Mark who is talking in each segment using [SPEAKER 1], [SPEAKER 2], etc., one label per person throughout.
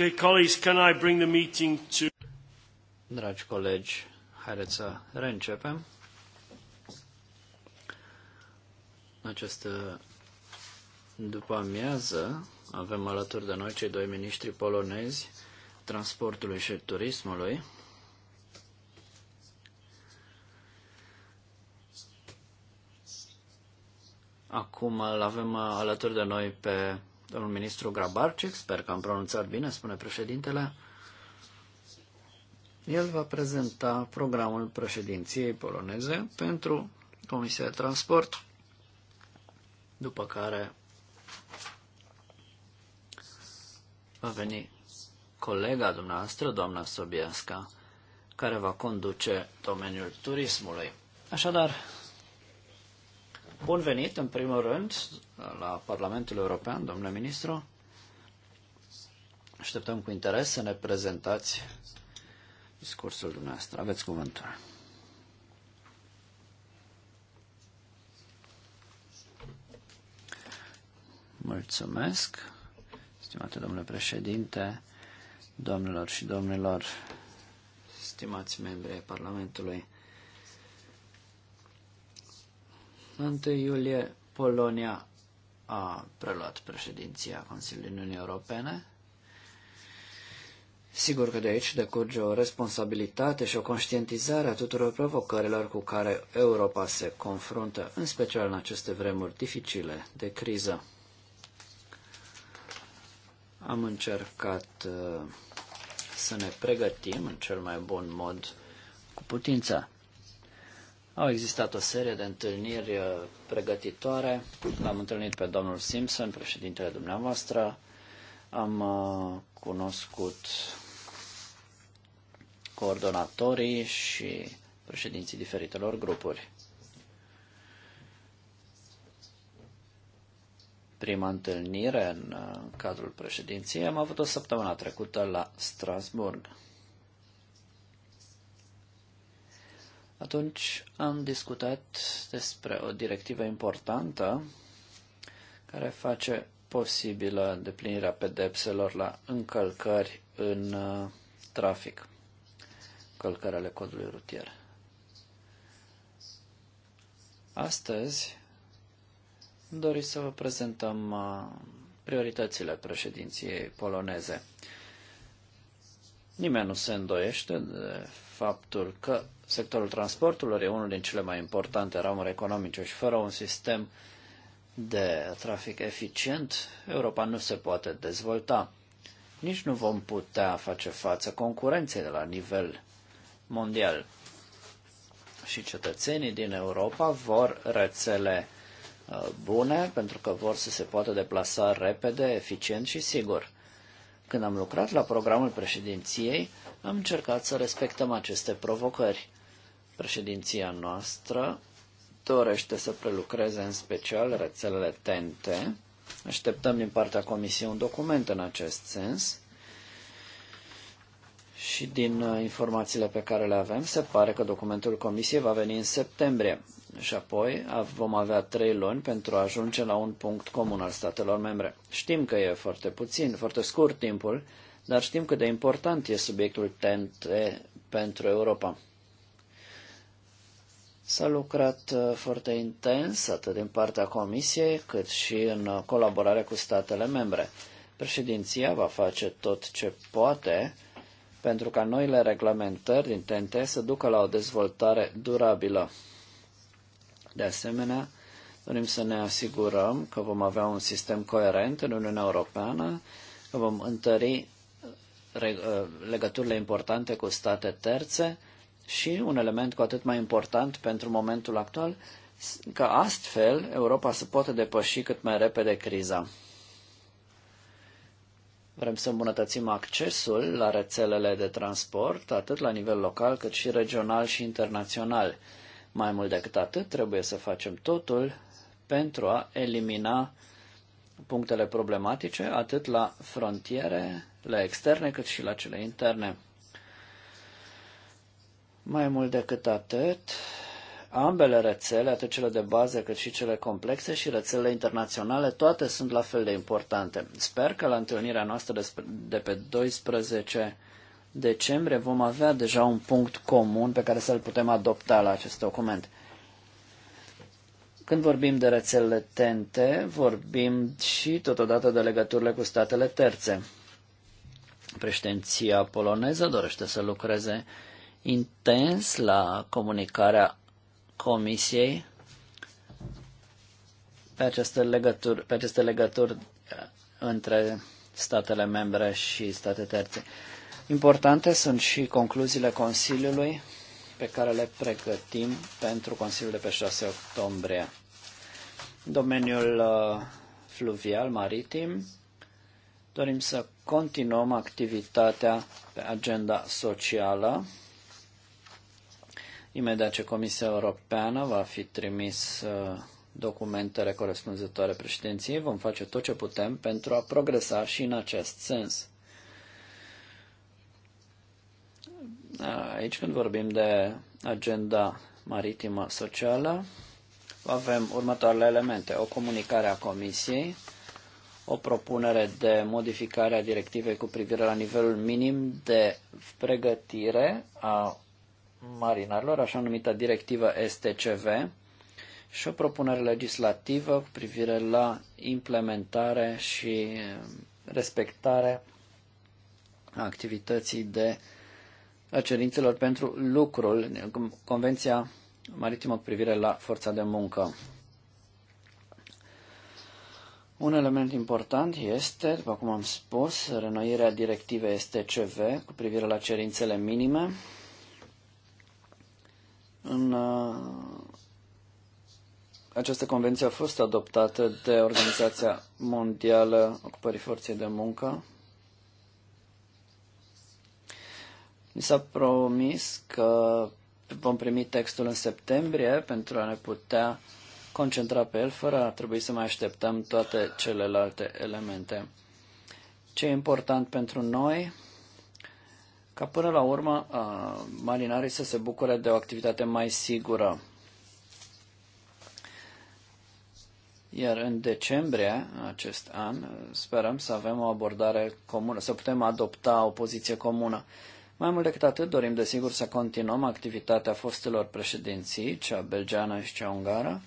[SPEAKER 1] Okay, colleagues, can I bring the meeting to...
[SPEAKER 2] Dragi colegi, haideți să reîncepem. Această după amiază avem alături de noi cei doi miniștri polonezi transportului și turismului. Acum îl avem alături de noi pe domnul ministru Grabarcic, sper că am pronunțat bine, spune președintele. El va prezenta programul președinției poloneze pentru Comisia de Transport, după care va veni colega dumneavoastră, doamna Sobiesca, care va conduce domeniul turismului. Așadar, Bun venit, în primul rând, la Parlamentul European, domnule ministru. Așteptăm cu interes să ne prezentați discursul dumneavoastră. Aveți cuvântul. Mulțumesc, stimate domnule președinte, domnilor și domnilor, stimați membri ai Parlamentului. 1 iulie Polonia a preluat președinția Consiliului Uniunii Europene. Sigur că de aici decurge o responsabilitate și o conștientizare a tuturor provocărilor cu care Europa se confruntă, în special în aceste vremuri dificile de criză. Am încercat uh, să ne pregătim în cel mai bun mod cu putința. Au existat o serie de întâlniri uh, pregătitoare. L-am întâlnit pe domnul Simpson, președintele dumneavoastră. Am uh, cunoscut coordonatorii și președinții diferitelor grupuri. Prima întâlnire în uh, cadrul președinției am avut o săptămână trecută la Strasburg. Atunci am discutat despre o directivă importantă care face posibilă deplinirea pedepselor la încălcări în uh, trafic, încălcări ale codului rutier. Astăzi am dorit să vă prezentăm uh, prioritățile președinției poloneze. Nimeni nu se îndoiește de faptul că sectorul transporturilor e unul din cele mai importante ramuri economice și fără un sistem de trafic eficient, Europa nu se poate dezvolta. Nici nu vom putea face față concurenței de la nivel mondial. Și cetățenii din Europa vor rețele uh, bune pentru că vor să se poată deplasa repede, eficient și sigur. Când am lucrat la programul președinției, am încercat să respectăm aceste provocări. Președinția noastră dorește să prelucreze în special rețelele TNT. Așteptăm din partea Comisiei un document în acest sens. Și din uh, informațiile pe care le avem, se pare că documentul Comisiei va veni în septembrie și apoi vom avea trei luni pentru a ajunge la un punct comun al statelor membre. Știm că e foarte puțin, foarte scurt timpul, dar știm cât de important e subiectul TNT pentru Europa. S-a lucrat uh, foarte intens, atât din partea Comisiei, cât și în uh, colaborare cu statele membre. Președinția va face tot ce poate pentru ca noile reglementări din TNT să ducă la o dezvoltare durabilă. De asemenea, dorim să ne asigurăm că vom avea un sistem coerent în Uniunea Europeană, că vom întări Uh, legăturile importante cu state terțe și un element cu atât mai important pentru momentul actual, că astfel Europa se poate depăși cât mai repede criza. Vrem să îmbunătățim accesul la rețelele de transport, atât la nivel local, cât și regional și internațional. Mai mult decât atât, trebuie să facem totul pentru a elimina punctele problematice, atât la frontiere, la externe, cât și la cele interne. Mai mult decât atât, ambele rețele, atât cele de bază cât și cele complexe și rețelele internaționale, toate sunt la fel de importante. Sper că la întâlnirea noastră de pe 12 decembrie vom avea deja un punct comun pe care să-l putem adopta la acest document. Când vorbim de rețelele TNT, vorbim și totodată de legăturile cu statele terțe. Președinția poloneză dorește să lucreze intens la comunicarea Comisiei pe aceste legături, pe aceste legături uh, între statele membre și state terțe. Importante sunt și concluziile Consiliului pe care le pregătim pentru Consiliul de pe 6 octombrie domeniul uh, fluvial, maritim, dorim să continuăm activitatea pe agenda socială. Imediat ce Comisia Europeană va fi trimis uh, documentele corespunzătoare președinției, vom face tot ce putem pentru a progresa și în acest sens. Aici când vorbim de agenda maritimă socială, avem următoarele elemente. O comunicare a Comisiei, o propunere de modificare a directivei cu privire la nivelul minim de pregătire a marinarilor, așa numită directivă STCV, și o propunere legislativă cu privire la implementare și um, respectare a activității de a cerințelor pentru lucrul, Convenția maritimă cu privire la forța de muncă. Un element important este, după cum am spus, renoirea directivei STCV cu privire la cerințele minime. În uh, această convenție a fost adoptată de Organizația Mondială Ocupării Forței de Muncă. Mi s-a promis că vom primi textul în septembrie pentru a ne putea concentra pe el fără a trebui să mai așteptăm toate celelalte elemente. Ce e important pentru noi? Ca până la urmă marinarii să se bucure de o activitate mai sigură. Iar în decembrie acest an sperăm să avem o abordare comună, să putem adopta o poziție comună. Mai mult decât atât, dorim desigur să continuăm activitatea fostelor președinții, cea belgeană și cea ungară,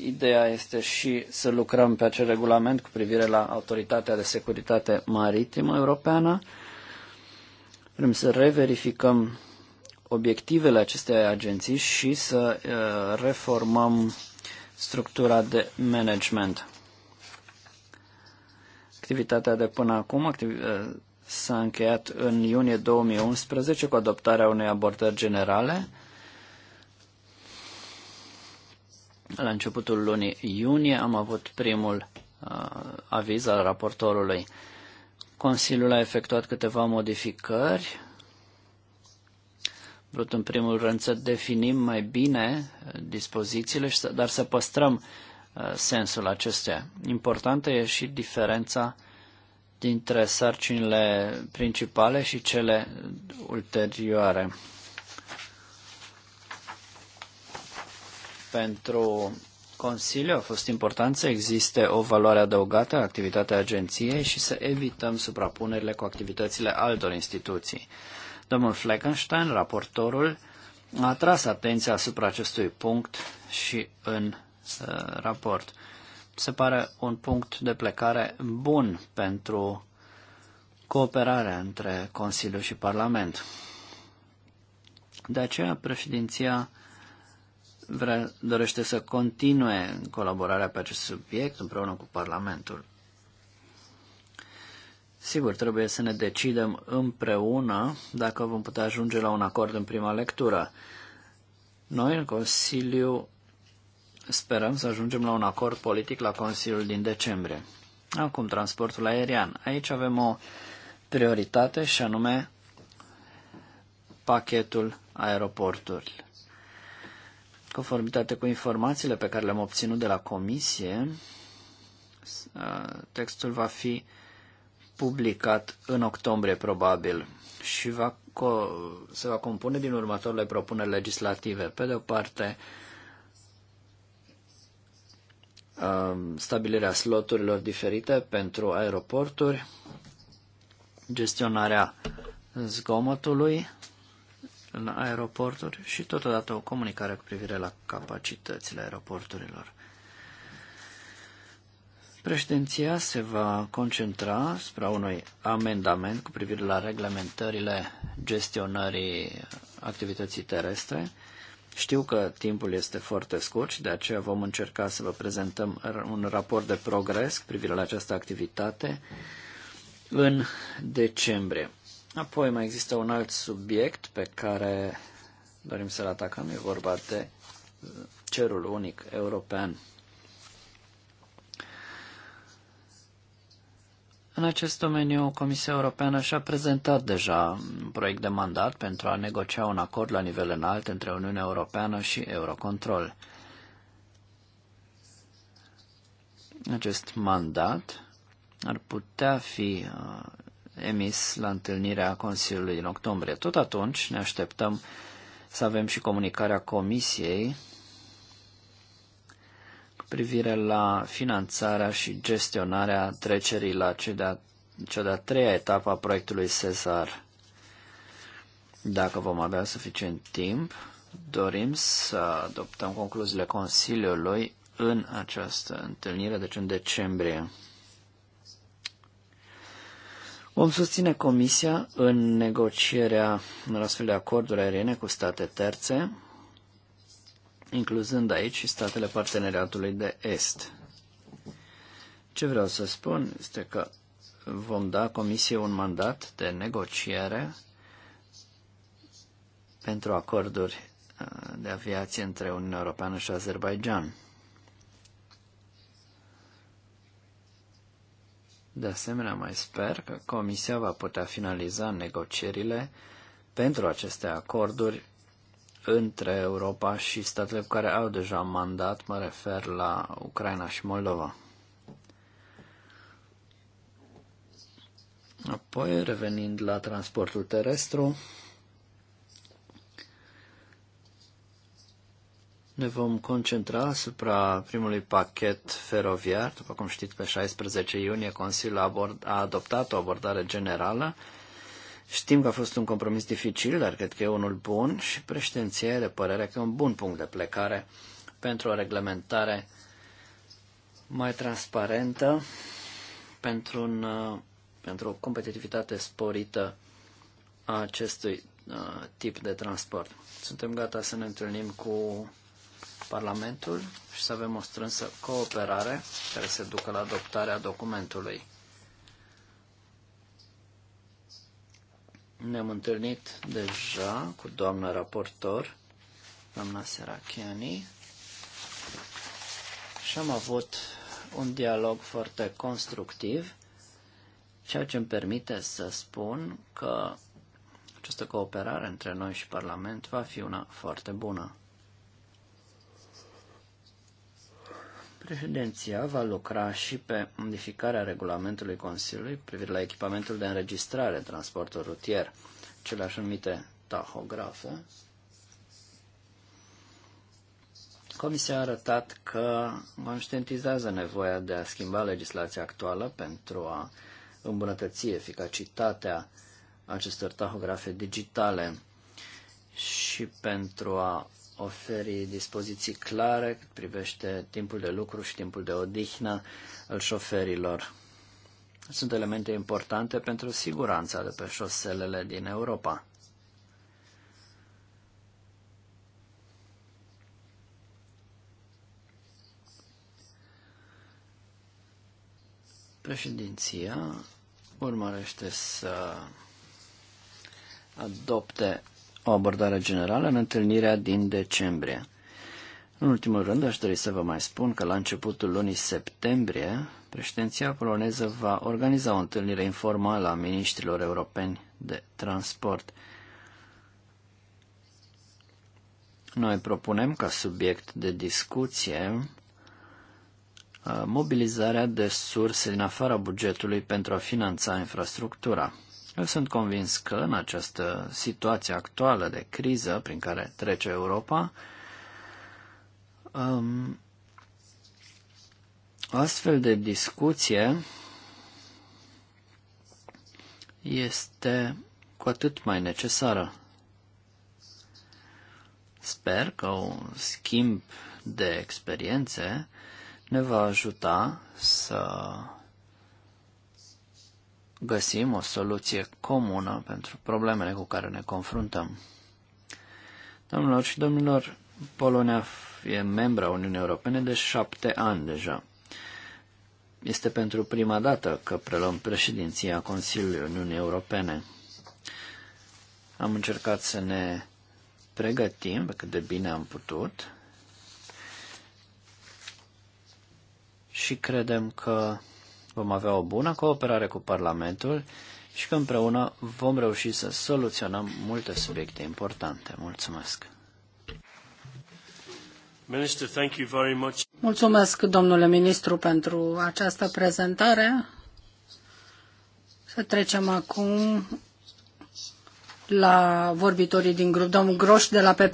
[SPEAKER 2] ideea este și să lucrăm pe acel regulament cu privire la Autoritatea de Securitate Maritimă Europeană. Vrem să reverificăm obiectivele acestei agenții și să uh, reformăm structura de management. Activitatea de până acum uh, s-a încheiat în iunie 2011 cu adoptarea unei abordări generale. La începutul lunii iunie am avut primul uh, aviz al raportorului. Consiliul a efectuat câteva modificări. Vrut în primul rând să definim mai bine uh, dispozițiile, dar să păstrăm Uh, sensul acesteia. Importantă e și diferența dintre sarcinile principale și cele ulterioare. Pentru Consiliu a fost important să existe o valoare adăugată a activitatea agenției și să evităm suprapunerile cu activitățile altor instituții. Domnul Fleckenstein, raportorul, a atras atenția asupra acestui punct și în Uh, raport. Se pare un punct de plecare bun pentru cooperarea între Consiliu și Parlament. De aceea, președinția vre, dorește să continue colaborarea pe acest subiect împreună cu Parlamentul. Sigur, trebuie să ne decidem împreună dacă vom putea ajunge la un acord în prima lectură. Noi, în Consiliu, Sperăm să ajungem la un acord politic la Consiliul din decembrie. Acum, transportul aerian. Aici avem o prioritate și anume pachetul aeroporturi. Conformitate cu informațiile pe care le-am obținut de la comisie, textul va fi publicat în octombrie probabil și va co- se va compune din următoarele propuneri legislative. Pe de o parte, Um, stabilirea sloturilor diferite pentru aeroporturi, gestionarea zgomotului în aeroporturi și totodată o comunicare cu privire la capacitățile aeroporturilor. Președinția se va concentra asupra unui amendament cu privire la reglementările gestionării activității terestre știu că timpul este foarte scurt și de aceea vom încerca să vă prezentăm un raport de progres cu privire la această activitate în decembrie. Apoi mai există un alt subiect pe care dorim să-l atacăm, e vorba de uh, cerul unic european În acest domeniu, Comisia Europeană și-a prezentat deja un proiect de mandat pentru a negocia un acord la nivel înalt între Uniunea Europeană și Eurocontrol. Acest mandat ar putea fi uh, emis la întâlnirea Consiliului în octombrie. Tot atunci ne așteptăm să avem și comunicarea Comisiei privire la finanțarea și gestionarea trecerii la cea de-a, cea de-a treia etapă a proiectului Cesar. Dacă vom avea suficient timp, dorim să adoptăm concluziile Consiliului în această întâlnire, deci în decembrie. Vom susține Comisia în negocierea în astfel de acorduri aeriene cu state terțe, incluzând aici și statele parteneriatului de est. Ce vreau să spun este că vom da Comisiei un mandat de negociere pentru acorduri uh, de aviație între Uniunea Europeană și Azerbaijan. De asemenea, mai sper că Comisia va putea finaliza negocierile pentru aceste acorduri între Europa și statele care au deja mandat, mă refer la Ucraina și Moldova. Apoi, revenind la transportul terestru, ne vom concentra asupra primului pachet feroviar. După cum știți, pe 16 iunie Consiliul a, a adoptat o abordare generală Știm că a fost un compromis dificil, dar cred că e unul bun și președinția de părere că e un bun punct de plecare pentru o reglementare mai transparentă, pentru, un, uh, pentru o competitivitate sporită a acestui uh, tip de transport. Suntem gata să ne întâlnim cu Parlamentul și să avem o strânsă cooperare care se ducă la adoptarea documentului. Ne-am întâlnit deja cu doamna raportor, doamna Serachiani, și am avut un dialog foarte constructiv, ceea ce îmi permite să spun că această cooperare între noi și Parlament va fi una foarte bună. Președinția va lucra și pe modificarea regulamentului Consiliului privire la echipamentul de înregistrare în transportul rutier, cele așa numite tahografe. Comisia a arătat că conștientizează nevoia de a schimba legislația actuală pentru a îmbunătăți eficacitatea acestor tahografe digitale și pentru a oferi dispoziții clare cât privește timpul de lucru și timpul de odihnă al șoferilor. Sunt elemente importante pentru siguranța de pe șoselele din Europa. Președinția urmărește să adopte o abordare generală în întâlnirea din decembrie. În ultimul rând, aș dori să vă mai spun că la începutul lunii septembrie, președinția poloneză va organiza o întâlnire informală a ministrilor europeni de transport. Noi propunem ca subiect de discuție mobilizarea de surse din afara bugetului pentru a finanța infrastructura. Eu sunt convins că în această situație actuală de criză prin care trece Europa, um, astfel de discuție este cu atât mai necesară. Sper că un schimb de experiențe ne va ajuta să găsim o soluție comună pentru problemele cu care ne confruntăm. Domnilor și domnilor, Polonia e membra Uniunii Europene de șapte ani deja. Este pentru prima dată că preluăm președinția Consiliului Uniunii Europene. Am încercat să ne pregătim pe cât de bine am putut și credem că vom avea o bună cooperare cu Parlamentul și că împreună vom reuși să soluționăm multe subiecte importante. Mulțumesc! Minister, thank you very much.
[SPEAKER 3] Mulțumesc, domnule ministru, pentru această prezentare. Să trecem acum la vorbitorii din grup. Domnul Groș de la PP.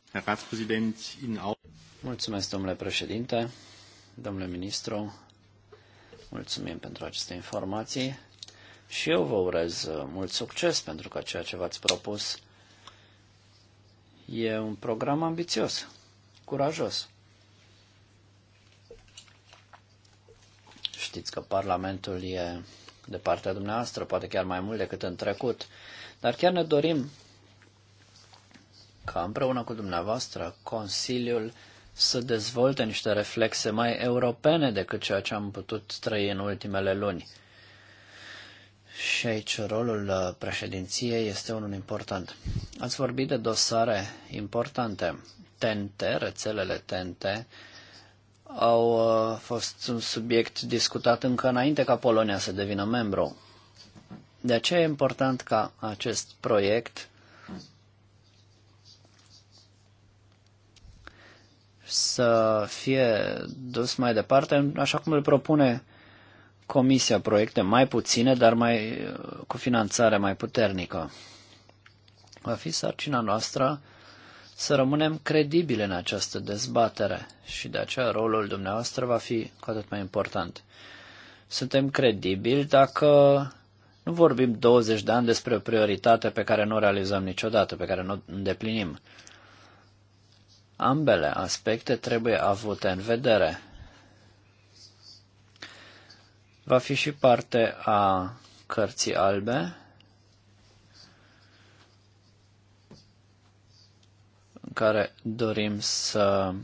[SPEAKER 2] Mulțumesc, domnule președinte, domnule ministru, Mulțumim pentru aceste informații și eu vă urez uh, mult succes pentru că ceea ce v-ați propus e un program ambițios, curajos. Știți că Parlamentul e de partea dumneavoastră, poate chiar mai mult decât în trecut, dar chiar ne dorim ca împreună cu dumneavoastră Consiliul să dezvolte niște reflexe mai europene decât ceea ce am putut trăi în ultimele luni. Și aici rolul uh, președinției este unul important. Ați vorbit de dosare importante. TNT, rețelele TNT, au uh, fost un subiect discutat încă înainte ca Polonia să devină membru. De aceea e important ca acest proiect să fie dus mai departe, așa cum îl propune Comisia, proiecte mai puține, dar mai, cu finanțare mai puternică. Va fi sarcina noastră să rămânem credibili în această dezbatere și de aceea rolul dumneavoastră va fi cu atât mai important. Suntem credibili dacă nu vorbim 20 de ani despre o prioritate pe care nu o realizăm niciodată, pe care nu o îndeplinim. Ambele aspecte trebuie avute în vedere. Va fi și parte a cărții albe în care dorim să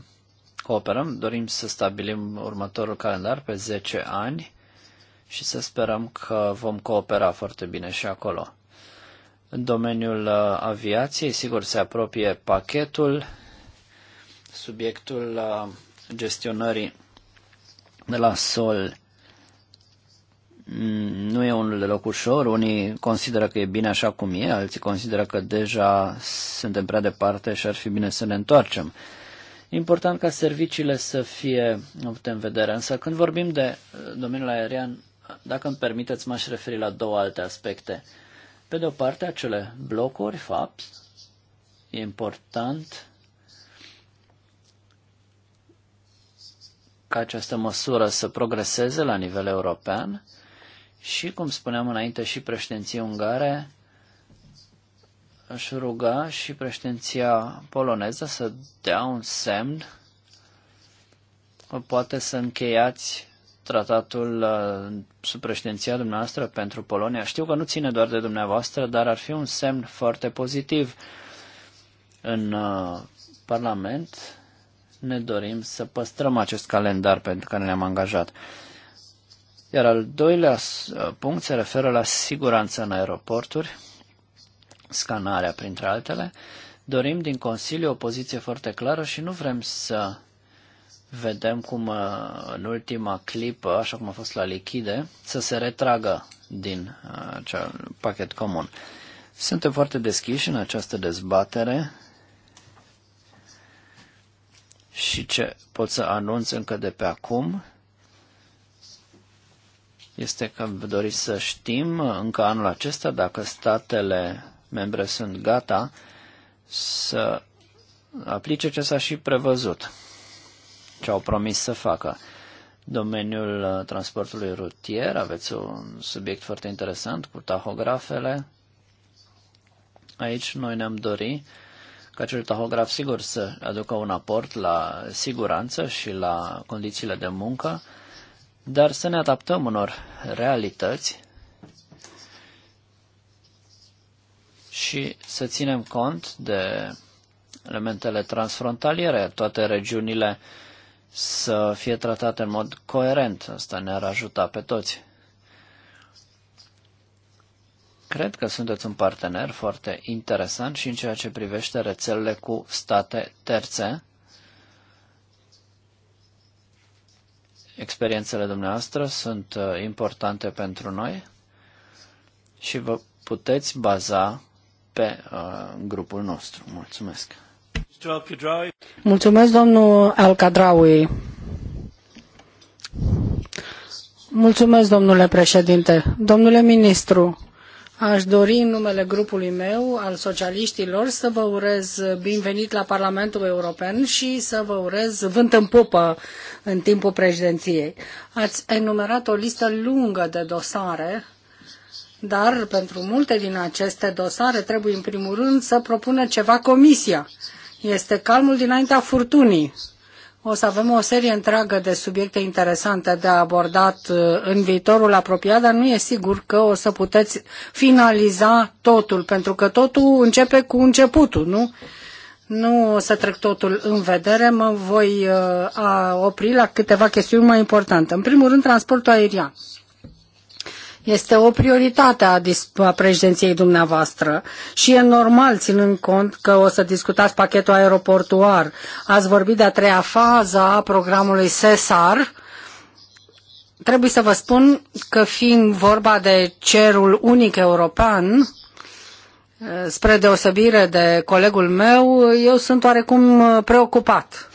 [SPEAKER 2] cooperăm, dorim să stabilim următorul calendar pe 10 ani și să sperăm că vom coopera foarte bine și acolo. În domeniul uh, aviației, sigur, se apropie pachetul subiectul uh, gestionării de la sol mm, nu e un deloc ușor. Unii consideră că e bine așa cum e, alții consideră că deja suntem prea departe și ar fi bine să ne întoarcem. Important ca serviciile să fie avute în vedere, însă când vorbim de uh, domeniul aerian, dacă îmi permiteți, m-aș referi la două alte aspecte. Pe de o parte, acele blocuri, FAPS, e important ca această măsură să progreseze la nivel european și, cum spuneam înainte, și președinții ungare își ruga și președinția poloneză să dea un semn poate să încheiați tratatul uh, sub președinția dumneavoastră pentru Polonia. Știu că nu ține doar de dumneavoastră, dar ar fi un semn foarte pozitiv în uh, Parlament ne dorim să păstrăm acest calendar pentru care ne-am angajat. Iar al doilea uh, punct se referă la siguranța în aeroporturi, scanarea printre altele. Dorim din Consiliu o poziție foarte clară și nu vrem să vedem cum uh, în ultima clipă, așa cum a fost la lichide, să se retragă din uh, acel pachet comun. Suntem foarte deschiși în această dezbatere și ce pot să anunț încă de pe acum este că doriți să știm încă anul acesta dacă statele membre sunt gata să aplice ce s-a și prevăzut, ce au promis să facă. Domeniul uh, transportului rutier, aveți un subiect foarte interesant cu tahografele. Aici noi ne-am dorit acel tahograf sigur să aducă un aport la siguranță și la condițiile de muncă, dar să ne adaptăm unor realități și să ținem cont de elementele transfrontaliere, toate regiunile să fie tratate în mod coerent. Asta ne-ar ajuta pe toți. Cred că sunteți un partener foarte interesant și în ceea ce privește rețelele cu state terțe. Experiențele dumneavoastră sunt uh, importante pentru noi și vă puteți baza pe uh, grupul nostru. Mulțumesc!
[SPEAKER 3] Mulțumesc, domnul Alcadraui. Mulțumesc, domnule președinte. Domnule ministru, Aș dori în numele grupului meu, al socialiștilor, să vă urez binevenit la Parlamentul European și să vă urez vânt în popă în timpul președinției. Ați enumerat o listă lungă de dosare, dar pentru multe din aceste dosare trebuie în primul rând să propună ceva comisia. Este calmul dinaintea furtunii. O să avem o serie întreagă de subiecte interesante de abordat uh, în viitorul apropiat, dar nu e sigur că o să puteți finaliza totul, pentru că totul începe cu începutul, nu? Nu o să trec totul în vedere, mă voi uh, opri la câteva chestiuni mai importante. În primul rând, transportul aerian. Este o prioritate a, a președinției dumneavoastră și e normal, ținând cont că o să discutați pachetul aeroportuar. Ați vorbit de a treia fază a programului SESAR. Trebuie să vă spun că fiind vorba de cerul unic european, eh, spre deosebire de colegul meu, eu sunt oarecum eh, preocupat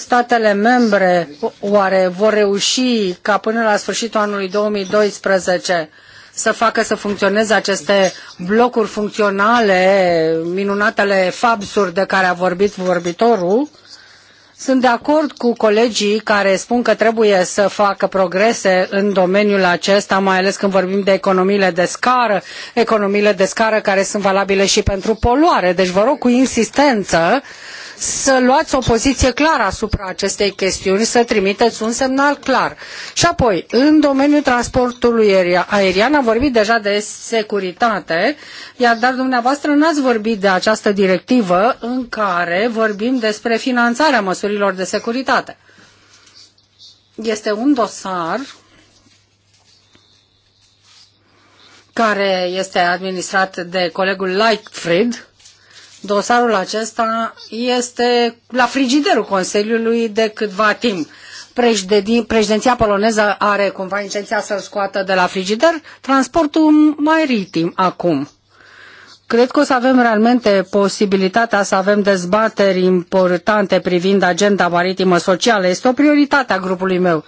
[SPEAKER 3] statele membre oare vor reuși ca până la sfârșitul anului 2012 să facă să funcționeze aceste blocuri funcționale, minunatele fabsuri de care a vorbit vorbitorul. Sunt de acord cu colegii care spun că trebuie să facă progrese în domeniul acesta, mai ales când vorbim de economiile de scară, economiile de scară care sunt valabile și pentru poluare. Deci vă rog cu insistență să luați o poziție clară asupra acestei chestiuni, să trimiteți un semnal clar. Și apoi, în domeniul transportului aerian, am vorbit deja de securitate, iar dar dumneavoastră n-ați vorbit de această directivă în care vorbim despre finanțarea măsurilor de securitate. Este un dosar care este administrat de colegul Lightfried, Dosarul acesta este la frigiderul Consiliului de câtva timp. Președinția poloneză are cumva intenția să-l scoată de la frigider transportul mai ritim acum. Cred că o să avem realmente posibilitatea să avem dezbateri importante privind agenda maritimă socială. Este o prioritate a grupului meu.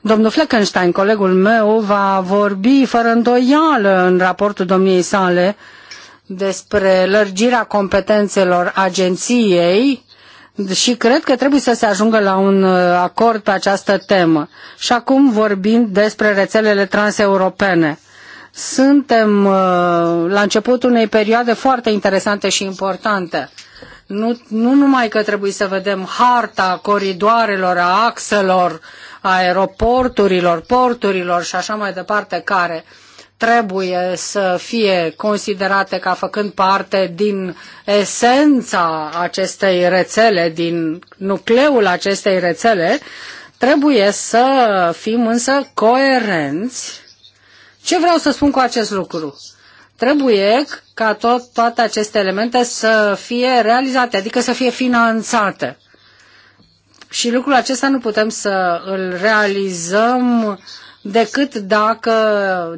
[SPEAKER 3] Domnul Fleckenstein, colegul meu, va vorbi fără îndoială în raportul domniei sale uh, despre lărgirea competențelor agenției și cred că trebuie să se ajungă la un uh, acord pe această temă. Și acum vorbim despre rețelele transeuropene. Suntem uh, la începutul unei perioade foarte interesante și importante. Nu, nu numai că trebuie să vedem harta coridoarelor, a axelor, a aeroporturilor, porturilor și așa mai departe, care uh, trebuie să fie considerate ca făcând parte din esența acestei rețele, din nucleul acestei rețele, trebuie să fim însă coerenți. Ce vreau să spun cu acest lucru? Trebuie ca tot, toate aceste elemente să fie realizate, adică să fie finanțate. Și lucrul acesta nu putem să îl realizăm uh, decât dacă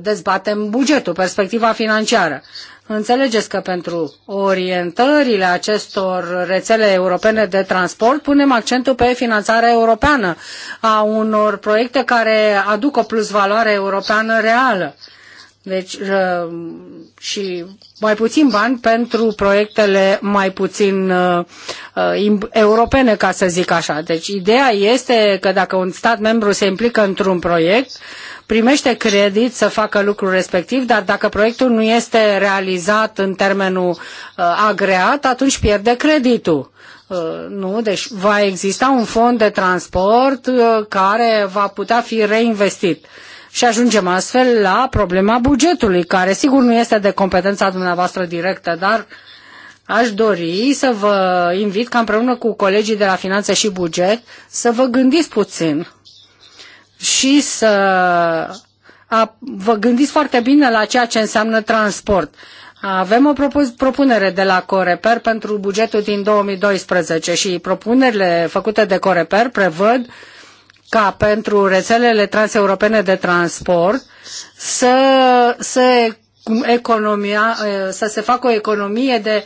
[SPEAKER 3] dezbatem bugetul, perspectiva financiară. Înțelegeți că pentru orientările acestor rețele europene de transport punem accentul pe finanțarea europeană a unor proiecte care aduc o plusvaloare europeană reală. Deci și mai puțin bani pentru proiectele mai puțin uh, uh, europene, ca să zic așa. Deci ideea este că dacă un stat membru se implică într-un proiect, primește credit să facă lucrul respectiv, dar dacă proiectul nu este realizat în termenul uh, agreat, atunci pierde creditul. Nu, deci va exista un fond de transport care va putea fi reinvestit și ajungem astfel la problema bugetului, care sigur nu este de competența dumneavoastră directă, dar aș dori să vă invit ca împreună cu colegii de la Finanțe și Buget să vă gândiți puțin și să a, vă gândiți foarte bine la ceea ce înseamnă transport. Avem o propunere de la Coreper pentru bugetul din 2012 și propunerile făcute de Coreper prevăd ca pentru rețelele transeuropene de transport să se, economia, eh, să se facă o economie de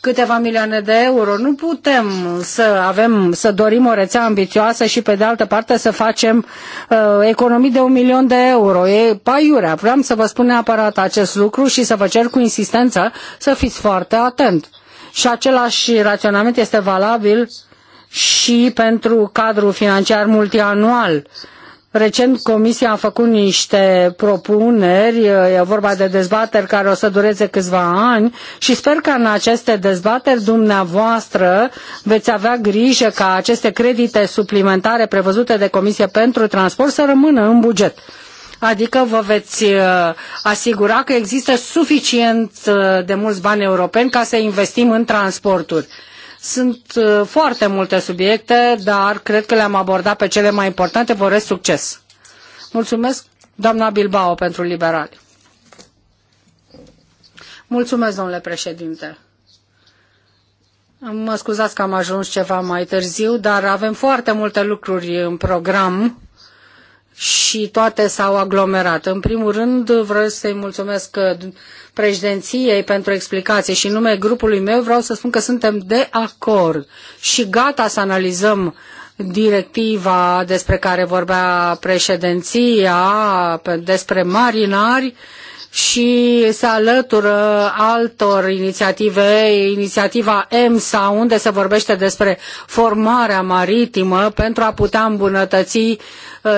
[SPEAKER 3] câteva milioane de euro. Nu putem să avem, să dorim o rețea ambițioasă și pe de altă parte să facem uh, economii de un milion de euro. E paiurea. Vreau să vă spun neapărat acest lucru și să vă cer cu insistență să fiți foarte atent. Și același raționament este valabil uh, și pentru cadrul financiar multianual. Recent Comisia a făcut niște propuneri, e vorba de dezbateri care o să dureze câțiva ani și sper că în aceste dezbateri dumneavoastră veți avea grijă ca aceste credite suplimentare prevăzute de Comisie pentru Transport să rămână în buget adică vă veți uh, asigura că există suficient uh, de mulți bani europeni ca să investim în transporturi. Sunt uh, foarte multe subiecte, dar cred că le-am abordat pe cele mai importante. Vă urez succes! Mulțumesc, doamna Bilbao, pentru liberali. Mulțumesc, domnule președinte. Mă scuzați că am ajuns ceva mai târziu, dar avem foarte multe lucruri în program și toate s-au aglomerat. În primul rând, vreau să-i mulțumesc președinției pentru explicație și în nume grupului meu vreau să spun că suntem de acord și gata să analizăm directiva despre care vorbea președinția, despre marinari și se alătură altor inițiative, inițiativa EMSA, unde se vorbește despre formarea maritimă pentru a putea îmbunătăți uh,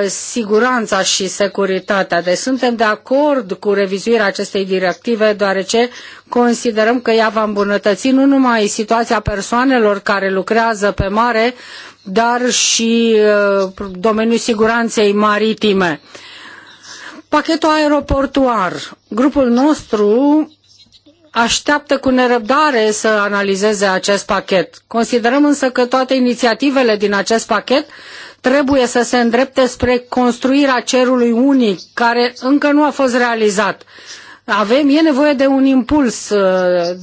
[SPEAKER 3] siguranța și securitatea. Deci suntem de acord cu revizuirea acestei directive, deoarece considerăm că ea va îmbunătăți nu numai situația persoanelor care lucrează pe mare, dar și uh, domeniul siguranței maritime. Pachetul aeroportuar. Grupul nostru așteaptă cu nerăbdare să analizeze acest pachet. Considerăm însă că toate inițiativele din acest pachet trebuie să se îndrepte spre construirea cerului unic, care încă nu a fost realizat. Avem, e nevoie de un impuls uh,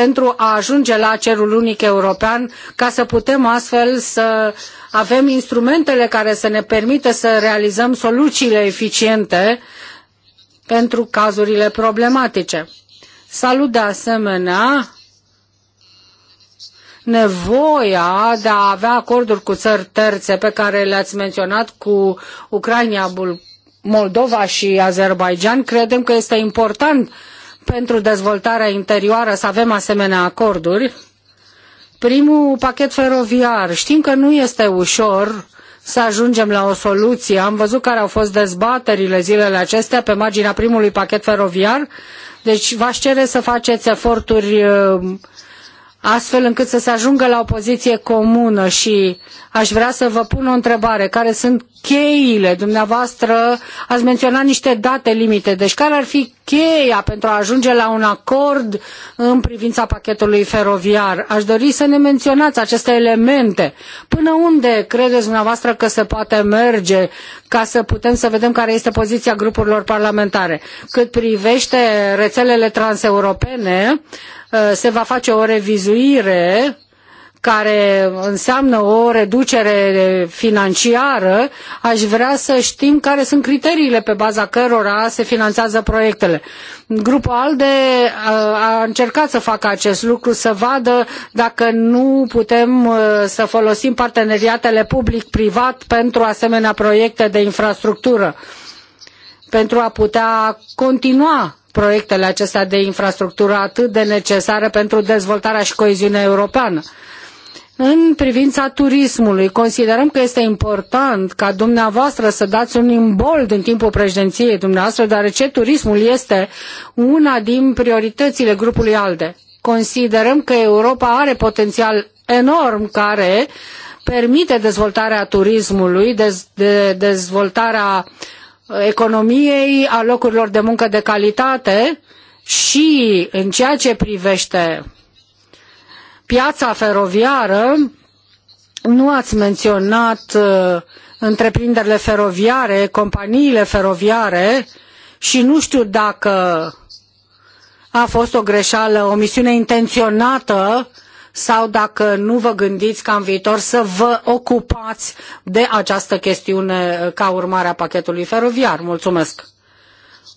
[SPEAKER 3] pentru a ajunge la cerul unic european, ca să putem astfel să avem instrumentele care să ne permită să realizăm soluțiile eficiente pentru cazurile problematice. Salut de asemenea nevoia de a avea acorduri cu țări terțe pe care le-ați menționat cu Ucraina, Moldova și Azerbaijan. Credem că este important pentru dezvoltarea interioară să avem asemenea acorduri. Primul pachet feroviar. Știm că nu este ușor să ajungem la o soluție. Am văzut care au fost dezbaterile zilele acestea pe marginea primului pachet feroviar. Deci v-aș cere să faceți eforturi uh, astfel încât să se ajungă la o poziție comună și aș vrea să vă pun o întrebare. Care sunt cheile dumneavoastră? Ați menționat niște date limite, deci care ar fi cheia pentru a ajunge la un acord în privința pachetului feroviar? Aș dori să ne menționați aceste elemente. Până unde credeți dumneavoastră că se poate merge ca să putem să vedem care este poziția grupurilor parlamentare? Cât privește rețelele transeuropene, Uh, se va face o revizuire care înseamnă o reducere financiară, aș vrea să știm care sunt criteriile pe baza cărora se finanțează proiectele. Grupul ALDE uh, a încercat să facă acest lucru, să vadă dacă nu putem uh, să folosim parteneriatele public-privat pentru asemenea proiecte de infrastructură pentru a putea continua proiectele acestea de infrastructură atât de necesare pentru dezvoltarea și coeziunea europeană. În privința turismului, considerăm că este important ca dumneavoastră să dați un imbold în timpul președinției dumneavoastră, deoarece turismul este una din prioritățile grupului ALDE. Considerăm că Europa are potențial enorm care permite dezvoltarea turismului, dez, de, dezvoltarea uh, economiei, a locurilor de muncă de calitate și în ceea ce privește piața feroviară, nu ați menționat uh, întreprinderile feroviare, companiile feroviare și nu știu dacă a fost o greșeală, o misiune intenționată sau dacă nu vă gândiți ca în viitor să vă ocupați de această chestiune ca urmare a pachetului feroviar. Mulțumesc!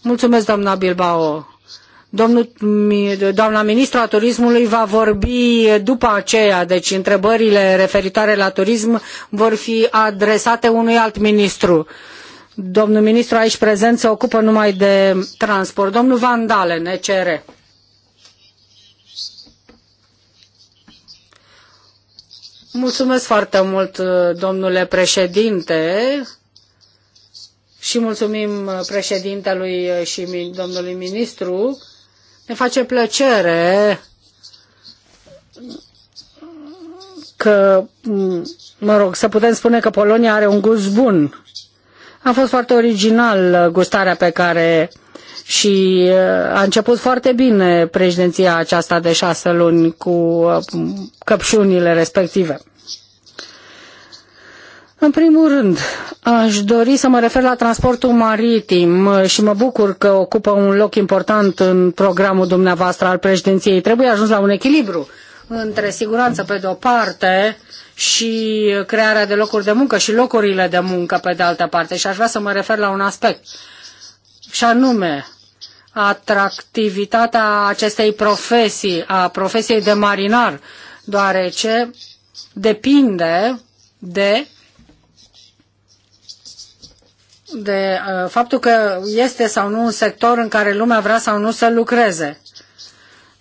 [SPEAKER 3] Mulțumesc, doamna Bilbao! Domnul, doamna ministra turismului va vorbi după aceea, deci întrebările referitoare la turism vor fi adresate unui alt ministru. Domnul ministru aici prezent se ocupă numai de transport. Domnul Van Dalen, ECR. Mulțumesc foarte mult, domnule președinte, și mulțumim președintelui și domnului ministru. Ne face plăcere că, mă rog, să putem spune că Polonia are un gust bun. A fost foarte original gustarea pe care și uh, a început foarte bine președinția aceasta de șase luni cu uh, căpșunile respective. În primul rând, aș dori să mă refer la transportul maritim și mă bucur că ocupă un loc important în programul dumneavoastră al președinției. Trebuie ajuns la un echilibru între siguranță pe de-o parte și crearea de locuri de muncă și locurile de muncă pe de altă parte. Și aș vrea să mă refer la un aspect. Și anume, atractivitatea acestei profesii, a profesiei de marinar, deoarece depinde de de uh, faptul că este sau nu un sector în care lumea vrea sau nu să lucreze.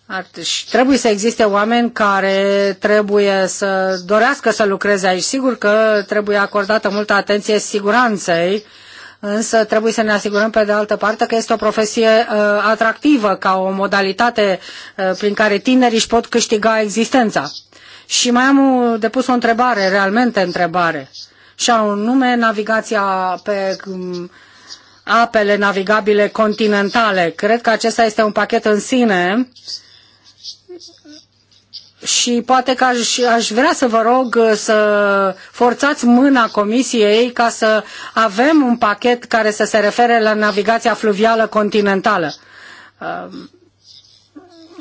[SPEAKER 3] Ar, și trebuie să existe oameni care trebuie să dorească să lucreze aici. Sigur că trebuie acordată multă atenție siguranței însă trebuie să ne asigurăm pe de altă parte că este o profesie uh, atractivă ca o modalitate uh, prin care tinerii își pot câștiga existența. Și mai am depus o întrebare, realmente întrebare, și anume navigația pe um, apele navigabile continentale. Cred că acesta este un pachet în sine uh, și poate că aș, aș vrea să vă rog uh, să forțați mâna comisiei ca să avem un pachet care să se refere la navigația fluvială continentală. Uh,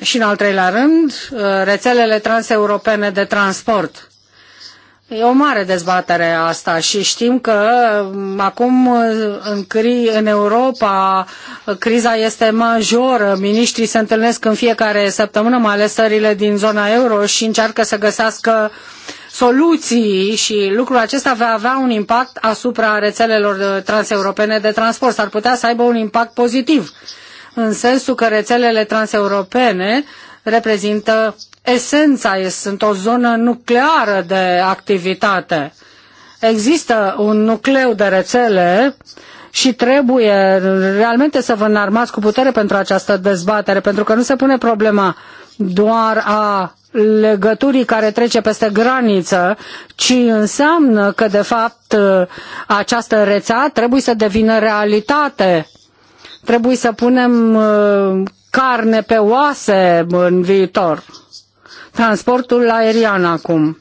[SPEAKER 3] și în al treilea rând, uh, rețelele transeuropene de transport E o mare dezbatere asta și știm că mm, acum mm, în, cri, în Europa criza este majoră. Ministrii se întâlnesc în fiecare săptămână, mai ales țările din zona euro și încearcă să găsească soluții și lucrul acesta va avea un impact asupra rețelelor uh, transeuropene de transport. S-ar putea să aibă un impact pozitiv, în sensul că rețelele transeuropene reprezintă esența, sunt o zonă nucleară de activitate. Există un nucleu de rețele și trebuie realmente să vă înarmați cu putere pentru această dezbatere, pentru că nu se pune problema doar a legăturii care trece peste graniță, ci înseamnă că, de fapt, această rețea trebuie să devină realitate. Trebuie să punem uh, carne pe oase în viitor transportul aerian acum.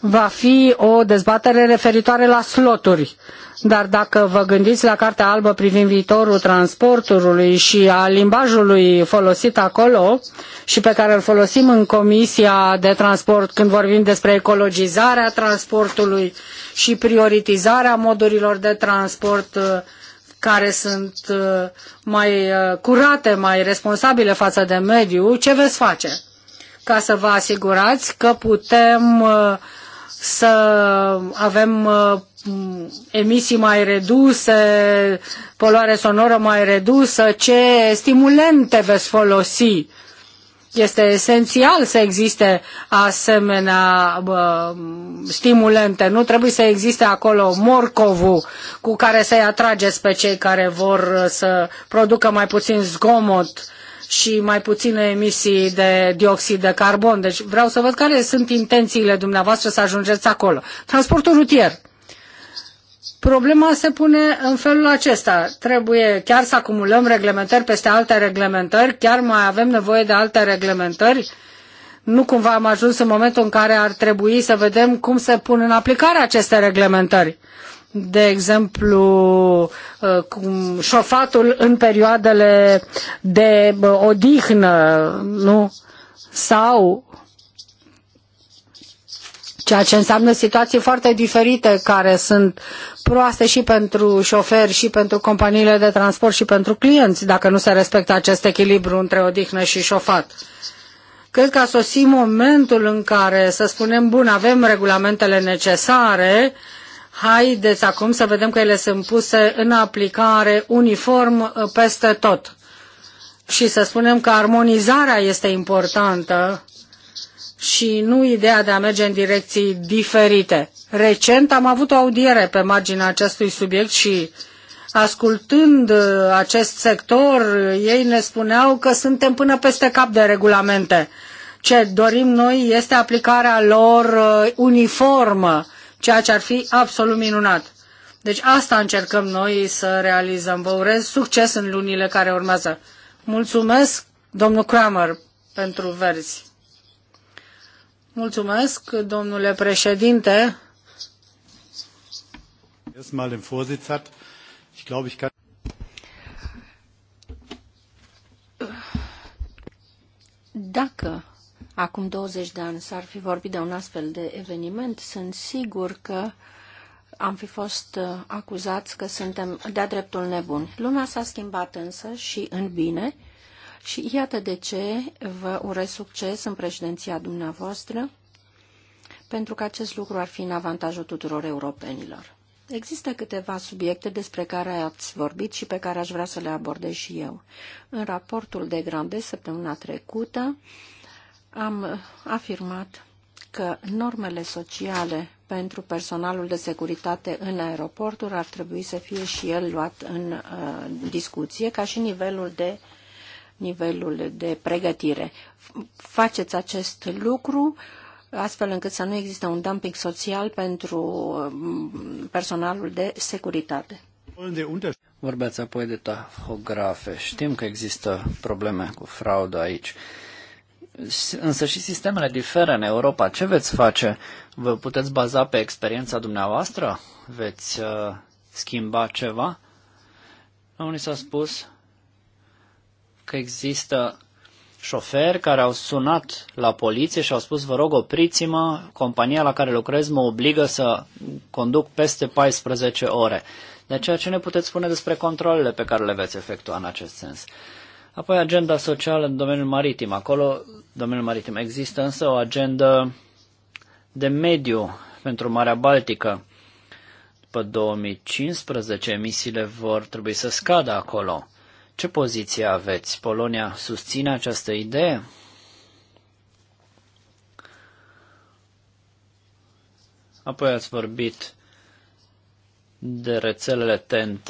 [SPEAKER 3] Va fi o dezbatere referitoare la sloturi, dar dacă vă gândiți la Cartea Albă privind viitorul transportului și a limbajului folosit acolo și pe care îl folosim în Comisia de Transport când vorbim despre ecologizarea transportului și prioritizarea modurilor de transport uh, care sunt uh, mai uh, curate, mai responsabile față de mediu, ce veți face? ca să vă asigurați că putem uh, să avem uh, emisii mai reduse, poluare sonoră mai redusă, ce stimulente veți folosi. Este esențial să existe asemenea bă, uh, stimulente. Nu trebuie să existe acolo morcovul cu care să-i atrageți pe cei care vor să producă mai puțin zgomot și mai puține emisii de dioxid de carbon. Deci vreau să văd care sunt intențiile dumneavoastră să ajungeți acolo. Transportul rutier. Problema se pune în felul acesta. Trebuie chiar să acumulăm reglementări peste alte reglementări, chiar mai avem nevoie de alte reglementări. Nu cumva am ajuns în momentul în care ar trebui să vedem cum se pun în aplicare aceste reglementări de exemplu, uh, șofatul în perioadele de uh, odihnă, nu? Sau ceea ce înseamnă situații foarte diferite care sunt proaste și pentru șoferi, și pentru companiile de transport, și pentru clienți, dacă nu se respectă acest echilibru între odihnă și șofat. Cred că a sosit momentul în care, să spunem, bun, avem regulamentele necesare, uh, Haideți acum să vedem că ele sunt puse în aplicare uniform uh, peste tot. Și să spunem că armonizarea este importantă și nu ideea de a merge în direcții diferite. Recent am avut o audiere pe marginea acestui subiect și ascultând uh, acest sector, ei ne spuneau că suntem până peste cap de regulamente. Ce dorim noi este aplicarea lor uh, uniformă ceea ce ar fi absolut minunat. Deci asta încercăm noi să realizăm. Vă urez succes în lunile care urmează. Mulțumesc, domnul Kramer, pentru verzi. Mulțumesc, domnule președinte.
[SPEAKER 1] dacă acum 20 de ani s-ar fi vorbit de un astfel de eveniment, sunt sigur că am fi fost uh, acuzați că suntem de-a dreptul nebuni. Lumea s-a schimbat însă și în bine și iată de ce vă urez succes în președinția dumneavoastră, pentru că acest lucru ar fi în avantajul tuturor europenilor. Există câteva subiecte despre care ați vorbit și pe care aș vrea să le abordez și eu. În raportul de grande săptămâna trecută, am uh, afirmat că normele sociale pentru personalul de securitate în aeroporturi ar trebui să fie și el luat în uh, discuție, ca și nivelul de, nivelul de pregătire. Faceți acest lucru astfel încât să nu există un dumping social pentru um, personalul de securitate.
[SPEAKER 2] Vorbeați apoi de tahografe. Știm că există probleme cu fraudă aici însă și sistemele diferă în Europa. Ce veți face? Vă puteți baza pe experiența dumneavoastră? Veți uh, schimba ceva? Unii s-a spus că există șoferi care au sunat la poliție și au spus, vă rog, opriți-mă, compania la care lucrez mă obligă să conduc peste 14 ore. De aceea, ce ne puteți spune despre controlele pe care le veți efectua în acest sens? Uh, Apoi agenda socială în domeniul maritim. Acolo, domeniul maritim, există însă o agendă de mediu pentru Marea Baltică. După 2015, emisiile vor trebui să scadă acolo. Ce poziție aveți? Polonia susține această idee? Apoi ați vorbit de rețelele TNT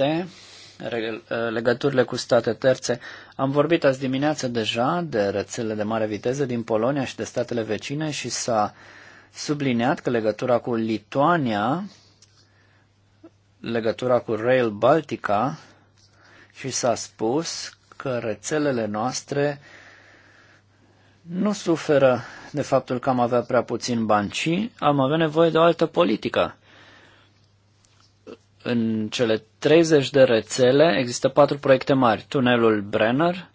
[SPEAKER 2] legăturile cu state terțe. Am vorbit azi dimineață deja de rețelele de mare viteză din Polonia și de statele vecine și s-a subliniat că legătura cu Lituania, legătura cu Rail Baltica și s-a spus că rețelele noastre nu suferă de faptul că am avea prea puțin bani, ci am avea nevoie de o altă politică. În cele 30 de rețele există patru proiecte mari. Tunelul Brenner,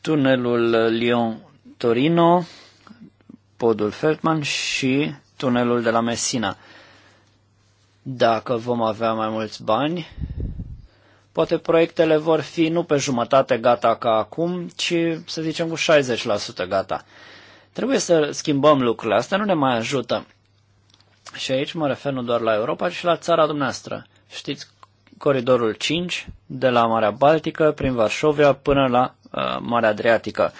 [SPEAKER 2] tunelul Lyon-Torino, podul Feldman și tunelul de la Messina. Dacă vom avea mai mulți bani, poate proiectele vor fi nu pe jumătate gata ca acum, ci să zicem cu 60% gata. Trebuie să schimbăm lucrurile, asta nu ne mai ajută. Și aici mă refer nu doar la Europa, ci și la țara dumneavoastră. Știți coridorul 5 de la Marea Baltică prin Varșovia până la uh, Marea Adriatică.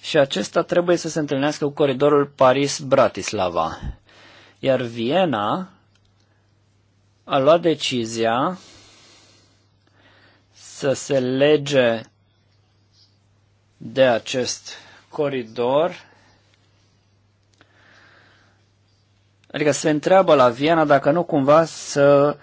[SPEAKER 2] Și acesta trebuie să se întâlnească cu coridorul Paris-Bratislava. Iar Viena a luat decizia să se lege de acest coridor Adică se întreabă la Viena dacă nu cumva să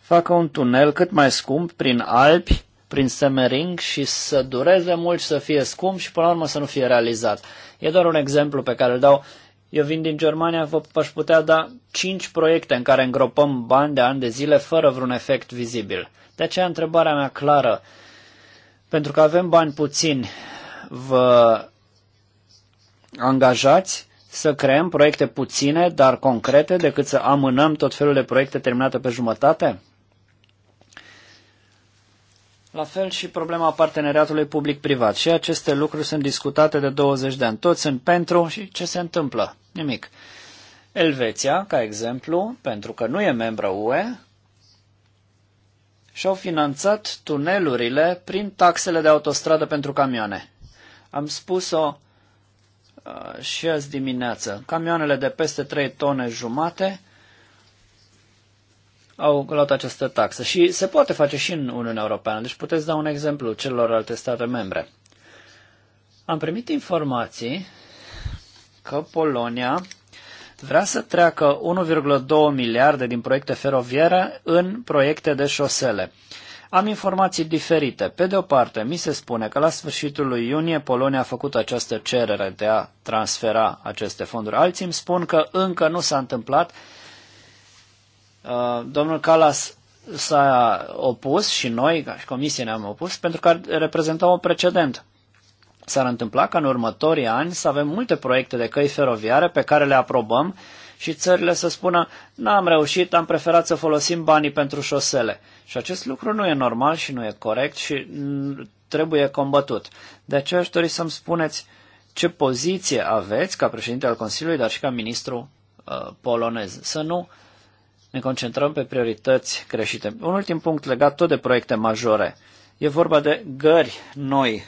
[SPEAKER 2] facă un tunel cât mai scump prin Alpi, prin Semmering și să dureze mult și să fie scump și până la urmă să nu fie realizat. E doar un exemplu pe care îl dau. Eu vin din Germania, vă aș putea da 5 proiecte în care îngropăm bani de ani de zile fără vreun efect vizibil. De aceea întrebarea mea clară, pentru că avem bani puțini, vă angajați să creăm proiecte puține, dar concrete, decât să amânăm tot felul de proiecte terminate pe jumătate? La fel și problema parteneriatului public-privat. Și aceste lucruri sunt discutate de 20 de ani. Toți sunt pentru și ce se întâmplă? Nimic. Elveția, ca exemplu, pentru că nu e membră UE, și-au finanțat tunelurile prin taxele de autostradă pentru camioane. Am spus-o Uh, și azi dimineață. Camioanele de peste 3 tone jumate au luat această taxă și se poate face și în Uniunea Europeană, deci puteți da un exemplu celor alte state membre. Am primit informații că Polonia vrea să treacă 1,2 miliarde din proiecte feroviere în proiecte de șosele. Am informații diferite. Pe de o parte, mi se spune că la sfârșitul lui iunie Polonia a făcut această cerere de a transfera aceste fonduri. Alții îmi spun că încă nu s-a întâmplat. Uh, domnul Calas s-a opus și noi, ca și comisie, ne-am opus pentru că reprezenta un precedent. S-ar întâmpla ca în următorii ani să avem multe proiecte de căi feroviare pe care le aprobăm și țările să spună n-am reușit, am preferat să folosim banii pentru șosele. Și acest lucru nu e normal și nu e corect și trebuie combătut. De aceea aș dori să-mi spuneți ce poziție aveți ca președinte al Consiliului, dar și ca ministru uh, polonez. Să nu ne concentrăm pe priorități creșite. Un ultim punct legat tot de proiecte majore. E vorba de gări noi.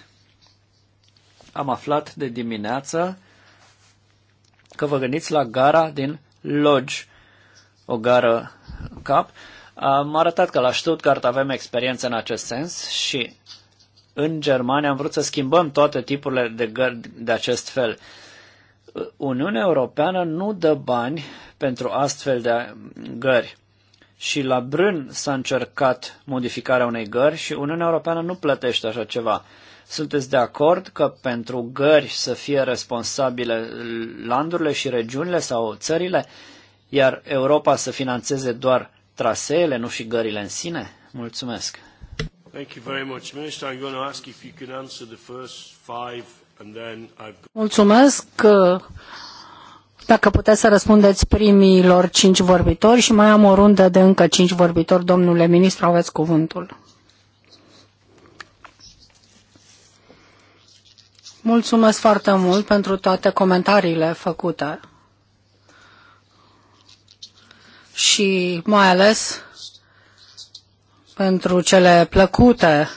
[SPEAKER 2] Am aflat de dimineață că vă gândiți la gara din Lodge, o gară cap, am arătat că la Stuttgart avem experiență în acest sens și în Germania am vrut să schimbăm toate tipurile de gări de acest fel. Uniunea Europeană nu dă bani pentru astfel de gări. Și la Brân s-a încercat modificarea unei gări și Uniunea Europeană nu plătește așa ceva. Sunteți de acord că pentru gări să fie responsabile landurile și regiunile sau țările, iar Europa să financeze doar traseele, nu și gările în sine? Mulțumesc. Mulțumesc.
[SPEAKER 3] Dacă puteți să răspundeți primilor cinci vorbitori și mai am o rundă de încă cinci vorbitori, domnule ministru, aveți cuvântul. Mulțumesc foarte mult pentru toate comentariile făcute. și mai ales pentru cele plăcute,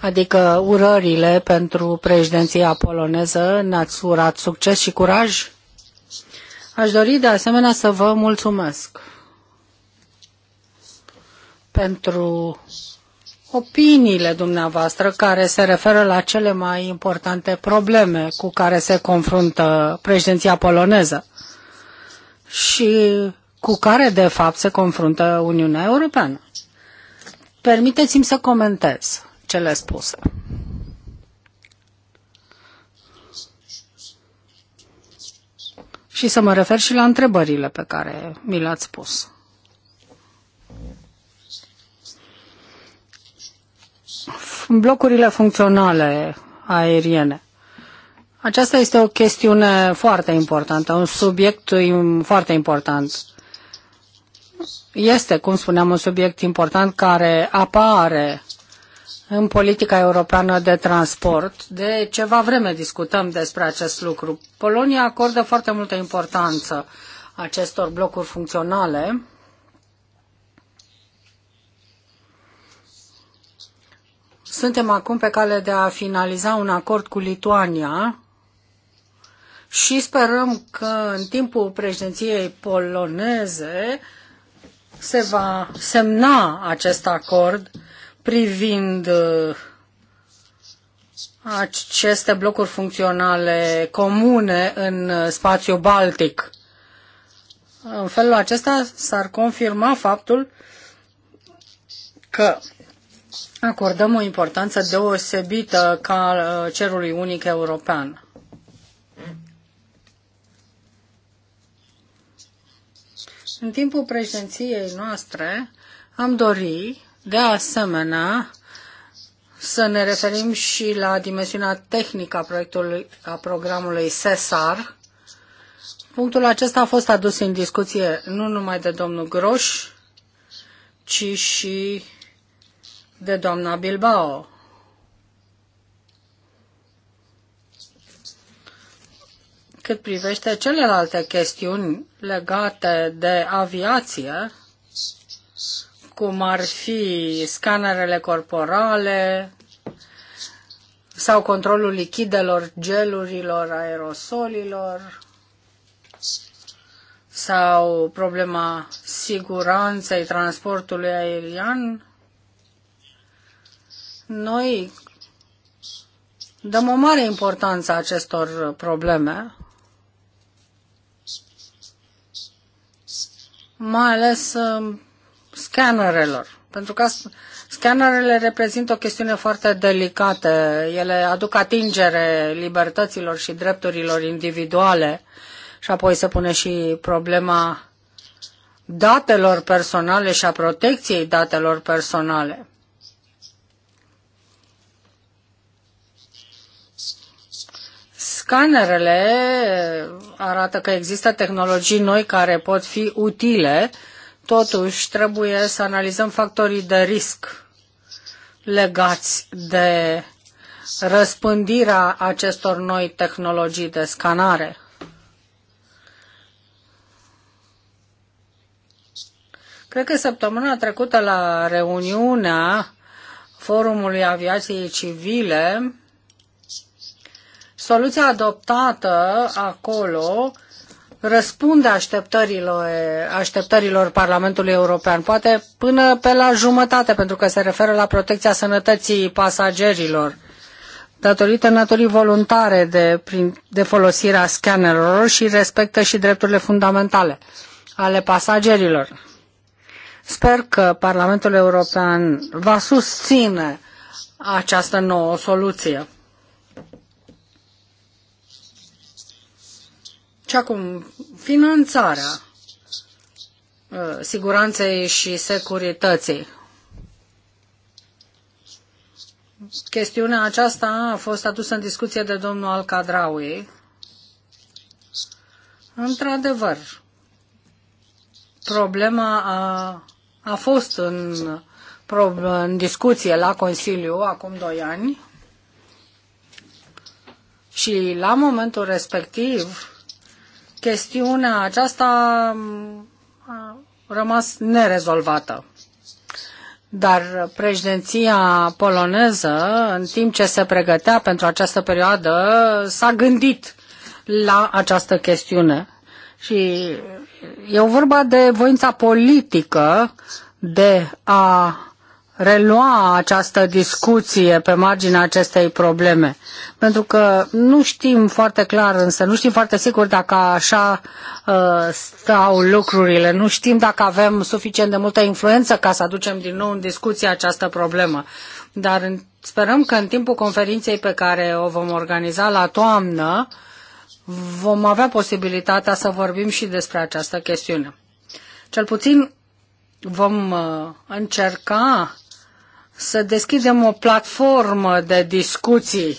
[SPEAKER 3] adică urările pentru președinția poloneză. Ne-ați urat succes și curaj. Aș dori de asemenea să vă mulțumesc pentru opiniile dumneavoastră care se referă la cele mai importante probleme cu care se confruntă președinția poloneză. Și cu care, de fapt, se confruntă Uniunea Europeană. Permiteți-mi să comentez cele spuse. Și să mă refer și la întrebările pe care mi le-ați pus. Blocurile funcționale aeriene. Aceasta este o chestiune foarte importantă, un subiect foarte important este, cum spuneam, un subiect important care apare în politica europeană de transport. De ceva vreme discutăm despre acest lucru. Polonia acordă foarte multă importanță acestor blocuri funcționale. Suntem acum pe cale de a finaliza un acord cu Lituania și sperăm că în timpul președinției poloneze se va semna acest acord privind uh, aceste blocuri funcționale comune în uh, spațiul Baltic. În felul acesta s-ar confirma faptul că acordăm o importanță deosebită ca uh, cerului unic european. În timpul președinției noastre am dori, de asemenea, să ne referim și la dimensiunea tehnică a proiectului, a programului CESAR. Punctul acesta a fost adus în discuție nu numai de domnul Groș, ci și de doamna Bilbao. cât privește celelalte chestiuni legate de aviație, cum ar fi scanerele corporale sau controlul lichidelor, gelurilor, aerosolilor sau problema siguranței transportului aerian, noi dăm o mare importanță acestor probleme mai ales um, scannerelor. Pentru că scannerele reprezintă o chestiune foarte delicată. Ele aduc atingere libertăților și drepturilor individuale și apoi se pune și problema datelor personale și a protecției datelor personale. Scanerele eh, arată că există tehnologii noi care pot fi utile, totuși trebuie să analizăm factorii de risc legați de răspândirea acestor noi tehnologii de scanare. Cred că săptămâna trecută la reuniunea Forumului Aviației Civile Soluția adoptată acolo răspunde așteptărilor, așteptărilor Parlamentului European, poate până pe la jumătate, pentru că se referă la protecția sănătății pasagerilor datorită naturii voluntare de, prin, de folosirea scanerelor și respectă și drepturile fundamentale ale pasagerilor. Sper că Parlamentul European va susține această nouă soluție. Și acum, finanțarea uh, siguranței și securității. Chestiunea aceasta a fost adusă în discuție de domnul Alcadraui. Într-adevăr, problema a, a fost în, în discuție la Consiliu acum doi ani și la momentul respectiv chestiunea aceasta mm, a rămas nerezolvată. Dar președinția poloneză, în timp ce se pregătea pentru această perioadă, s-a gândit la această chestiune. Și e o vorba de voința politică de a relua această discuție pe marginea acestei probleme. Pentru că nu știm foarte clar, însă nu știm foarte sigur dacă așa uh, stau lucrurile. Nu știm dacă avem suficient de multă influență ca să aducem din nou în discuție această problemă. Dar sperăm că în timpul conferinței pe care o vom organiza la toamnă vom avea posibilitatea să vorbim și despre această chestiune. Cel puțin vom uh, încerca să deschidem o platformă de discuții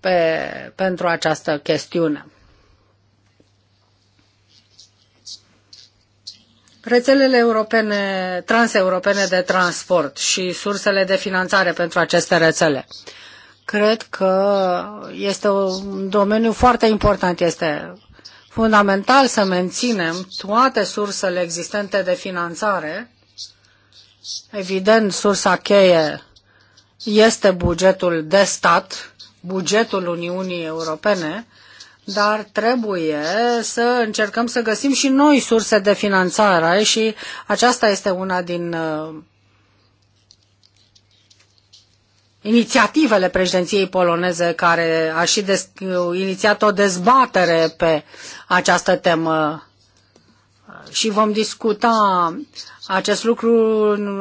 [SPEAKER 3] pe, pentru această chestiune. Rețelele europene, transeuropene de transport și sursele de finanțare pentru aceste rețele. Cred că este un domeniu foarte important. Este fundamental să menținem toate sursele existente de finanțare Evident, sursa cheie este bugetul de stat, bugetul Uniunii Europene, dar trebuie să încercăm să găsim și noi surse de finanțare și aceasta este una din uh, inițiativele președinției poloneze care a și des, uh, inițiat o dezbatere pe această temă și vom discuta acest lucru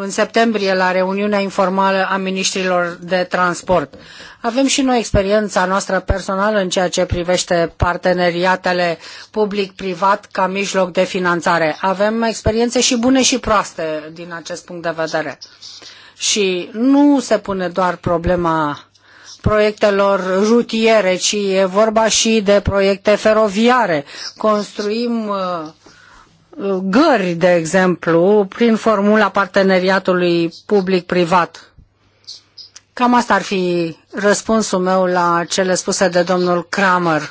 [SPEAKER 3] în septembrie la reuniunea informală a ministrilor de transport. Avem și noi experiența noastră personală în ceea ce privește parteneriatele public-privat ca mijloc de finanțare. Avem experiențe și bune și proaste din acest punct de vedere. Și nu se pune doar problema proiectelor rutiere, ci e vorba și de proiecte feroviare. Construim uh, gări, de exemplu, prin formula parteneriatului public-privat. Cam asta ar fi răspunsul meu la cele spuse de domnul Kramer.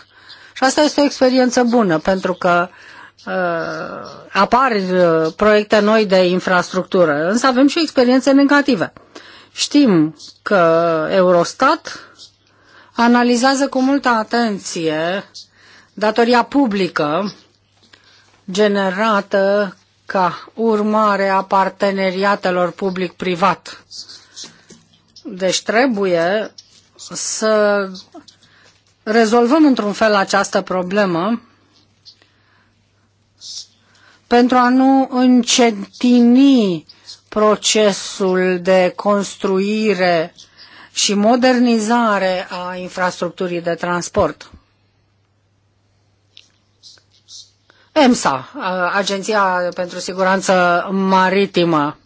[SPEAKER 3] Și asta este o experiență bună, pentru că uh, apar uh, proiecte noi de infrastructură, însă avem și experiențe negative. Știm că Eurostat analizează cu multă atenție datoria publică generată ca urmare a parteneriatelor public-privat. Deci trebuie să rezolvăm într-un fel această problemă pentru a nu încetini procesul de construire și modernizare a infrastructurii de transport. EMSA, Agenția pentru Siguranță Maritimă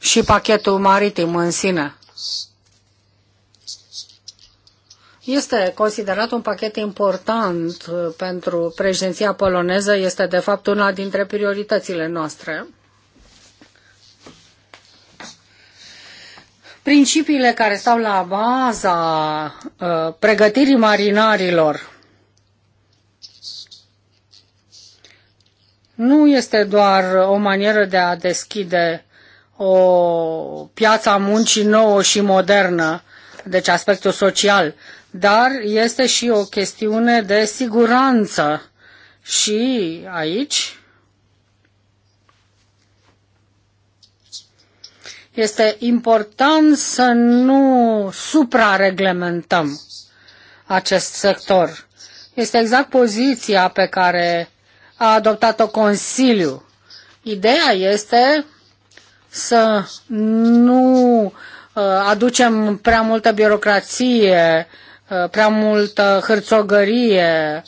[SPEAKER 3] și pachetul maritim în sine. Este considerat un pachet important pentru președinția poloneză, este de fapt una dintre prioritățile noastre. Principiile care stau la baza uh, pregătirii marinarilor nu este doar o manieră de a deschide o piață a muncii nouă și modernă, deci aspectul social, dar este și o chestiune de siguranță. Și aici este important să nu suprareglementăm acest sector. Este exact poziția pe care a adoptat-o Consiliu. Ideea este să nu uh, aducem prea multă birocrație, uh, prea multă hârțogărie,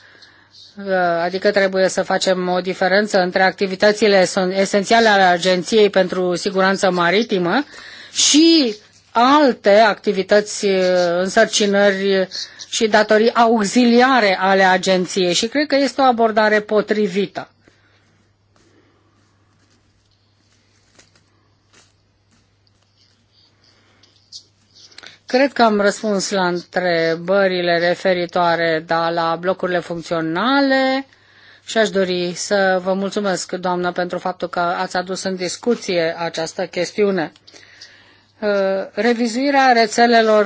[SPEAKER 3] uh, adică trebuie să facem o diferență între activitățile esențiale ale Agenției pentru Siguranță Maritimă și alte activități, uh, însărcinări și datorii auxiliare ale agenției și cred că este o abordare potrivită. Cred că am răspuns la întrebările referitoare da, la blocurile funcționale și aș dori să vă mulțumesc, doamnă, pentru faptul că ați adus în discuție această chestiune. Uh, revizuirea rețelelor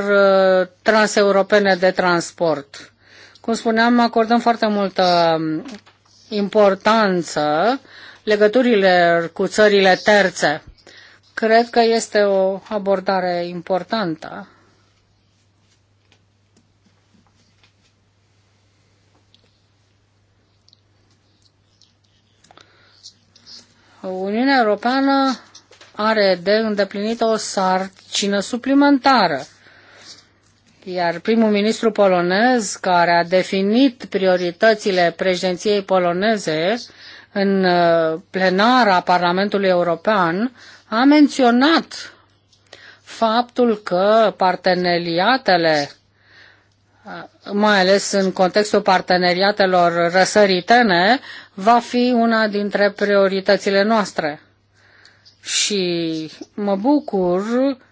[SPEAKER 3] uh, transeuropene de transport. Cum spuneam, acordăm foarte multă um, importanță legăturile cu țările terțe. Cred că este o abordare importantă. Uniunea Europeană are de îndeplinit o sarcină suplimentară. Iar primul ministru polonez, care a definit prioritățile președinției poloneze în uh, plenara Parlamentului European, a menționat faptul că parteneriatele, uh, mai ales în contextul parteneriatelor răsăritene, va fi una dintre prioritățile noastre și mă bucur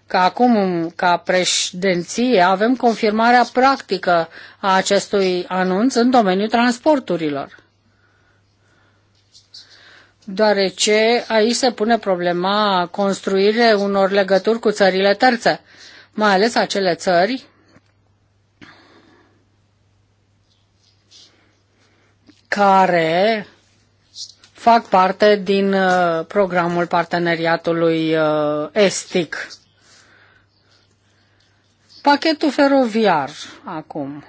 [SPEAKER 3] că acum, ca președinție, avem confirmarea practică a acestui anunț în domeniul transporturilor. Deoarece aici se pune problema construire unor legături cu țările terțe, mai ales acele țări care fac parte din uh, programul parteneriatului uh, estic. Pachetul feroviar acum.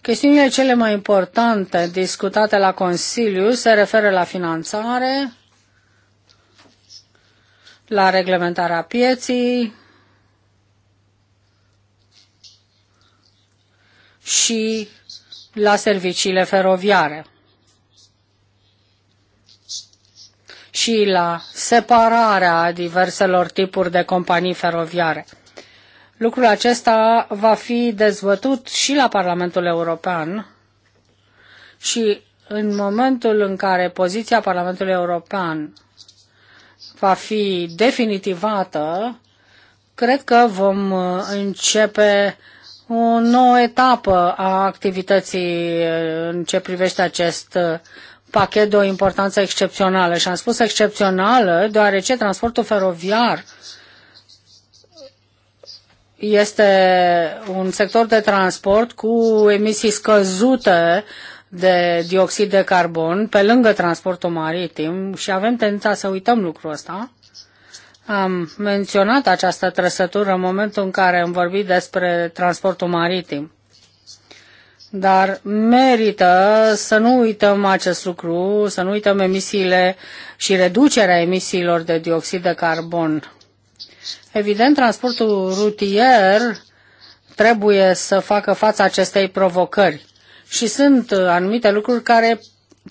[SPEAKER 3] Chestiunile cele mai importante discutate la Consiliu se referă la finanțare, la reglementarea pieții și la serviciile feroviare și la separarea diverselor tipuri de companii feroviare. Lucrul acesta va fi dezbătut și la Parlamentul European și în momentul în care poziția Parlamentului European va fi definitivată, cred că vom începe o nouă etapă a activității eh, în ce privește acest eh, pachet de o importanță excepțională. Și am spus excepțională deoarece transportul feroviar este un sector de transport cu emisii scăzute de dioxid de carbon pe lângă transportul maritim și avem tendința să uităm lucrul ăsta. Am menționat această trăsătură în momentul în care am vorbit despre transportul maritim. Dar merită să nu uităm acest lucru, să nu uităm emisiile și reducerea emisiilor de dioxid de carbon. Evident, transportul rutier trebuie să facă față acestei provocări și sunt anumite lucruri care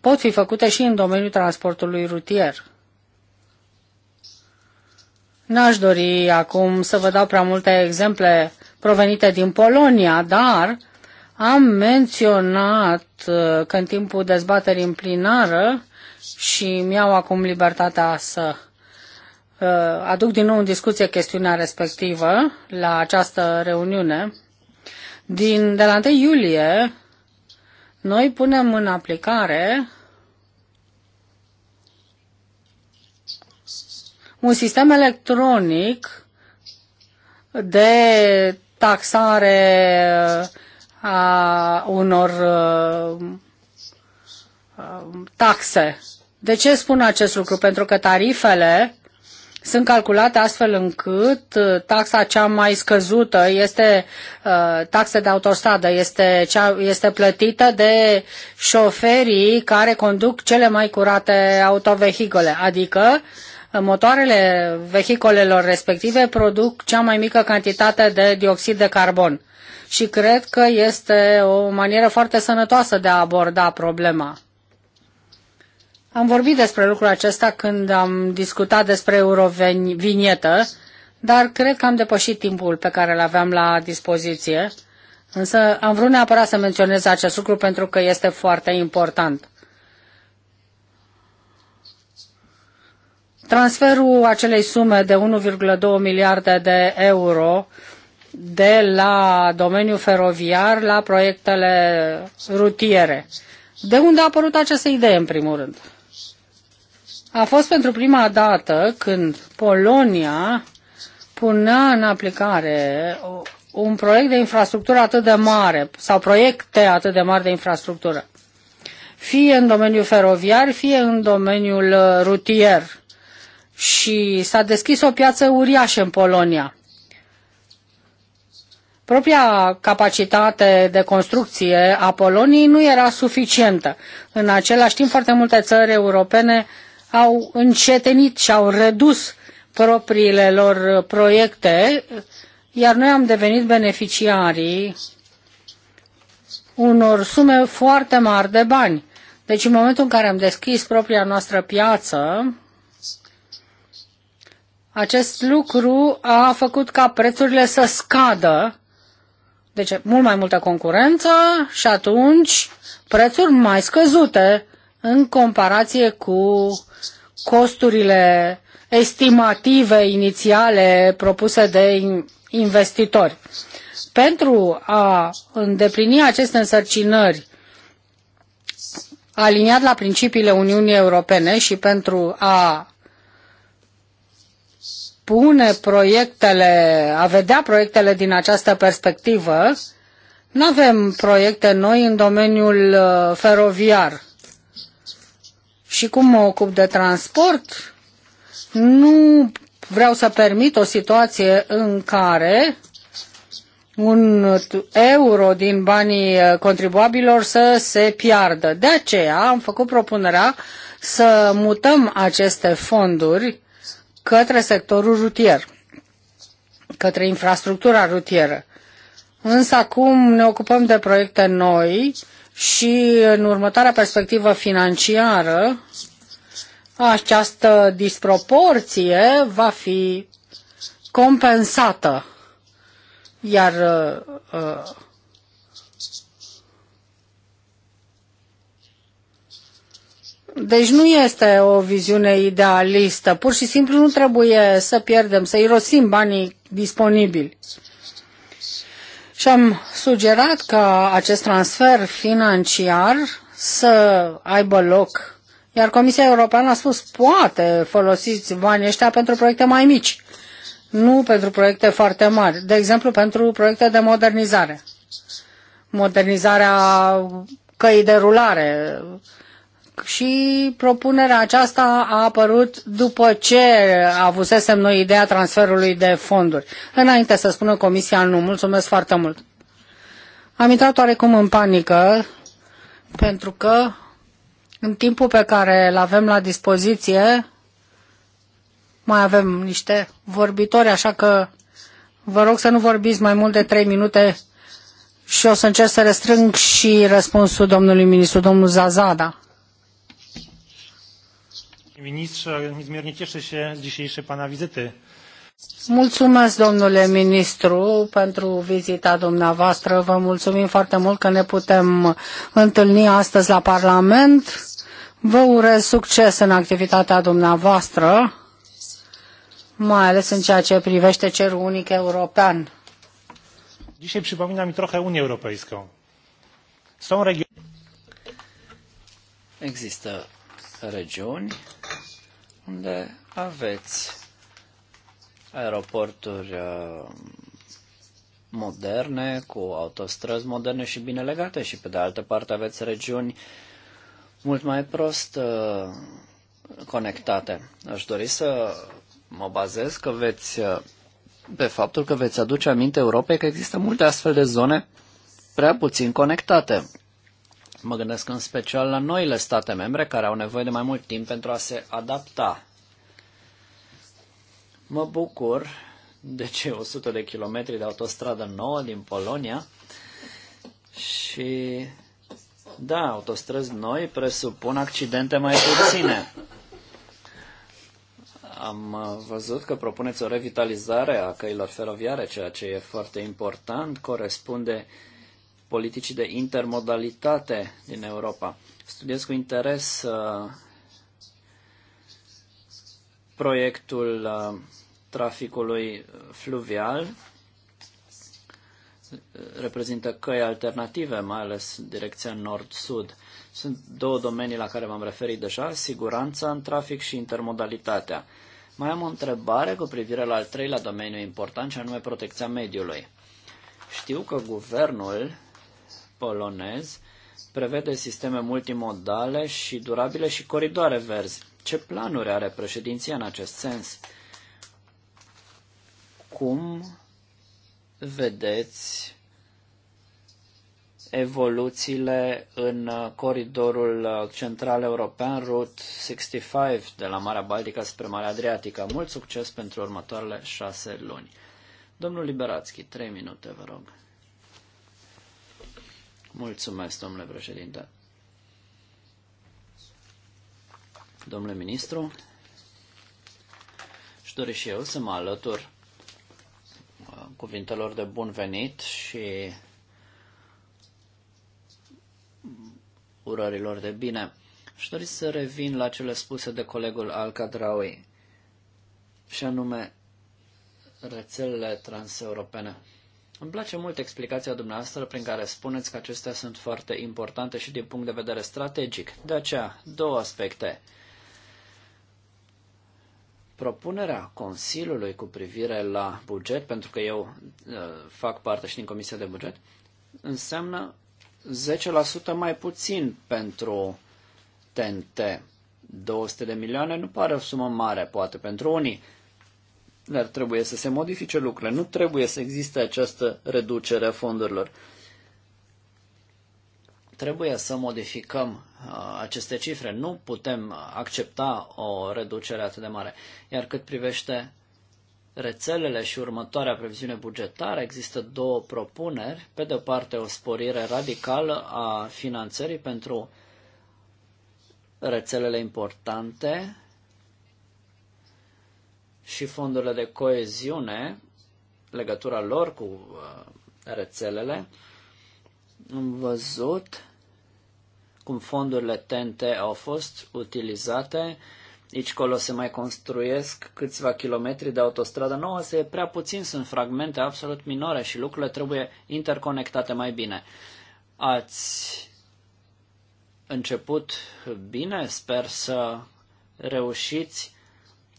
[SPEAKER 3] pot fi făcute și în domeniul transportului rutier. N-aș dori acum să vă dau prea multe exemple provenite din Polonia, dar am menționat uh, că în timpul dezbaterii în plinară și mi-au acum libertatea să uh, aduc din nou în discuție chestiunea respectivă la această reuniune. Din, de la 1 iulie, noi punem în aplicare un sistem electronic de taxare a unor uh, taxe. De ce spun acest lucru? Pentru că tarifele sunt calculate astfel încât uh, taxa cea mai scăzută este uh, taxa de autostradă, este, cea, este plătită de șoferii care conduc cele mai curate autovehicole, adică motoarele vehicolelor respective produc cea mai mică cantitate de dioxid de carbon. Și cred că este o manieră foarte sănătoasă de a aborda problema. Am vorbit despre lucrul acesta când am discutat despre eurovinietă, dar cred că am depășit timpul pe care îl aveam la dispoziție. Însă am vrut neapărat să menționez acest lucru pentru că este foarte important. Transferul acelei sume de 1,2 miliarde de euro de la domeniul feroviar la proiectele rutiere. De unde a apărut această idee, în primul rând? A fost pentru prima dată când Polonia punea în aplicare un proiect de infrastructură atât de mare sau proiecte atât de mari de infrastructură, fie în domeniul feroviar, fie în domeniul rutier și s-a deschis o piață uriașă în Polonia. Propria capacitate de construcție a Poloniei nu era suficientă. În același timp, foarte multe țări europene au încetenit și au redus propriile lor proiecte, iar noi am devenit beneficiarii unor sume foarte mari de bani. Deci în momentul în care am deschis propria noastră piață, acest lucru a făcut ca prețurile să scadă, deci mult mai multă concurență și atunci prețuri mai scăzute în comparație cu costurile estimative inițiale propuse de investitori. Pentru a îndeplini aceste însărcinări aliniat la principiile Uniunii Europene și pentru a pune proiectele, a vedea proiectele din această perspectivă, nu avem proiecte noi în domeniul uh, feroviar. Și cum mă ocup de transport, nu vreau să permit o situație în care un euro din banii uh, contribuabilor să se piardă. De aceea am făcut propunerea să mutăm aceste fonduri către sectorul rutier, către infrastructura rutieră. Însă acum ne ocupăm de proiecte noi și în următoarea perspectivă financiară această disproporție va fi compensată. Iar uh, uh Deci nu este o viziune idealistă. Pur și simplu nu trebuie să pierdem, să irosim banii disponibili. Și am sugerat ca acest transfer financiar să aibă loc. Iar Comisia Europeană a spus, poate folosiți banii ăștia pentru proiecte mai mici, nu pentru proiecte foarte mari, de exemplu pentru proiecte de modernizare. Modernizarea căi de rulare, și propunerea aceasta a apărut după ce avusesem noi ideea transferului de fonduri. Înainte să spună comisia nu, mulțumesc foarte mult. Am intrat oarecum în panică pentru că în timpul pe care îl avem la dispoziție mai avem niște vorbitori, așa că vă rog să nu vorbiți mai mult de 3 minute și o să încerc să restrâng și răspunsul domnului ministru, domnul Zazada ministrze, niezmiernie cieszę się z dzisiejszej pana wizyty. Mulțumesc, domnule ministru, pentru vizita dumneavoastră. Vă mulțumim foarte mult că ne putem întâlni astăzi la Parlament. Vă urez succes în activitatea dumneavoastră, mai ales în ceea ce privește cerul unic european.
[SPEAKER 2] Există regiuni unde aveți aeroporturi uh, moderne, cu autostrăzi moderne și bine legate și pe de altă parte aveți regiuni mult mai prost uh, conectate. Aș dori să mă bazez că veți, uh, pe faptul că veți aduce aminte Europei că există multe astfel de zone prea puțin conectate. Mă gândesc în special la noile state membre care au nevoie de mai mult timp pentru a se adapta. Mă bucur de cei 100 de kilometri de autostradă nouă din Polonia și da, autostrăzi noi presupun accidente mai puține. Am uh, văzut că propuneți o revitalizare a căilor feroviare, ceea ce e foarte important, corespunde uh, politicii de intermodalitate din Europa. Studiez cu interes uh, proiectul uh, traficului fluvial. Reprezintă căi alternative, mai ales direcția nord-sud. Sunt două domenii la care v am referit deja, siguranța în trafic și intermodalitatea. Mai am o întrebare cu privire la al treilea domeniu important, și anume protecția mediului. Știu că guvernul polonez prevede sisteme multimodale și durabile și coridoare verzi. Ce planuri are președinția în acest sens? Cum vedeți evoluțiile în coridorul central european, Route 65, de la Marea Baltică spre Marea Adriatică. Mult succes pentru următoarele șase luni. Domnul Liberațchi, trei minute, vă rog. Mulțumesc, domnule președinte. Domnule ministru, și dori și eu să mă alătur uh, cuvintelor de bun venit și urărilor de bine. Și dori să revin la cele spuse de colegul al Cadraui, și anume rețelele transeuropene. Îmi place mult explicația dumneavoastră prin care spuneți că acestea sunt foarte importante și din punct de vedere strategic. De aceea, două aspecte. Propunerea Consiliului cu privire la buget, pentru că eu uh, fac parte și din Comisia de Buget, înseamnă 10% mai puțin pentru TNT. 200 de milioane nu pare o sumă mare, poate, pentru unii, dar trebuie să se modifice lucrurile. Nu trebuie să existe această reducere a fondurilor. Trebuie să modificăm uh, aceste cifre. Nu putem accepta o reducere atât de mare. Iar cât privește rețelele și următoarea previziune bugetară, există două propuneri. Pe de o parte, o sporire radicală a finanțării pentru rețelele importante și fondurile de coeziune, legătura lor cu uh, rețelele, am văzut cum fondurile TNT au fost utilizate. Aici colo se mai construiesc câțiva kilometri de autostradă nouă, se e prea puțin, sunt fragmente absolut minore și lucrurile trebuie interconectate mai bine. Ați început bine, sper să reușiți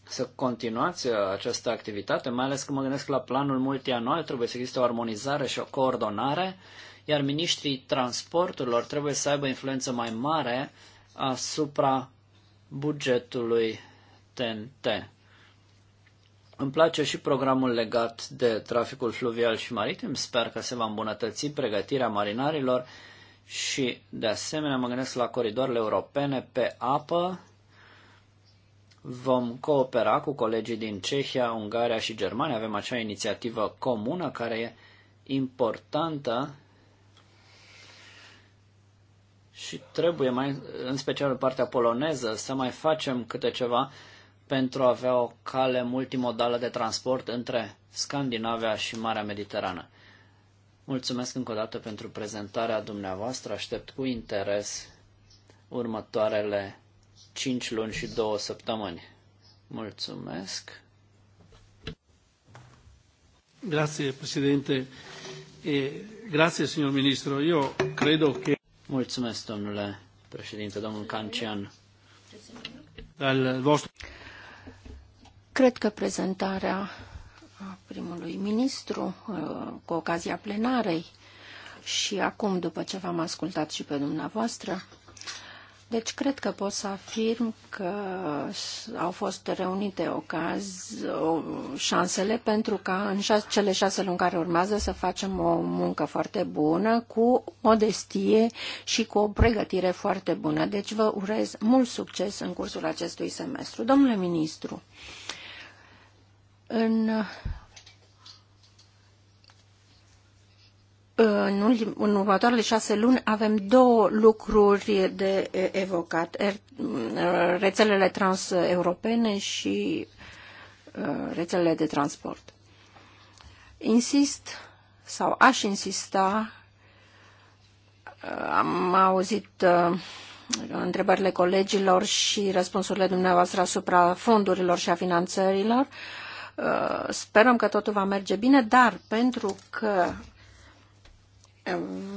[SPEAKER 2] să continuați uh, această activitate, mai ales că mă gândesc la planul multianual, trebuie să existe o armonizare și o coordonare, iar ministrii transporturilor trebuie să aibă influență mai mare asupra bugetului TNT. Îmi place și programul legat de traficul fluvial și maritim. Sper că se va îmbunătăți pregătirea marinarilor și, de asemenea, mă gândesc la coridoarele europene pe apă, Vom coopera cu colegii din Cehia, Ungaria și Germania. Avem acea inițiativă comună care e importantă și trebuie, mai, în special în partea poloneză, să mai facem câte ceva pentru a avea o cale multimodală de transport între Scandinavia și Marea Mediterană. Mulțumesc încă o dată pentru prezentarea dumneavoastră. Aștept cu interes următoarele 5 luni și 2 săptămâni. Mulțumesc. Grazie, președinte. E, grazie, signor ministru. Eu cred Că... Mulțumesc, domnule președinte, domnul Cancian. Al vostru...
[SPEAKER 1] Cred că prezentarea primului ministru uh, cu ocazia plenarei și acum, după ce v-am ascultat și pe dumneavoastră, deci cred că pot să afirm că au fost reunite ocaz, o, șansele pentru ca în șase, cele șase luni care urmează să facem o muncă foarte bună, cu modestie și cu o pregătire foarte bună. Deci vă urez mult succes în cursul acestui semestru. Domnule ministru, în în, în următoarele șase luni avem două lucruri de evocat. Er, mm, rețelele transeuropene și rețelele de transport. Insist sau aș insista, am auzit întrebările colegilor și răspunsurile dumneavoastră asupra fondurilor și a finanțărilor. Sperăm că totul va merge bine, dar pentru că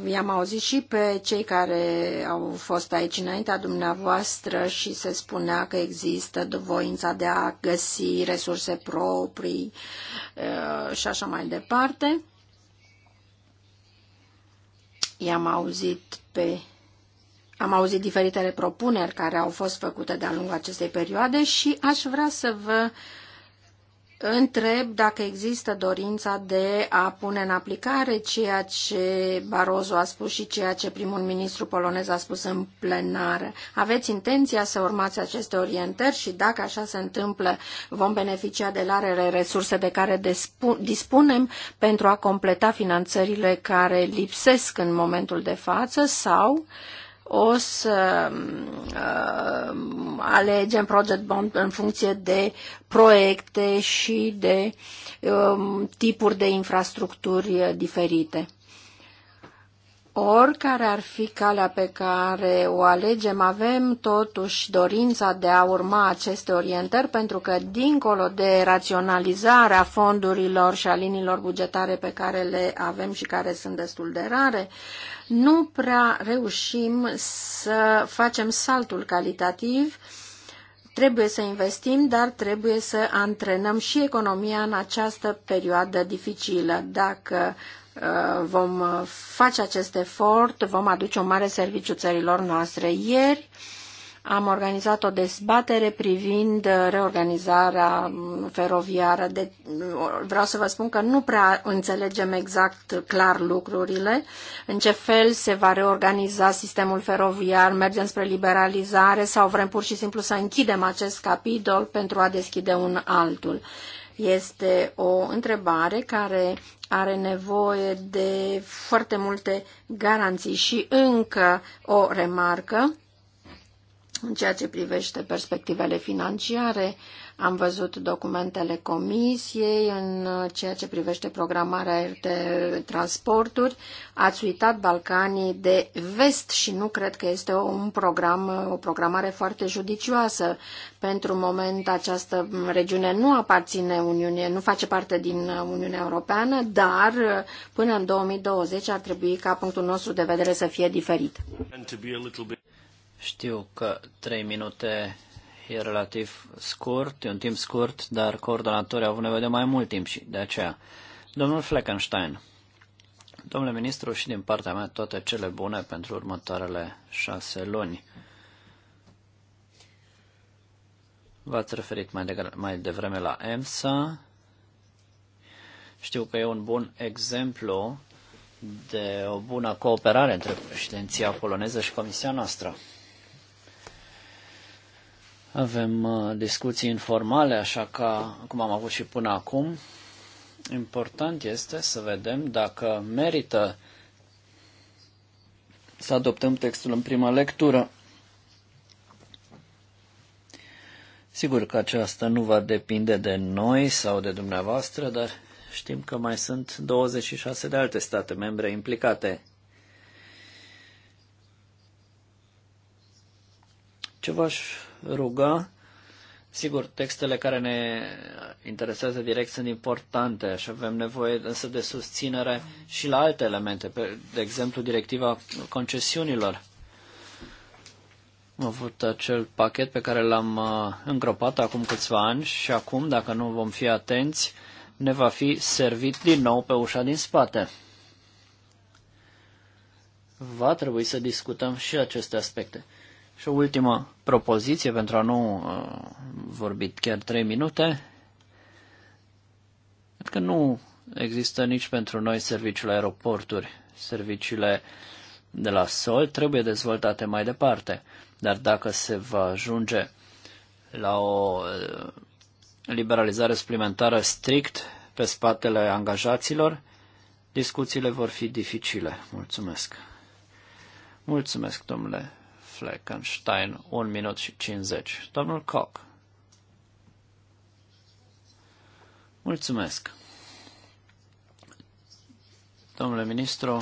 [SPEAKER 1] I-am auzit și pe cei care au fost aici înaintea dumneavoastră și se spunea că există voința de a găsi resurse proprii uh, și așa mai departe. I-am auzit pe am auzit diferitele propuneri care au fost făcute de-a lungul acestei perioade și aș vrea să vă uh, întreb dacă există dorința de a pune în aplicare ceea ce Barroso a spus și ceea ce primul ministru polonez a spus în plenară. Aveți intenția să urmați aceste orientări și dacă așa se întâmplă, vom beneficia de larele resurse de care dispunem pentru a completa finanțările care lipsesc în momentul de față sau uh, o să uh, alegem project bond în funcție de proiecte și de um, tipuri de infrastructuri diferite. Oricare ar fi calea pe care o alegem, avem totuși dorința de a urma aceste orientări, pentru că, dincolo de raționalizarea fondurilor și a liniilor bugetare pe care le avem și care sunt destul de rare, nu prea reușim să facem saltul calitativ. Trebuie să investim, dar trebuie să antrenăm și economia în această perioadă dificilă. Dacă uh, vom face acest efort, vom aduce un mare serviciu țărilor noastre. Ieri, am organizat o dezbatere privind uh, reorganizarea mm, feroviară. De, mm, vreau să vă spun că nu prea înțelegem exact clar lucrurile, în ce fel se va reorganiza sistemul feroviar, mergem spre liberalizare sau vrem pur și simplu să închidem acest capitol pentru a deschide un altul. Este o întrebare care are nevoie de foarte multe garanții și încă o remarcă în ceea ce privește perspectivele financiare, am văzut documentele comisiei în ceea ce privește programarea de transporturi. Ați uitat Balcanii de vest și nu cred că este un program, o programare foarte judicioasă. Pentru moment această regiune nu aparține Uniunii, nu face parte din Uniunea Europeană, dar până în 2020 ar trebui ca punctul nostru de vedere să fie diferit.
[SPEAKER 2] Știu că trei minute e relativ scurt, e un timp scurt, dar coordonatorii au avut nevoie de mai mult timp și de aceea. Domnul Fleckenstein, domnule ministru, și din partea mea toate cele bune pentru următoarele șase luni. V-ați referit mai, de, mai devreme la EMSA. Știu că e un bun exemplu de o bună cooperare între președinția poloneză și comisia noastră. Avem uh, discuții informale, așa ca cum am avut și până acum. Important este să vedem dacă merită să adoptăm textul în prima lectură. Sigur că aceasta nu va depinde de noi sau de dumneavoastră, dar știm că mai sunt 26 de alte state membre implicate. Ce v-aș ruga. Sigur, textele care ne interesează direct sunt importante și avem nevoie însă de susținere și la alte elemente, de exemplu directiva concesiunilor. Am avut acel pachet pe care l-am uh, îngropat acum câțiva ani și acum, dacă nu vom fi atenți, ne va fi servit din nou pe ușa din spate. Va trebui să discutăm și aceste aspecte. Și o ultimă propoziție pentru a nu uh, vorbi chiar trei minute. Cred că nu există nici pentru noi serviciul aeroporturi. Serviciile de la sol trebuie dezvoltate mai departe. Dar dacă se va ajunge la o uh, liberalizare suplimentară strict pe spatele angajaților, discuțiile vor fi dificile. Mulțumesc. Mulțumesc, domnule Fleckenstein, 1 minut și 50. Domnul Koch. Mulțumesc. Domnule ministru,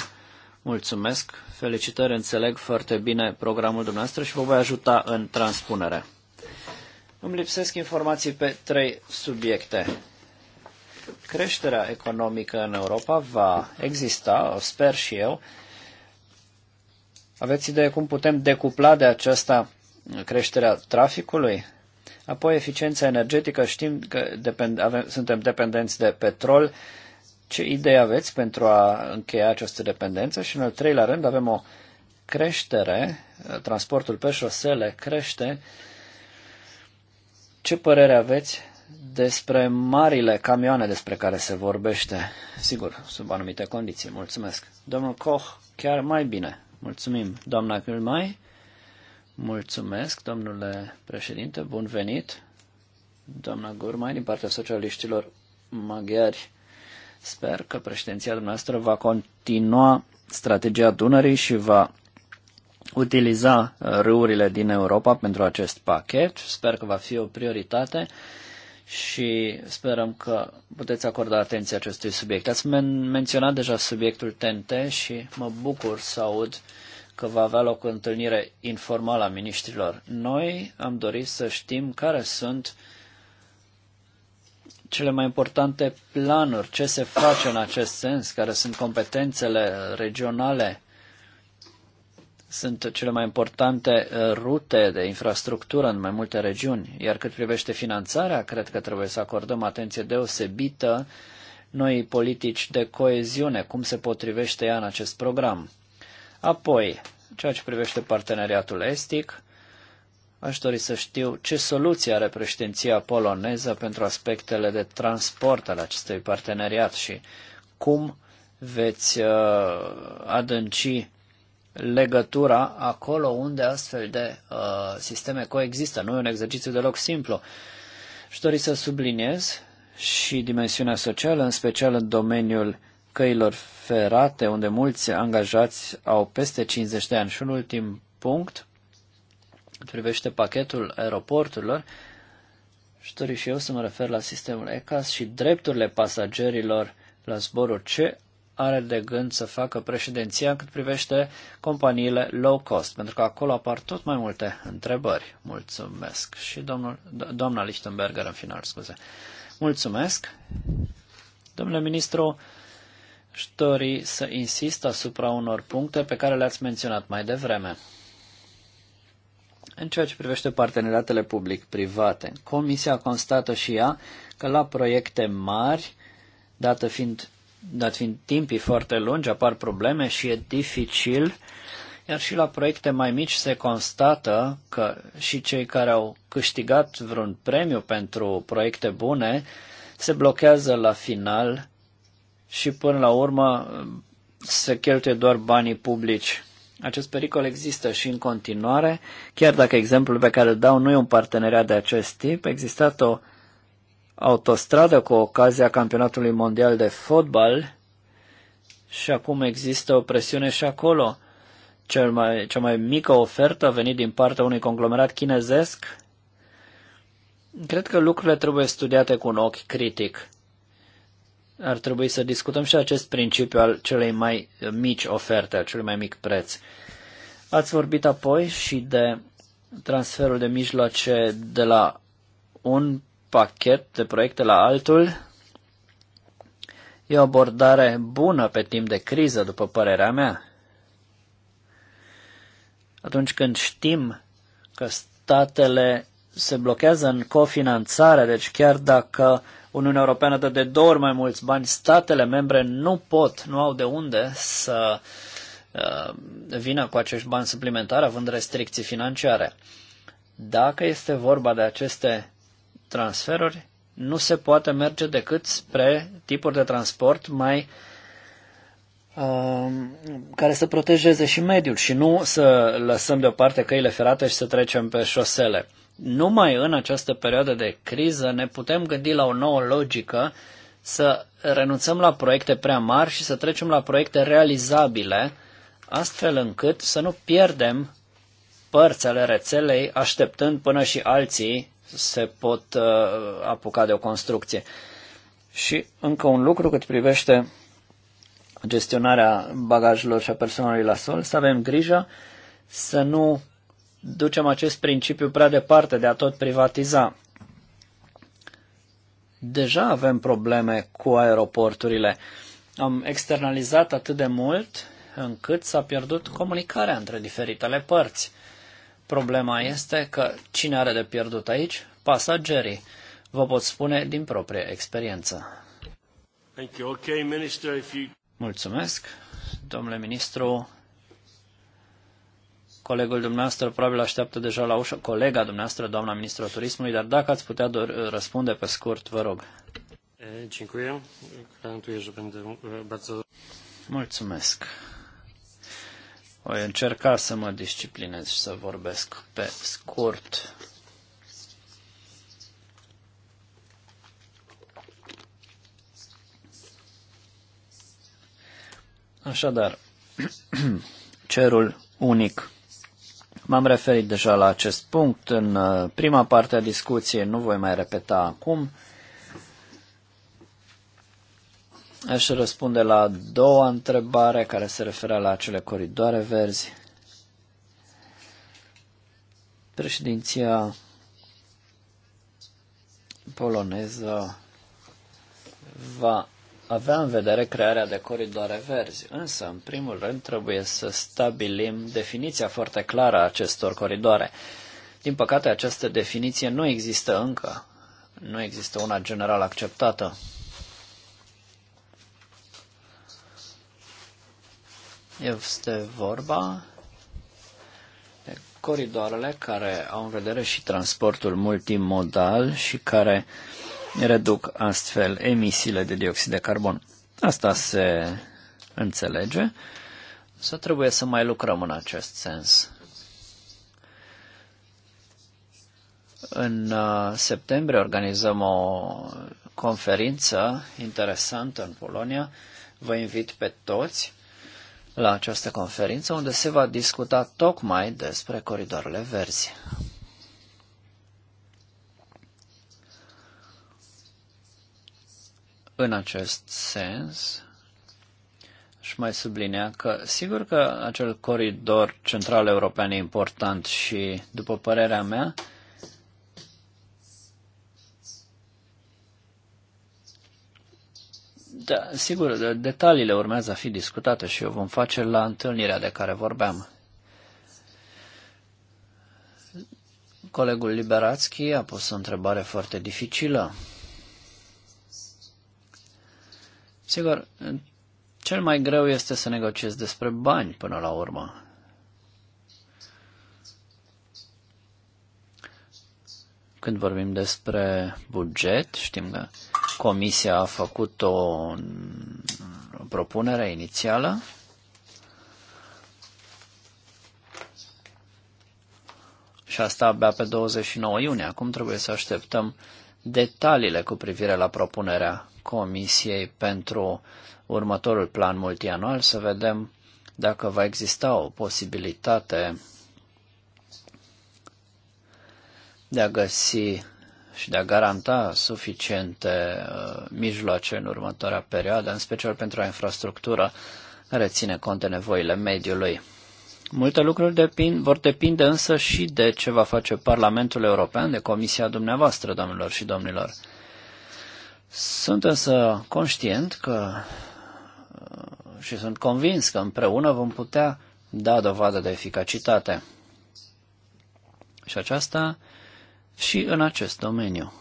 [SPEAKER 2] mulțumesc. Felicitări, înțeleg foarte bine programul dumneavoastră și vă voi ajuta în transpunere. Îmi lipsesc informații pe trei subiecte. Creșterea economică în Europa va exista, o sper și eu, aveți idee cum putem decupla de aceasta creșterea traficului? Apoi eficiența energetică, știm că depend, avem, suntem dependenți de petrol. Ce idee aveți pentru a încheia această dependență? Și în al treilea rând avem o creștere, transportul pe șosele crește. Ce părere aveți despre marile camioane despre care se vorbește? Sigur, sub anumite condiții. Mulțumesc. Domnul Koch, chiar mai bine. Mulțumim, doamna Gâlmai. Mulțumesc, domnule președinte, bun venit. Doamna Gurmai, din partea socialiștilor maghiari, sper că președinția dumneavoastră va continua strategia Dunării și va utiliza uh, râurile din Europa pentru acest pachet. Sper că va fi o prioritate și sperăm că puteți acorda atenție acestui subiect. Ați men- menționat deja subiectul TNT și mă bucur să aud că va avea loc o întâlnire informală a miniștrilor. Noi am dorit să știm care sunt cele mai importante planuri, ce se face în acest sens, care sunt competențele regionale sunt cele mai importante uh, rute de infrastructură în mai multe regiuni, iar cât privește finanțarea, cred că trebuie să acordăm atenție deosebită noi politici de coeziune, cum se potrivește ea în acest program. Apoi, ceea ce privește parteneriatul estic, aș dori să știu ce soluție are președinția poloneză pentru aspectele de transport al acestui parteneriat și cum veți uh, adânci legătura acolo unde astfel de uh, sisteme coexistă. Nu e un exercițiu deloc simplu. Și dori să subliniez și dimensiunea socială, în special în domeniul căilor ferate, unde mulți angajați au peste 50 de ani. Și un ultim punct privește pachetul aeroporturilor. Și dori și eu să mă refer la sistemul ECAS și drepturile pasagerilor la zboruri. Ce are de gând să facă președinția cât privește companiile low cost, pentru că acolo apar tot mai multe întrebări. Mulțumesc. Și domnul, do doamna Lichtenberger în final, scuze. Mulțumesc. Domnule ministru, aș dori să insist asupra unor puncte pe care le-ați menționat mai devreme. În ceea ce privește parteneriatele public-private, Comisia constată și ea că la proiecte mari, dată fiind dat fiind timpii foarte lungi, apar probleme și e dificil, iar și la proiecte mai mici se constată că și cei care au câștigat vreun premiu pentru proiecte bune se blochează la final și până la urmă mm, se cheltuie doar banii publici. Acest pericol există și în continuare, chiar dacă exemplul pe care îl dau nu e un parteneriat de acest tip, a existat o autostradă cu ocazia campionatului mondial de fotbal și acum există o presiune și acolo. Cel mai, cea mai mică ofertă a venit din partea unui conglomerat chinezesc. Cred că lucrurile trebuie studiate cu un ochi critic. Ar trebui să discutăm și acest principiu al celei mai mici oferte, al celui mai mic preț. Ați vorbit apoi și de transferul de mijloace de la un pachet de proiecte la altul. E o abordare bună pe timp de criză, după părerea mea. Atunci când știm că statele se blochează în cofinanțare, deci chiar dacă Uniunea Europeană dă de două ori mai mulți bani, statele membre nu pot, nu au de unde să uh, vină cu acești bani suplimentari, având restricții financiare. Dacă este vorba de aceste transferuri, nu se poate merge decât spre tipuri de transport mai uh, care să protejeze și mediul și nu să lăsăm deoparte căile ferate și să trecem pe șosele. Numai în această perioadă de criză ne putem gândi la o nouă logică să renunțăm la proiecte prea mari și să trecem la proiecte realizabile, astfel încât să nu pierdem părți ale rețelei așteptând până și alții se pot uh, apuca de o construcție. Și încă un lucru cât privește gestionarea bagajelor și a persoanelor la sol, să avem grijă să nu ducem acest principiu prea departe de a tot privatiza. Deja avem probleme cu aeroporturile. Am externalizat atât de mult încât s-a pierdut comunicarea între diferitele părți. Problema este că cine are de pierdut aici? Pasagerii. Vă pot spune din proprie experiență.
[SPEAKER 1] Thank you. Okay, minister, if you...
[SPEAKER 2] Mulțumesc, domnule ministru. Colegul dumneavoastră probabil așteaptă deja la ușă, colega dumneavoastră, doamna ministru turismului, dar dacă ați putea răspunde pe scurt, vă rog. Mulțumesc. Voi încerca să mă disciplinez și să vorbesc pe scurt. Așadar, cerul unic. M-am referit deja la acest punct în uh, prima parte a discuției, nu voi mai repeta acum. Aș răspunde la a doua întrebare care se referea la acele coridoare verzi. Președinția poloneză va avea în vedere crearea de coridoare verzi, însă, în primul rând, trebuie să stabilim definiția foarte clară a acestor coridoare. Din păcate, această definiție nu există încă. Nu există una general acceptată. Este vorba de coridoarele care au în vedere și transportul multimodal și care reduc astfel emisiile de dioxid de carbon. Asta se înțelege, să trebuie să mai lucrăm în acest sens. În uh, septembrie organizăm o conferință interesantă în Polonia. Vă invit pe toți la această conferință, unde se va discuta tocmai despre coridoarele verzi. În acest sens, și mai sublinea că, sigur că acel coridor central european e important și, după părerea mea, Da, sigur, detaliile urmează a fi discutate și o vom face la întâlnirea de care vorbeam. Colegul Liberațchi a pus o întrebare foarte dificilă. Sigur, cel mai greu este să negociezi despre bani până la urmă. Când vorbim despre buget, știm că Comisia a făcut o propunere inițială și asta abia pe 29 iunie. Acum trebuie să așteptăm detaliile cu privire la propunerea Comisiei pentru următorul plan multianual, să vedem dacă va exista o posibilitate de a găsi și de a garanta suficiente uh, mijloace în următoarea perioadă, în special pentru o infrastructură care ține cont de nevoile mediului. Multe lucruri depind, vor depinde însă și de ce va face Parlamentul European, de Comisia dumneavoastră, domnilor și domnilor. Sunt însă conștient că uh, și sunt convins că împreună vom putea da dovadă de eficacitate. Și aceasta și în acest domeniu.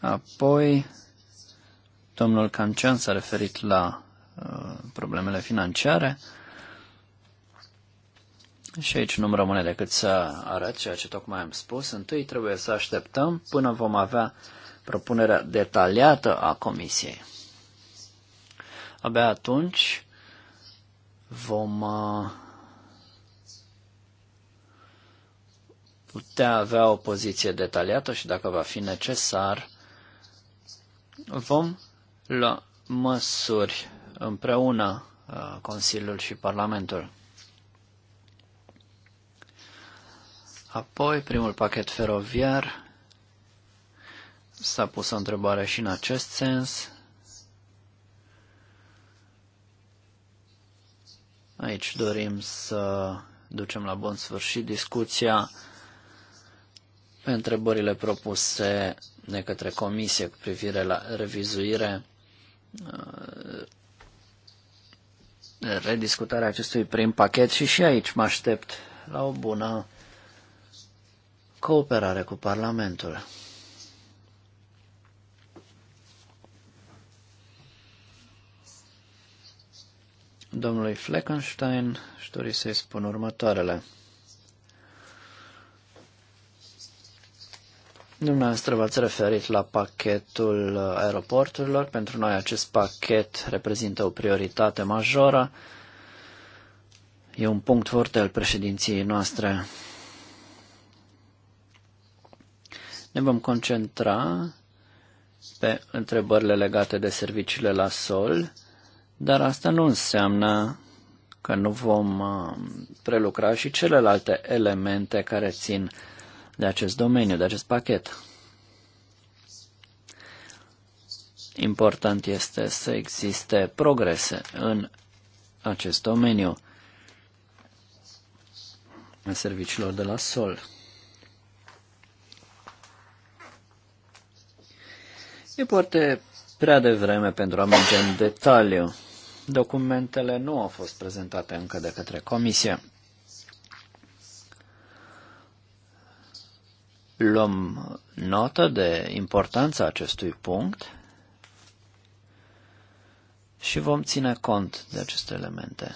[SPEAKER 2] Apoi, domnul Cancian s-a referit la uh, problemele financiare și aici nu-mi rămâne decât să arăt ceea ce tocmai am spus. Întâi trebuie să așteptăm până vom avea propunerea detaliată a comisiei. Abia atunci vom uh, putea avea o poziție detaliată și dacă va fi necesar, vom lua măsuri împreună uh, Consiliul și Parlamentul. Apoi, primul pachet feroviar. S-a pus o întrebare și în acest sens. Aici dorim să ducem la bun sfârșit discuția pe întrebările propuse de către comisie cu privire la revizuire, uh, rediscutarea acestui prim pachet și și aici mă aștept la o bună cooperare cu Parlamentul. Domnului Fleckenstein și dori să-i spun următoarele. Dumneavoastră v-ați referit la pachetul aeroporturilor. Pentru noi acest pachet reprezintă o prioritate majoră. E un punct foarte al președinției noastre. Ne vom concentra pe întrebările legate de serviciile la sol dar asta nu înseamnă că nu vom uh, prelucra și celelalte elemente care țin de acest domeniu, de acest pachet. Important este să existe progrese în acest domeniu a serviciilor de la sol. E poate prea devreme pentru a merge în detaliu Documentele nu au fost prezentate încă de către comisie. Luăm notă de importanța acestui punct și vom ține cont de aceste elemente.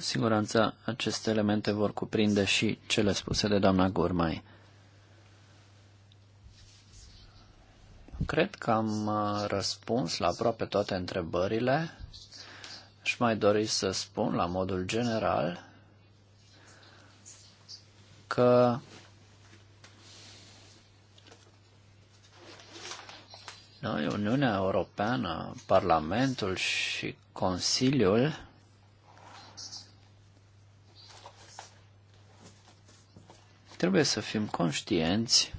[SPEAKER 2] siguranță aceste elemente vor cuprinde și cele spuse de doamna Gurmai. Cred că am uh, răspuns la aproape toate întrebările și mai dori să spun la modul general că noi, Uniunea Europeană, Parlamentul și Consiliul Trebuie să fim conștienți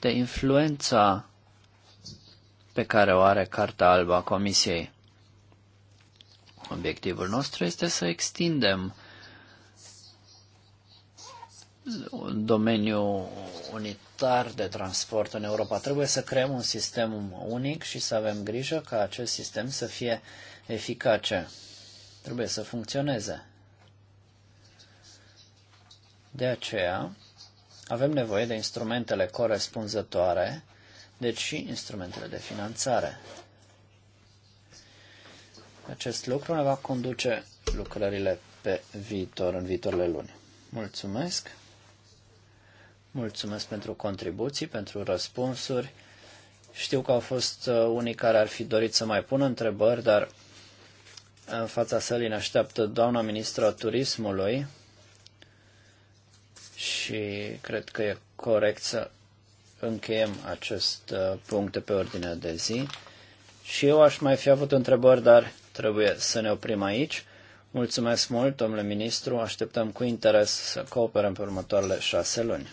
[SPEAKER 2] de influența pe care o are Carta Albă a Comisiei. Obiectivul nostru este să extindem un domeniu unitar de transport în Europa. Trebuie să creăm un sistem unic și să avem grijă ca acest sistem să fie eficace. Trebuie să funcționeze. De aceea avem nevoie de instrumentele corespunzătoare, deci și instrumentele de finanțare. Acest lucru ne va conduce lucrările pe viitor, în viitorile luni. Mulțumesc! Mulțumesc pentru contribuții, pentru răspunsuri. Știu că au fost uh, unii care ar fi dorit să mai pună întrebări, dar în fața sălii ne așteaptă doamna ministra turismului și cred că e corect să încheiem acest uh, punct de pe ordinea de zi. Și eu aș mai fi avut întrebări, dar trebuie să ne oprim aici. Mulțumesc mult, domnule ministru. Așteptăm cu interes să cooperăm pe următoarele șase luni.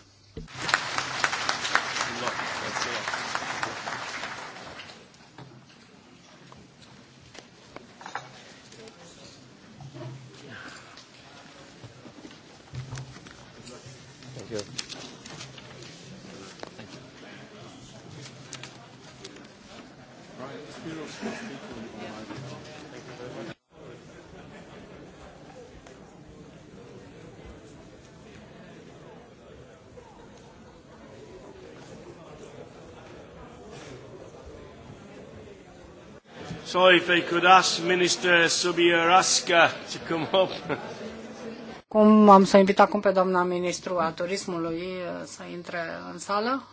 [SPEAKER 1] So if I could ask Minister Subiaraska to come up.
[SPEAKER 3] Cum am să invit acum pe doamna ministru a turismului uh, să intre în sală?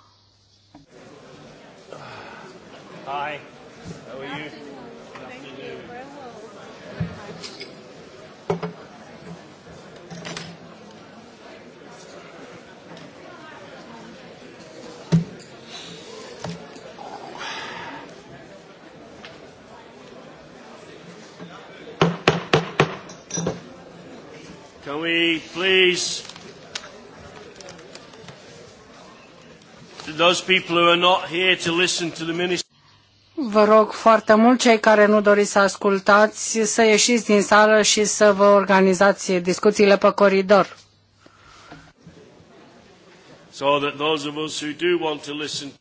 [SPEAKER 2] Those people who are not here to listen to the minister.
[SPEAKER 3] Vă rog foarte mult, cei care nu doriți să ascultați, să ieșiți din sală și să vă organizați discuțiile pe coridor.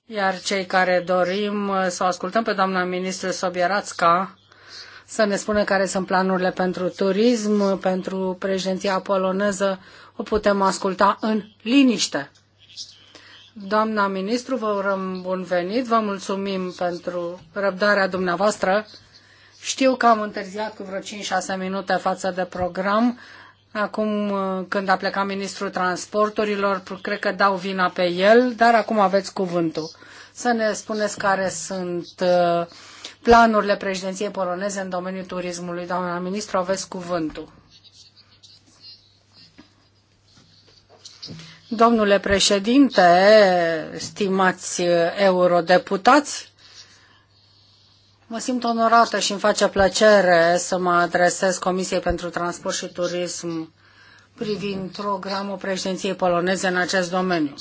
[SPEAKER 3] Iar cei care dorim să o ascultăm pe doamna ministru Sobierațca, să ne spună care sunt planurile pentru turism, pentru președinția poloneză, o putem asculta în liniște. Doamna ministru, vă urăm bun venit, vă mulțumim pentru răbdarea dumneavoastră. Știu că am întârziat cu vreo 5-6 minute față de program. Acum, uh, când a plecat ministrul transporturilor, cred că dau vina pe el, dar acum aveți cuvântul. Să ne spuneți care sunt uh, planurile președinției poloneze în domeniul turismului. Doamna ministru, aveți cuvântul. Domnule președinte, stimați eurodeputați, mă simt onorată și îmi face plăcere să mă adresez Comisiei pentru Transport și Turism privind programul președinției poloneze în acest domeniu.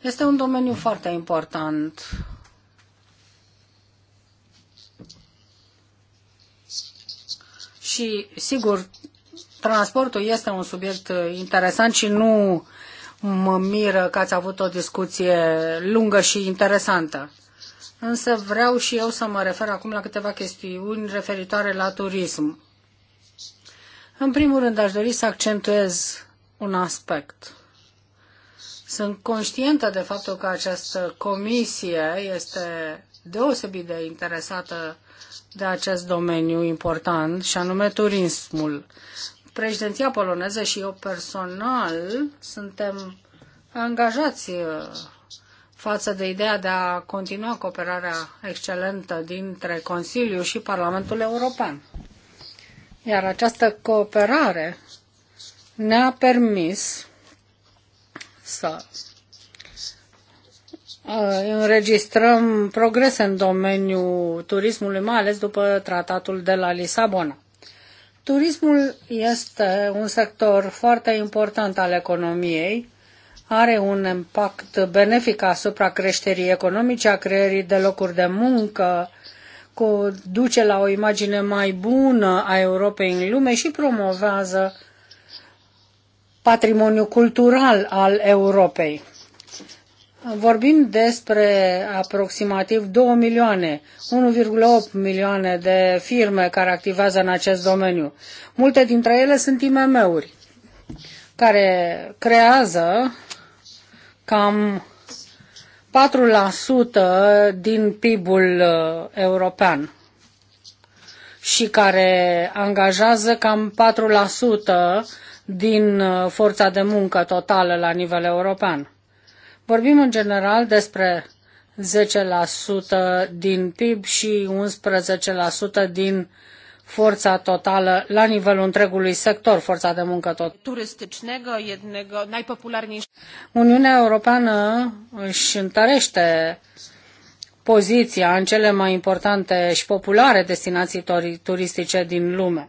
[SPEAKER 3] Este un domeniu foarte important. Și, sigur, transportul este un subiect uh, interesant și nu mă miră că ați avut o discuție lungă și interesantă. Însă vreau și eu să mă refer acum la câteva chestiuni referitoare la turism. În primul rând, aș dori să accentuez un aspect. Sunt conștientă de faptul că această comisie este deosebit de interesată de acest domeniu important, și anume turismul președinția poloneză și eu personal suntem angajați uh, față de ideea de a continua cooperarea excelentă dintre Consiliu și Parlamentul European. Iar această cooperare ne-a permis să uh, înregistrăm progrese în domeniul turismului, mai ales după tratatul de la Lisabona. Turismul este un sector foarte important al economiei, are un impact benefic asupra creșterii economice, a creării de locuri de muncă, cu, duce la o imagine mai bună a Europei în lume și promovează patrimoniul cultural al Europei. Vorbim despre aproximativ 2 milioane, 1,8 milioane de firme care activează în acest domeniu. Multe dintre ele sunt IMM-uri care creează cam 4% din PIB-ul uh, european și care angajează cam 4% din uh, forța de muncă totală la nivel european. Vorbim în general despre 10% din PIB și 11% din forța totală la nivelul întregului sector, forța de muncă tot. Uniunea Europeană își întărește poziția în cele mai importante și populare destinații turistice din lume.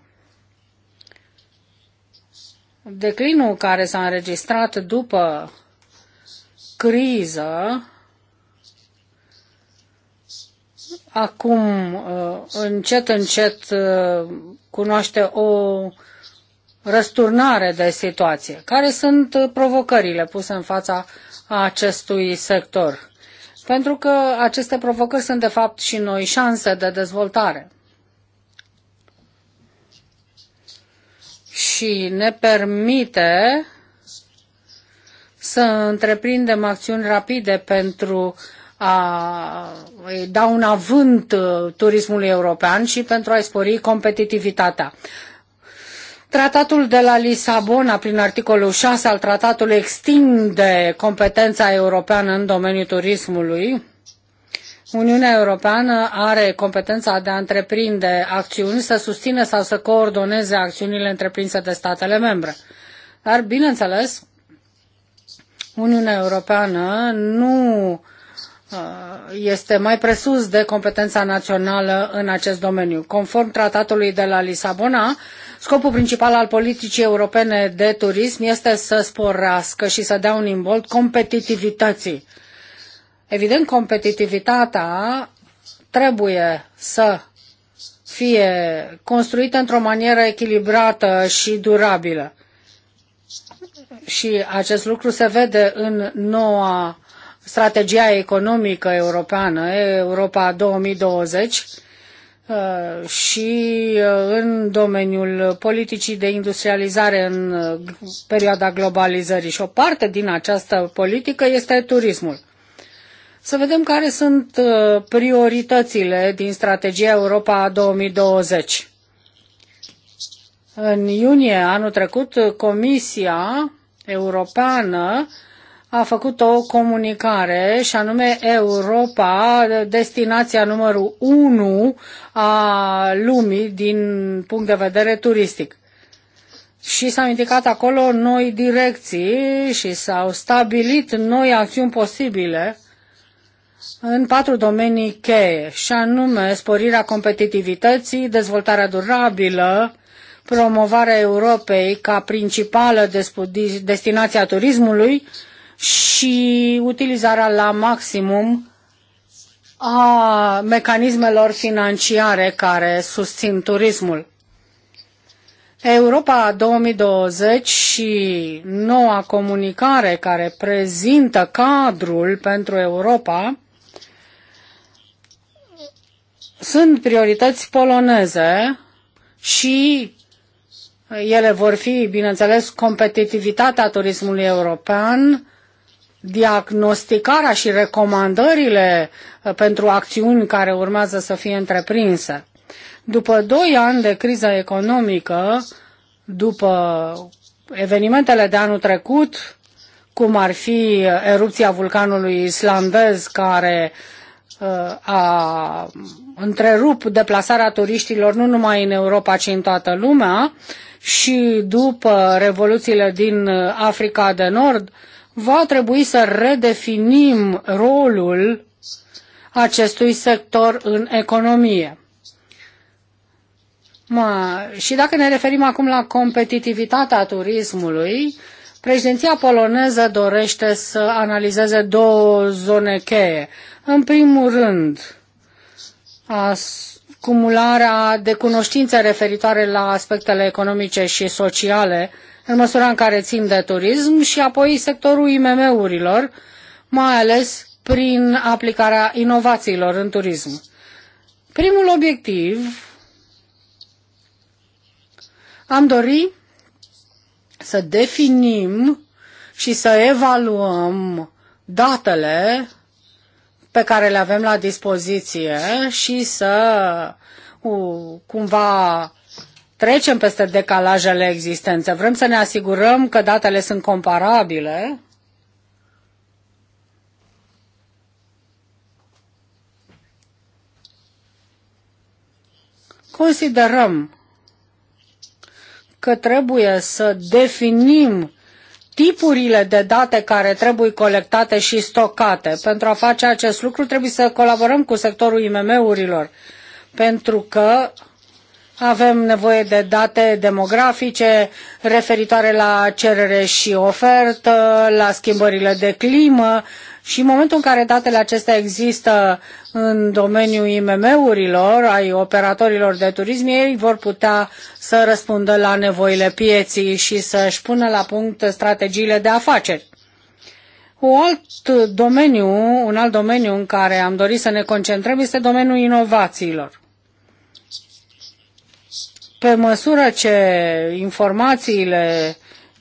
[SPEAKER 3] Declinul care s-a înregistrat după criză, acum uh, încet, încet uh, cunoaște o răsturnare de situație. Care sunt uh, provocările puse în fața acestui sector? Pentru că aceste provocări sunt de fapt și noi șanse de dezvoltare. Și ne permite să întreprindem acțiuni rapide pentru a da un avânt uh, turismului european și pentru a-i spori competitivitatea. Tratatul de la Lisabona, prin articolul 6 al tratatului, extinde competența europeană în domeniul turismului. Uniunea Europeană are competența de a întreprinde acțiuni, să susțină sau să coordoneze acțiunile întreprinse de statele membre. Dar, bineînțeles, Uniunea Europeană nu uh, este mai presus de competența națională în acest domeniu. Conform tratatului de la Lisabona, scopul principal al politicii europene de turism este să sporească și să dea un imbold competitivității. Evident, competitivitatea trebuie să fie construită într-o manieră echilibrată și durabilă și acest lucru se vede în noua strategia economică europeană, Europa 2020, uh, și uh, în domeniul politicii de industrializare în uh, perioada globalizării. Și o parte din această politică este turismul. Să vedem care sunt prioritățile din strategia Europa 2020. În iunie anul trecut, Comisia Europeană a făcut o comunicare și anume Europa, destinația numărul 1 a lumii din punct de vedere turistic. Și s-au indicat acolo noi direcții și s-au stabilit noi acțiuni posibile în patru domenii cheie, și anume sporirea competitivității, dezvoltarea durabilă, promovarea Europei ca principală destinație a turismului și utilizarea la maximum a mecanismelor financiare care susțin turismul. Europa 2020 și noua comunicare care prezintă cadrul pentru Europa sunt priorități poloneze și ele vor fi, bineînțeles, competitivitatea turismului european, diagnosticarea și recomandările uh, pentru acțiuni care urmează să fie întreprinse. După doi ani de criză economică, după evenimentele de anul trecut, cum ar fi erupția vulcanului islandez care uh, a întrerup deplasarea turiștilor nu numai în Europa, ci în toată lumea și după revoluțiile din Africa de Nord, va trebui să redefinim rolul acestui sector în economie. Ma, și dacă ne referim acum la competitivitatea turismului, președinția poloneză dorește să analizeze două zone cheie. În primul rând, acumularea de cunoștințe referitoare la aspectele economice și sociale, în măsura în care țin de turism, și apoi sectorul IMM-urilor, mai ales prin aplicarea inovațiilor în turism. Primul obiectiv am dori să definim și să evaluăm datele pe care le avem la dispoziție și să cu, cumva trecem peste decalajele existențe. Vrem să ne asigurăm că datele sunt comparabile. Considerăm că trebuie să definim tipurile de date care trebuie colectate și stocate. Pentru a face acest lucru trebuie să colaborăm cu sectorul IMM-urilor, pentru că avem nevoie de date demografice referitoare la cerere și ofertă, la schimbările de climă și în momentul în care datele acestea există în domeniul IMM-urilor, ai operatorilor de turism, ei vor putea să răspundă la nevoile pieții și să-și pună la punct strategiile de afaceri. Un alt domeniu, un alt domeniu în care am dorit să ne concentrăm este domeniul inovațiilor. Pe măsură ce informațiile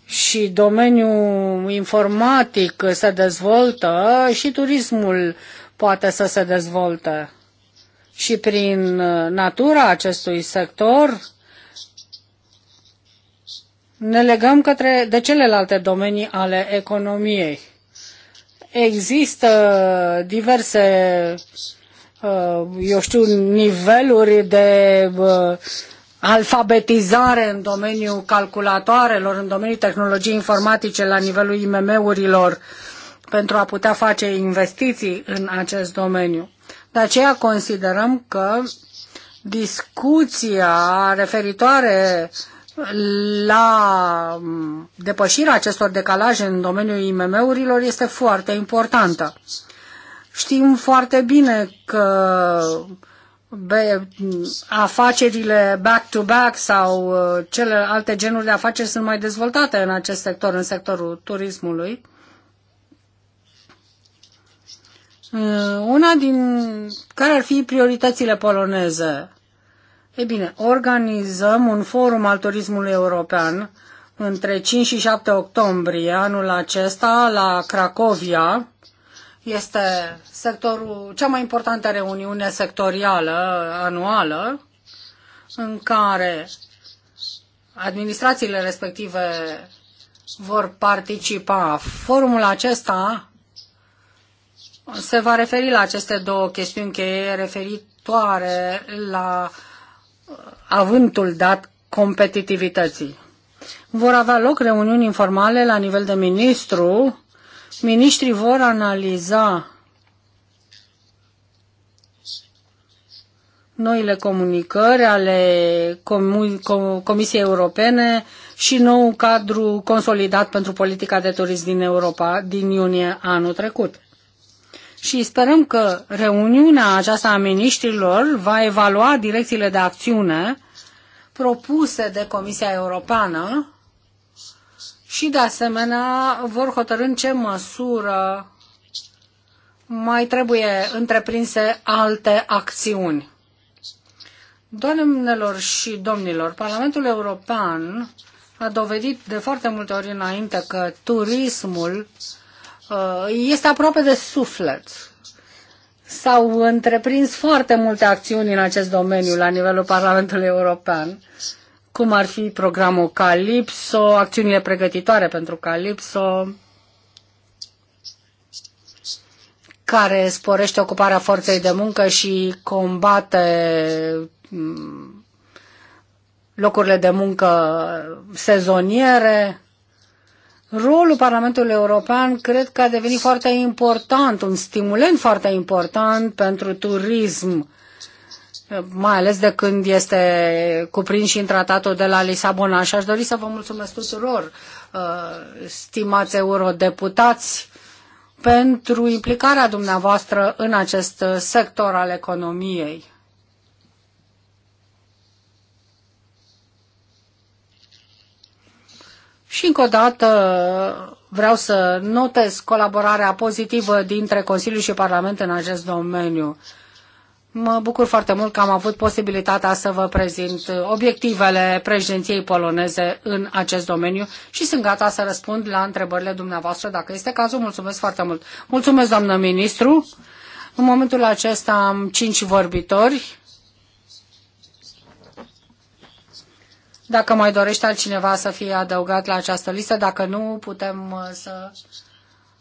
[SPEAKER 3] și domeniul informatic se dezvoltă și turismul poate să se dezvolte. Și prin uh, natura acestui sector ne legăm către de celelalte domenii ale economiei. Există diverse uh, eu știu, niveluri de uh, alfabetizare în domeniul calculatoarelor, în domeniul tehnologiei informatice la nivelul IMM-urilor pentru a putea face investiții în acest domeniu. De aceea considerăm că discuția referitoare la depășirea acestor decalaje în domeniul IMM-urilor este foarte importantă. Știm foarte bine că uh, afacerile back-to-back -back sau uh, celelalte genuri de afaceri sunt mai dezvoltate în acest sector, în sectorul turismului. Uh, una din care ar fi prioritățile poloneze? E bine, organizăm un forum al turismului european între 5 și 7 octombrie anul acesta la Cracovia, este sectorul, cea mai importantă reuniune sectorială anuală în care administrațiile respective vor participa. Forumul acesta se va referi la aceste două chestiuni cheie referitoare la uh, avântul dat competitivității. Vor avea loc reuniuni informale la nivel de ministru Ministrii vor analiza noile comunicări ale Comisiei Europene și nou cadru consolidat pentru politica de turism din Europa din iunie anul trecut. Și sperăm că reuniunea aceasta a miniștrilor va evalua direcțiile de acțiune propuse de Comisia Europeană și, de asemenea, vor hotărâ în ce măsură mai trebuie întreprinse alte acțiuni. Doamnelor și domnilor, Parlamentul European a dovedit de foarte multe ori înainte că turismul uh, este aproape de suflet. S-au întreprins foarte multe acțiuni în acest domeniu la nivelul Parlamentului European cum ar fi programul Calypso, acțiunile pregătitoare pentru Calypso, care sporește ocuparea forței de muncă și combate mm, locurile de muncă sezoniere. Rolul Parlamentului European cred că a devenit foarte important, un stimulent foarte important pentru turism mai ales de când este cuprins și în tratatul de la Lisabona. Și aș dori să vă mulțumesc tuturor, uh, stimați eurodeputați, pentru implicarea dumneavoastră în acest sector al economiei. Și încă o dată vreau să notez colaborarea pozitivă dintre Consiliu și Parlament în acest domeniu. Mă bucur foarte mult că am avut posibilitatea să vă prezint obiectivele președinției poloneze în acest domeniu și sunt gata să răspund la întrebările dumneavoastră dacă este cazul. Mulțumesc foarte mult. Mulțumesc, doamnă ministru. În momentul acesta am cinci vorbitori. Dacă mai dorește altcineva să fie adăugat la această listă, dacă nu, putem uh, să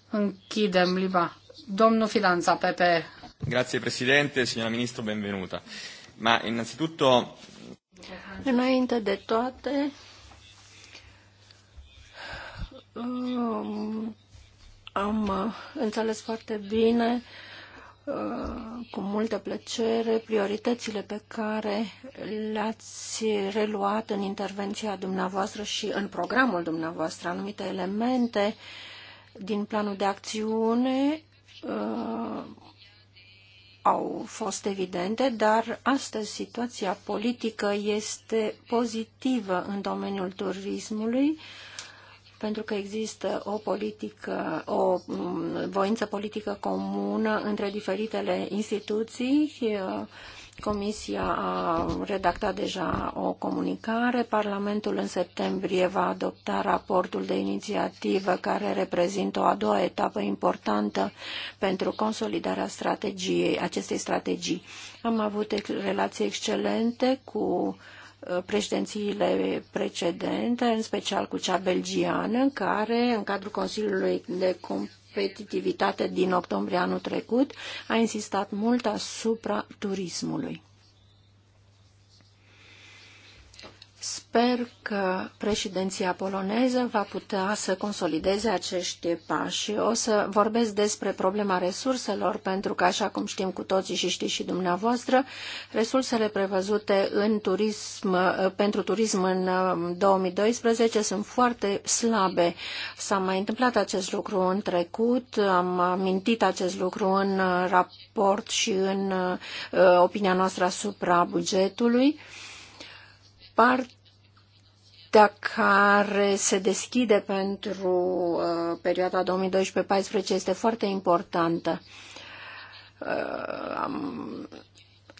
[SPEAKER 3] închidem liba. Domnul Fidanța, Pepe.
[SPEAKER 2] Grazie Presidente, signora Ministro, benvenuta. Ma innanzitutto...
[SPEAKER 3] Înainte de toate,
[SPEAKER 1] um, am înțeles foarte bine uh, cu multă plăcere prioritățile pe care le-ați reluat în intervenția dumneavoastră și în programul dumneavoastră, anumite elemente din planul de acțiune uh, au fost evidente, dar astăzi situația politică este pozitivă în domeniul turismului pentru că există o politică, o um, voință politică comună între diferitele instituții. Uh, Comisia a redactat deja o comunicare. Parlamentul în septembrie va adopta raportul de inițiativă care reprezintă o a doua etapă importantă pentru consolidarea strategiei, acestei strategii. Am avut relații excelente cu Uh, președințiile precedente, în special cu cea belgiană, în care, în cadrul Consiliului de Competitivitate din octombrie anul trecut, a insistat mult asupra turismului. Sper că președinția poloneză va putea să consolideze acești pași. O să vorbesc despre problema resurselor, pentru că, așa cum știm cu toții și știți și dumneavoastră, resursele prevăzute în turism, pentru turism în 2012 um, sunt foarte slabe. S-a mai întâmplat acest lucru în trecut, am amintit acest lucru în uh, raport și în uh, opinia noastră asupra bugetului partea care se deschide pentru uh, perioada 2012-2014 este foarte importantă. Uh, am,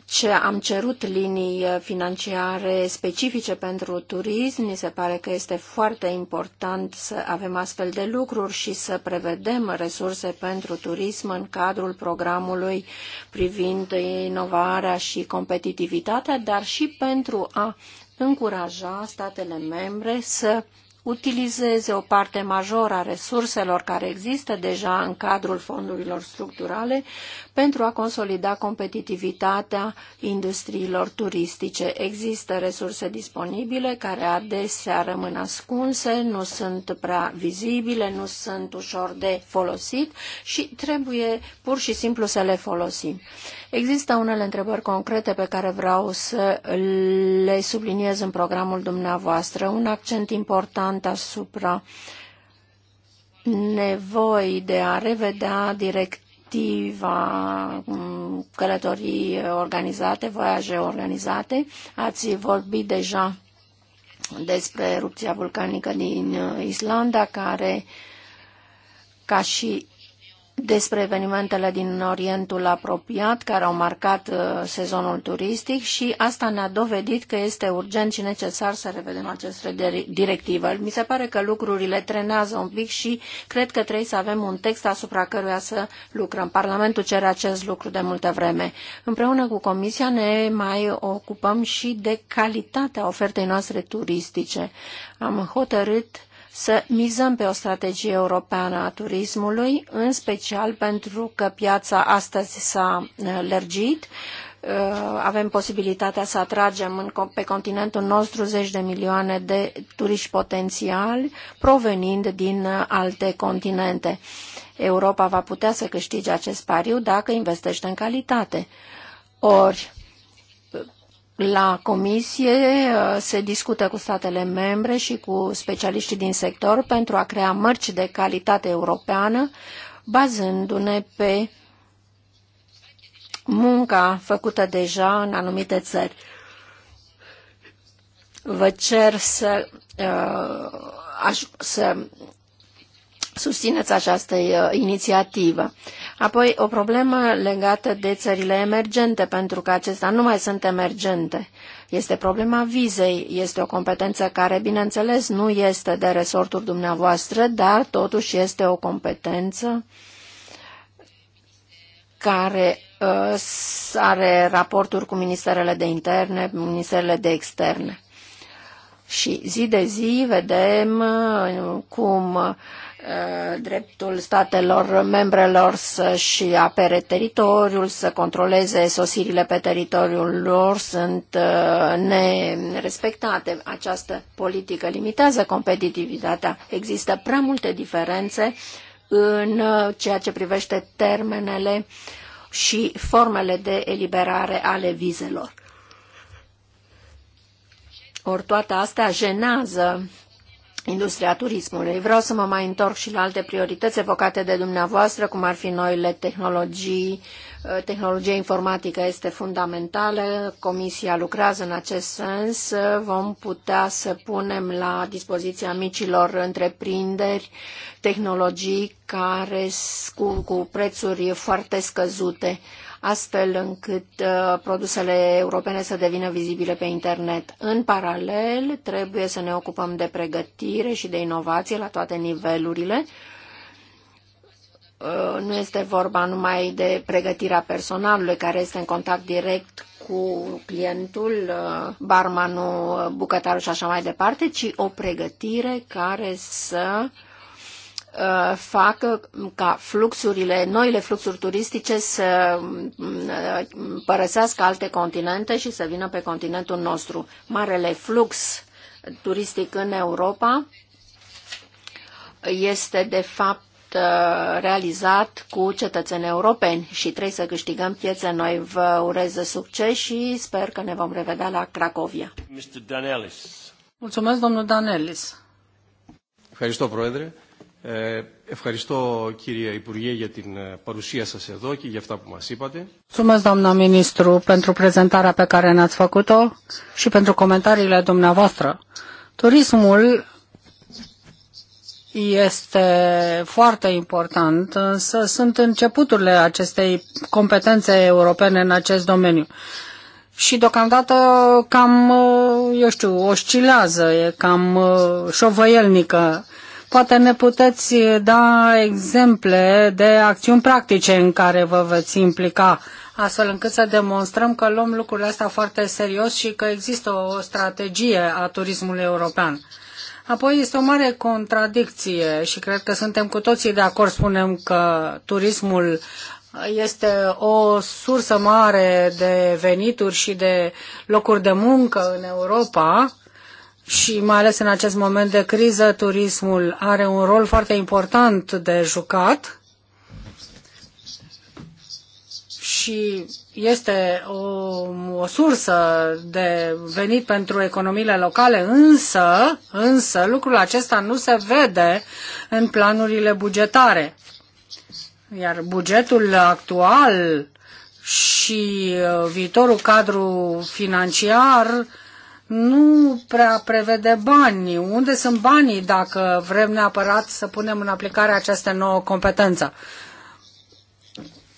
[SPEAKER 1] ce am cerut linii financiare specifice pentru turism. Mi se pare că este foarte important să avem astfel de lucruri și să prevedem resurse pentru turism în cadrul programului privind inovarea și competitivitatea, dar și pentru a încuraja statele membre să utilizeze o parte majoră a resurselor care există deja în cadrul fondurilor structurale pentru a consolida competitivitatea industriilor turistice. Există resurse disponibile care adesea rămân ascunse, nu sunt prea vizibile, nu sunt ușor de folosit și trebuie pur și simplu să le folosim. Există unele întrebări concrete pe care vreau să le subliniez în programul dumneavoastră. Un accent important important asupra nevoii de a revedea directiva mm, călătorii organizate, voiaje organizate. Ați vorbit deja despre erupția vulcanică din Islanda, care, ca și despre evenimentele din Orientul apropiat care au marcat uh, sezonul turistic și asta ne-a dovedit că este urgent și necesar să revedem aceste directivă. Mi se pare că lucrurile trenează un pic și cred că trebuie să avem un text asupra căruia să lucrăm. Parlamentul cere acest lucru de multă vreme. Împreună cu Comisia ne mai ocupăm și de calitatea ofertei noastre turistice. Am hotărât să mizăm pe o strategie europeană a turismului, în special pentru că piața astăzi s-a uh, lărgit. Uh, avem posibilitatea să atragem pe continentul nostru zeci de milioane de turiști potențiali provenind din uh, alte continente. Europa va putea să câștige acest pariu dacă investește în calitate. Ori, la comisie uh, se discută cu statele membre și cu specialiștii din sector pentru a crea mărci de calitate europeană, bazându-ne pe munca făcută deja în anumite țări. Vă cer să, uh, să susțineți această uh, inițiativă. Apoi, o problemă legată de țările emergente, pentru că acestea nu mai sunt emergente. Este problema vizei, este o competență care, bineînțeles, nu este de resortul dumneavoastră, dar totuși este o competență care uh, are raporturi cu ministerele de interne, ministerele de externe. Și zi de zi vedem uh, cum uh, dreptul statelor membrelor să-și apere teritoriul, să controleze sosirile pe teritoriul lor sunt uh, nerespectate. Această politică limitează competitivitatea. Există prea multe diferențe în ceea ce privește termenele și formele de eliberare ale vizelor. Ori toate astea jenează industria turismului. Vreau să mă mai întorc și la alte priorități evocate de dumneavoastră, cum ar fi noile tehnologii. Uh, tehnologia informatică este fundamentală, Comisia lucrează în acest sens, vom putea să punem la dispoziția micilor întreprinderi tehnologii care cu, cu prețuri foarte scăzute astfel încât uh, produsele europene să devină vizibile pe internet. În paralel, trebuie să ne ocupăm de pregătire și de inovație la toate nivelurile. Uh, nu este vorba numai de pregătirea personalului care este în contact direct cu clientul, uh, barmanul, uh, bucătarul și așa mai departe, ci o pregătire care să uh, Uh, facă ca fluxurile, noile fluxuri turistice să uh, părăsească alte continente și să vină pe continentul nostru. Marele flux turistic în Europa este de fapt uh, realizat cu cetățeni europeni și trebuie să câștigăm piețe noi. Vă urez succes și sper că ne vom revedea la Cracovia.
[SPEAKER 2] Mr. Danelis.
[SPEAKER 1] Mulțumesc, domnul Danelis. Ευχαριστώ, Πρόεδρε. Ευχαριστώ κύριε Υπουργέ για την παρουσία σας εδώ και για αυτά που μας είπατε.
[SPEAKER 3] Mulțumesc doamna ministru pentru prezentarea pe care ne-ați făcut-o și pentru comentariile dumneavoastră. Turismul este foarte important, însă sunt începuturile acestei competențe europene în acest domeniu. Și deocamdată cam, eu știu, oscilează, e cam uh, șovăielnică Poate ne puteți eh, da exemple de acțiuni practice în care vă veți implica, astfel încât să demonstrăm că luăm lucrurile astea foarte serios și că există o strategie a turismului european. Apoi este o mare contradicție și cred că suntem cu toții de acord, spunem că turismul este o sursă mare de venituri și de locuri de muncă în Europa, și mai ales în acest moment de criză, turismul are un rol foarte important de jucat și este o, o sursă de venit pentru economiile locale, însă, însă lucrul acesta nu se vede în planurile bugetare. Iar bugetul actual și uh, viitorul cadru financiar uh, nu prea prevede bani. Unde sunt banii dacă vrem neapărat să punem în aplicare această nouă competență?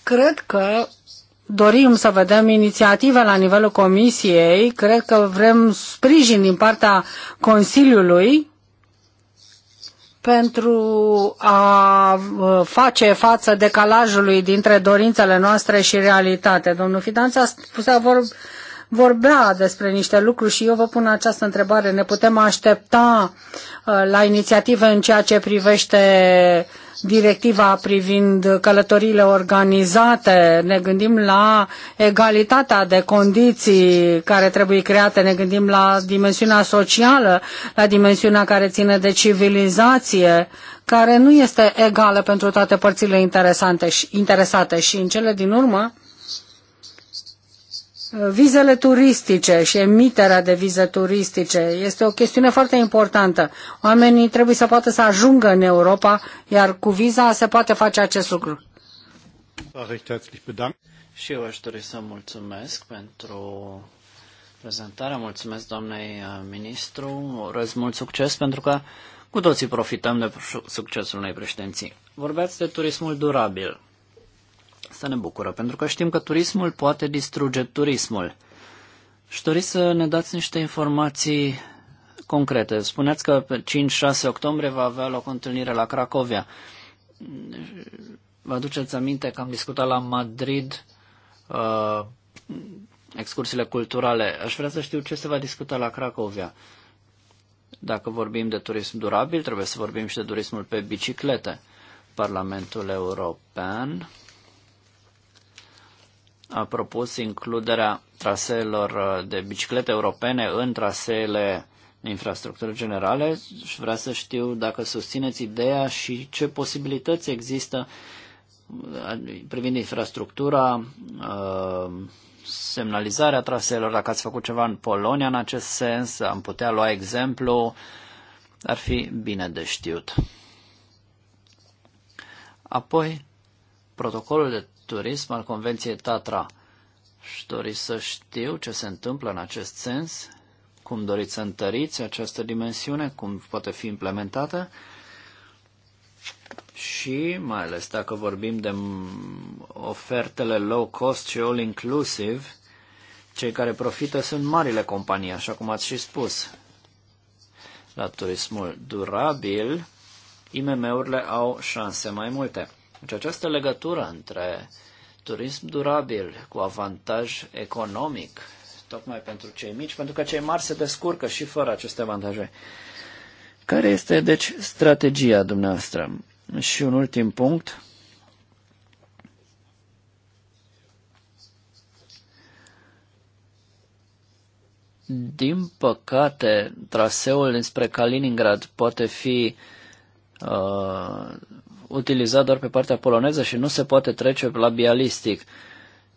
[SPEAKER 3] Cred că dorim să vedem inițiative la nivelul Comisiei, cred că vrem sprijin din partea Consiliului pentru a uh, face față decalajului dintre dorințele noastre și realitate. Domnul Fidanța spusea vorba vorbea despre niște lucruri și eu vă pun această întrebare. Ne putem aștepta uh, la inițiative în ceea ce privește directiva privind călătoriile organizate, ne gândim la egalitatea de condiții care trebuie create, ne gândim la dimensiunea socială, la dimensiunea care ține de civilizație, care nu este egală pentru toate părțile interesante și, interesate și în cele din urmă Vizele turistice și emiterea de vize turistice este o chestiune foarte importantă. Oamenii trebuie să poată să ajungă în Europa, iar cu viza se poate face acest lucru.
[SPEAKER 2] Și eu aș dori să mulțumesc pentru prezentare. Mulțumesc doamnei uh, ministru. Urez mult succes pentru că cu toții profităm de succesul unei președinții. Vorbeați de turismul durabil să ne bucură, pentru că știm că turismul poate distruge turismul. Și dori să ne dați niște informații concrete. Spuneați că pe 5-6 octombrie va avea loc o întâlnire la Cracovia. Vă aduceți aminte că am discutat la Madrid uh, excursiile culturale. Aș vrea să știu ce se va discuta la Cracovia. Dacă vorbim de turism durabil, trebuie să vorbim și de turismul pe biciclete. Parlamentul European a propus includerea traseelor uh, de biciclete europene în traseele de infrastructură generale și vrea să știu dacă susțineți ideea și ce posibilități există uh, privind infrastructura, uh, semnalizarea traseelor, dacă ați făcut ceva în Polonia în acest sens, am putea lua exemplu, ar fi bine de știut. Apoi, protocolul de turism al Convenției Tatra. Și doriți să știu ce se întâmplă în acest sens, cum doriți să întăriți această dimensiune, cum poate fi implementată și mai ales dacă vorbim de ofertele low cost și all inclusive, cei care profită sunt marile companii, așa cum ați și spus. La turismul durabil, IMM-urile au șanse mai multe. Deci această legătură între turism durabil cu avantaj economic, tocmai pentru cei mici, pentru că cei mari se descurcă și fără aceste avantaje.
[SPEAKER 3] Care este, deci,
[SPEAKER 2] strategia dumneavoastră? Și un ultim punct. Din păcate, traseul înspre Kaliningrad poate fi uh, utilizat doar pe partea poloneză și nu se poate trece la Bialistic,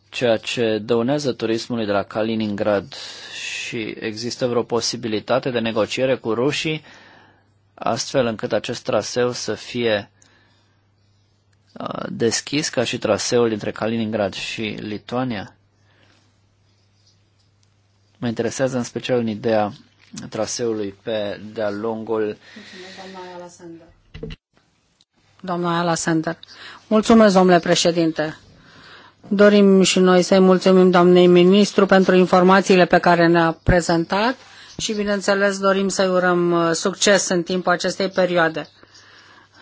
[SPEAKER 2] ceea ce dăunează turismului de la Kaliningrad și există vreo posibilitate de negociere cu rușii, astfel încât acest traseu să fie uh, deschis ca și traseul dintre Kaliningrad și Lituania? Mă interesează în special în ideea traseului pe de-a lungul Mulțumesc,
[SPEAKER 3] doamna Ala Sender. Mulțumesc, domnule președinte. Dorim și noi să-i mulțumim doamnei ministru pentru informațiile pe care ne-a prezentat și, bineînțeles, dorim să-i urăm uh, succes în timpul acestei perioade.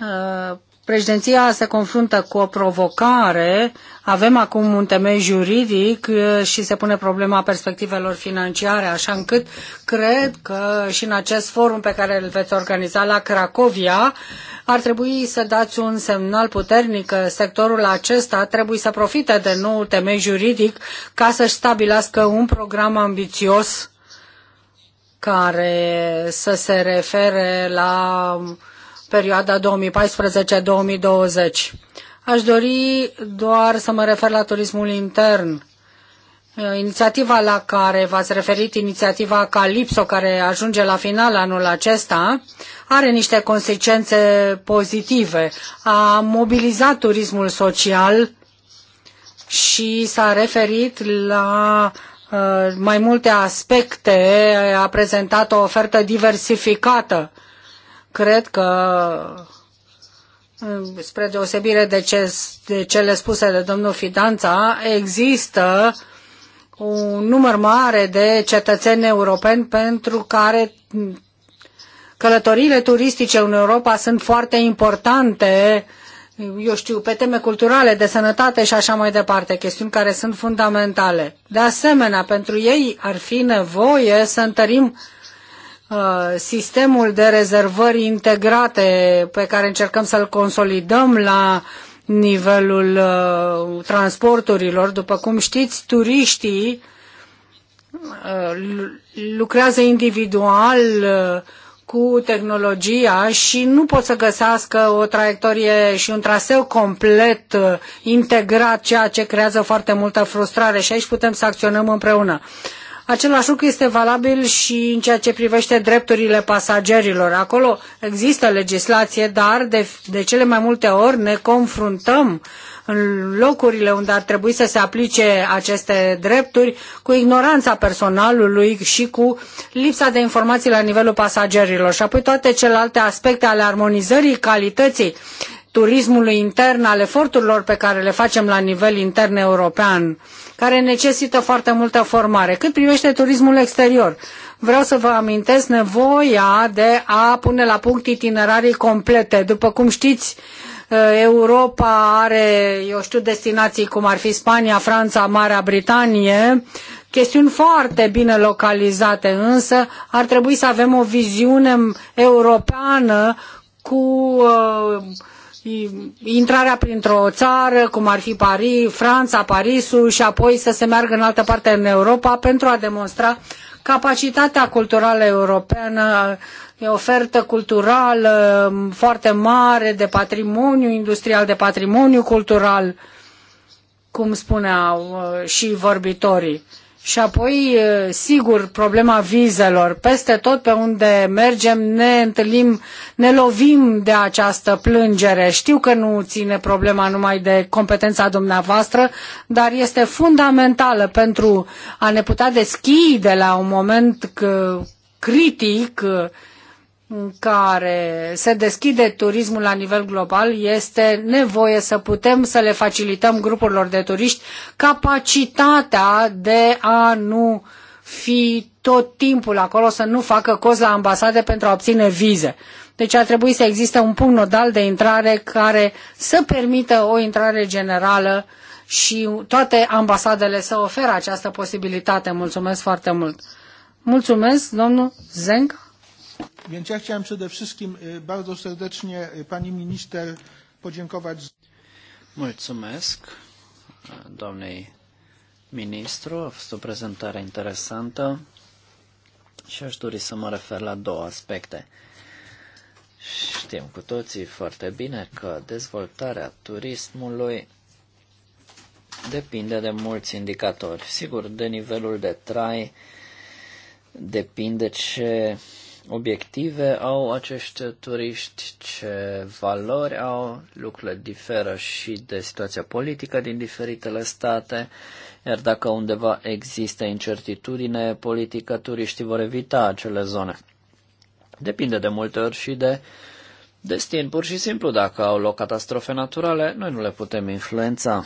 [SPEAKER 3] Uh, Președinția se confruntă cu o provocare, avem acum un temei juridic și se pune problema perspectivelor financiare, așa încât cred că și în acest forum pe care îl veți organiza la Cracovia ar trebui să dați un semnal puternic că sectorul acesta trebuie să profite de noul temei juridic ca să-și stabilească un program ambițios care să se refere la perioada 2014-2020. Aș dori doar să mă refer la turismul intern. Inițiativa la care v-ați referit, inițiativa Calipso, care ajunge la final anul acesta, are niște consecințe pozitive. A mobilizat turismul social și s-a referit la uh, mai multe aspecte, a prezentat o ofertă diversificată Cred că spre deosebire de, ce, de cele spuse de domnul Fidanța, există un număr mare de cetățeni europeni pentru care călătoriile turistice în Europa sunt foarte importante, eu știu, pe teme culturale, de sănătate și așa mai departe, chestiuni care sunt fundamentale. De asemenea, pentru ei ar fi nevoie să întărim Uh, sistemul de rezervări integrate pe care încercăm să-l consolidăm la nivelul uh, transporturilor. După cum știți, turiștii uh, lucrează individual uh, cu tehnologia și nu pot să găsească o traiectorie și un traseu complet uh, integrat, ceea ce creează foarte multă frustrare și aici putem să acționăm împreună. Același lucru este valabil și în ceea ce privește drepturile pasagerilor. Acolo există legislație, dar de, de cele mai multe ori ne confruntăm în locurile unde ar trebui să se aplice aceste drepturi cu ignoranța personalului și cu lipsa de informații la nivelul pasagerilor. Și apoi toate celelalte aspecte ale armonizării calității turismului intern, al eforturilor pe care le facem la nivel intern european care necesită foarte multă formare. Cât privește turismul exterior, vreau să vă amintesc nevoia de a pune la punct itinerarii complete. După cum știți, eh, Europa are, eu știu, destinații cum ar fi Spania, Franța, Marea Britanie, chestiuni foarte bine localizate, însă ar trebui să avem o viziune europeană cu uh, intrarea printr-o țară, cum ar fi Paris, Franța, Parisul, și apoi să se meargă în altă parte în Europa pentru a demonstra capacitatea culturală europeană, e ofertă culturală foarte mare de patrimoniu industrial, de patrimoniu cultural, cum spuneau uh, și vorbitorii. Și apoi, sigur, problema vizelor. Peste tot pe unde mergem ne întâlnim, ne lovim de această plângere. Știu că nu ține problema numai de competența dumneavoastră, dar este fundamentală pentru a ne putea deschide la un moment critic în care se deschide turismul la nivel global, este nevoie să putem să le facilităm grupurilor de turiști capacitatea de a nu fi tot timpul acolo, să nu facă cozi la ambasade pentru a obține vize. Deci ar trebui să existe un punct nodal de intrare care să permită o intrare generală și toate ambasadele să oferă această posibilitate. Mulțumesc foarte mult. Mulțumesc, domnul Zenga. Więc ja chciałem przede wszystkim bardzo serdecznie pani minister podziękować.
[SPEAKER 2] Mulțumesc doamnei ministru, a fost o prezentare interesantă și aș dori să mă refer la două aspecte. Știm cu toții foarte bine că dezvoltarea turismului depinde de mulți indicatori. Sigur, de nivelul de trai depinde ce obiective au acești turiști, ce valori au, lucrurile diferă și de situația politică din diferitele state, iar dacă undeva există incertitudine politică, turiștii vor evita acele zone. Depinde de multe ori și de destin, pur și simplu, dacă au loc catastrofe naturale, noi nu le putem influența.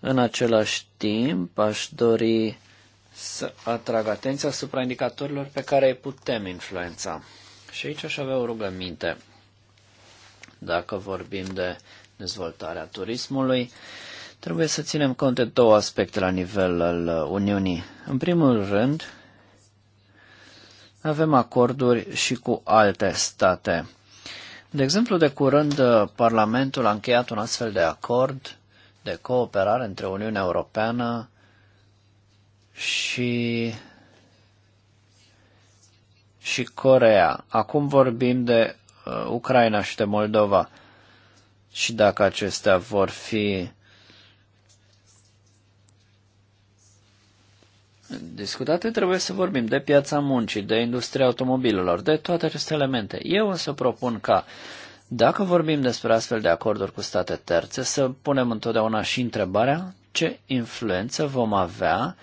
[SPEAKER 2] În același timp, aș dori să atrag atenția asupra indicatorilor pe care îi putem influența. Și aici aș avea o rugăminte. Dacă vorbim de dezvoltarea turismului, trebuie să ținem cont de două aspecte la nivel al Uniunii. În primul rând, avem acorduri și cu alte state. De exemplu, de curând, Parlamentul a încheiat un astfel de acord de cooperare între Uniunea Europeană și, și Corea. Acum vorbim de uh, Ucraina și de Moldova. Și dacă acestea vor fi discutate, trebuie să vorbim de piața muncii, de industria automobilelor, de toate aceste elemente. Eu însă propun ca, dacă vorbim despre astfel de acorduri cu state terțe, să punem întotdeauna și întrebarea ce influență vom avea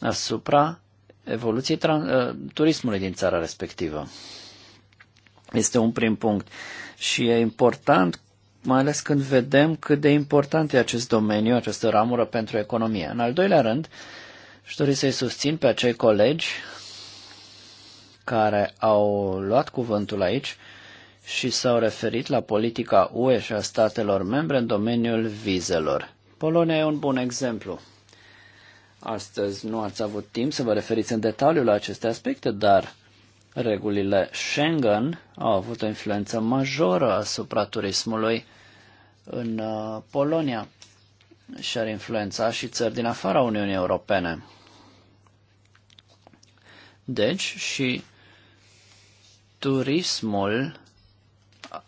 [SPEAKER 2] asupra evoluției ă, turismului din țara respectivă. Este un prim punct. Și e important, mai ales când vedem cât de important e acest domeniu, această ramură pentru economie. În al doilea rând, și dori să-i susțin pe acei colegi care au luat cuvântul aici și s-au referit la politica UE și a statelor membre în domeniul vizelor. Polonia e un bun exemplu. Astăzi nu ați avut timp să vă referiți în detaliu la aceste aspecte, dar regulile Schengen au avut o influență majoră asupra turismului în uh, Polonia și ar influența și țări din afara Uniunii Europene. Deci și turismul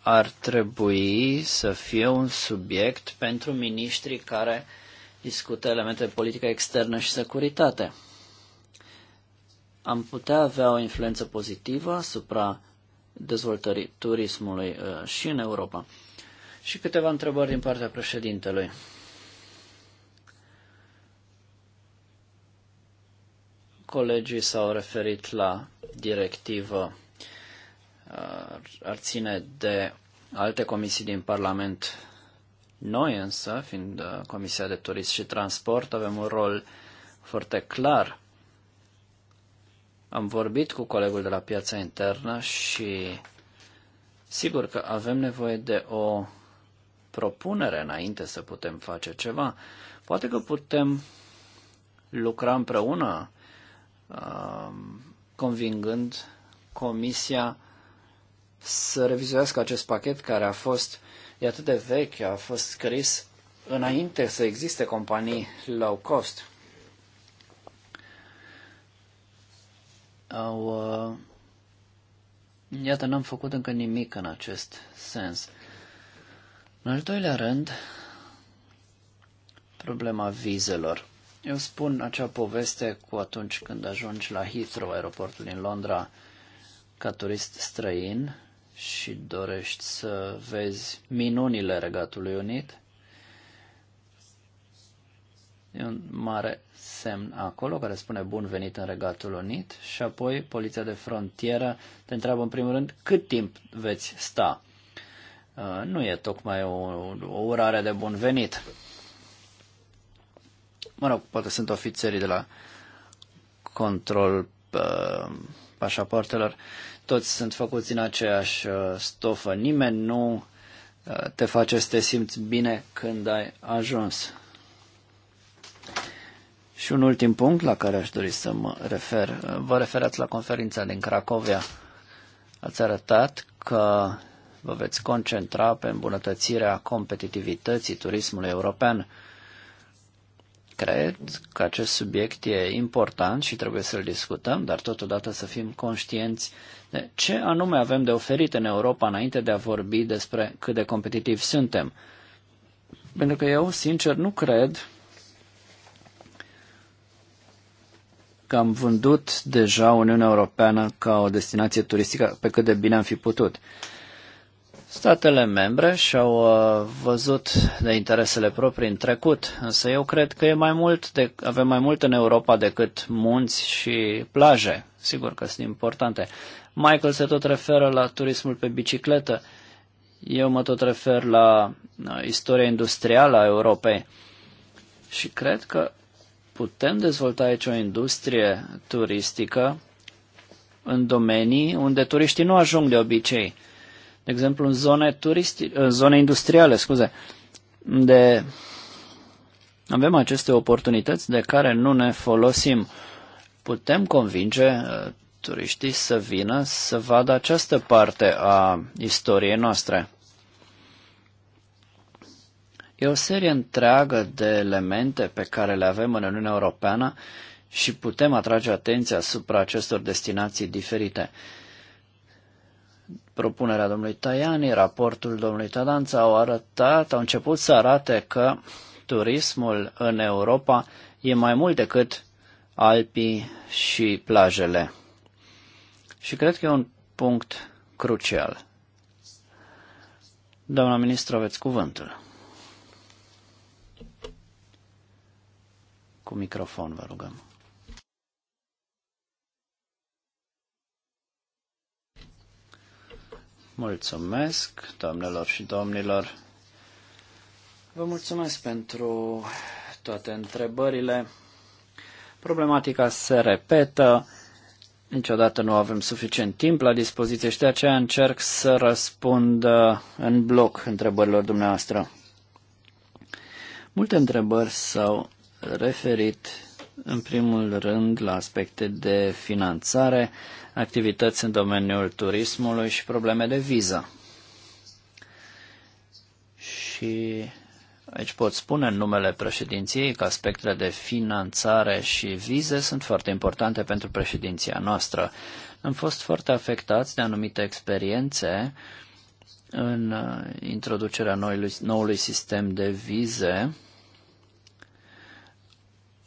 [SPEAKER 2] ar trebui să fie un subiect pentru miniștrii care discută elemente de politică externă și securitate. Am putea avea o influență pozitivă asupra dezvoltării turismului uh, și în Europa. Și câteva întrebări din partea președintelui. Colegii s-au referit la directivă uh, ar ține de alte comisii din Parlament noi însă, fiind uh, Comisia de Turism și Transport, avem un rol foarte clar. Am vorbit cu colegul de la piața internă și sigur că avem nevoie de o propunere înainte să putem face ceva. Poate că putem lucra împreună, uh, convingând Comisia să revizuiască acest pachet care a fost e atât de vechi, a fost scris înainte să existe companii low cost. Au, uh, iată, n-am făcut încă nimic în acest sens. În al doilea rând, problema vizelor. Eu spun acea poveste cu atunci când ajungi la Heathrow, aeroportul din Londra, ca turist străin și dorești să vezi minunile Regatului Unit, e un mare semn acolo care spune bun venit în Regatul Unit și apoi poliția de frontieră te întreabă în primul rând cât timp veți sta. Uh, nu e tocmai o, o urare de bun venit. Mă rog, poate sunt ofițerii de la control uh, pașapoartelor. Uh, toți sunt făcuți în aceeași uh, stofă, nimeni nu uh, te face să te simți bine când ai ajuns. Și un ultim punct la care aș dori să mă refer. Uh, vă referați la conferința din Cracovia. Ați arătat că vă veți concentra pe îmbunătățirea competitivității turismului european. Cred că acest subiect e important și trebuie să-l discutăm, dar totodată să fim conștienți ce anume avem de oferit în Europa înainte de a vorbi despre cât de competitivi suntem? Pentru că eu, sincer, nu cred că am vândut deja Uniunea Europeană ca o destinație turistică pe cât de bine am fi putut. Statele membre și-au uh, văzut de interesele proprii în trecut, însă eu cred că e mai mult de, avem mai mult în Europa decât munți și plaje. Sigur că sunt importante, Michael se tot referă la turismul pe bicicletă. Eu mă tot refer la istoria industrială a Europei și cred că putem dezvolta aici o industrie turistică în domenii unde turiștii nu ajung de obicei. De exemplu, în zone, turisti, în zone industriale, scuze, unde avem aceste oportunități de care nu ne folosim. Putem convinge turiștii să vină să vadă această parte a istoriei noastre. E o serie întreagă de elemente pe care le avem în Uniunea Europeană și putem atrage atenția asupra acestor destinații diferite. Propunerea domnului Tajani, raportul domnului Tadanța au arătat, au început să arate că turismul în Europa e mai mult decât Alpii și plajele. Și cred că e un punct crucial. Doamna ministru, aveți cuvântul. Cu microfon, vă rugăm. Mulțumesc, doamnelor și domnilor. Vă mulțumesc pentru toate întrebările. Problematica se repetă niciodată nu avem suficient timp la dispoziție și de aceea încerc să răspund uh, în bloc întrebărilor dumneavoastră. Multe întrebări s-au referit în primul rând la aspecte de finanțare, activități în domeniul turismului și probleme de viză. Și Aici pot spune în numele președinției că aspectele de finanțare și vize sunt foarte importante pentru președinția noastră. Am fost foarte afectați de anumite experiențe în uh, introducerea noului, noului sistem de vize.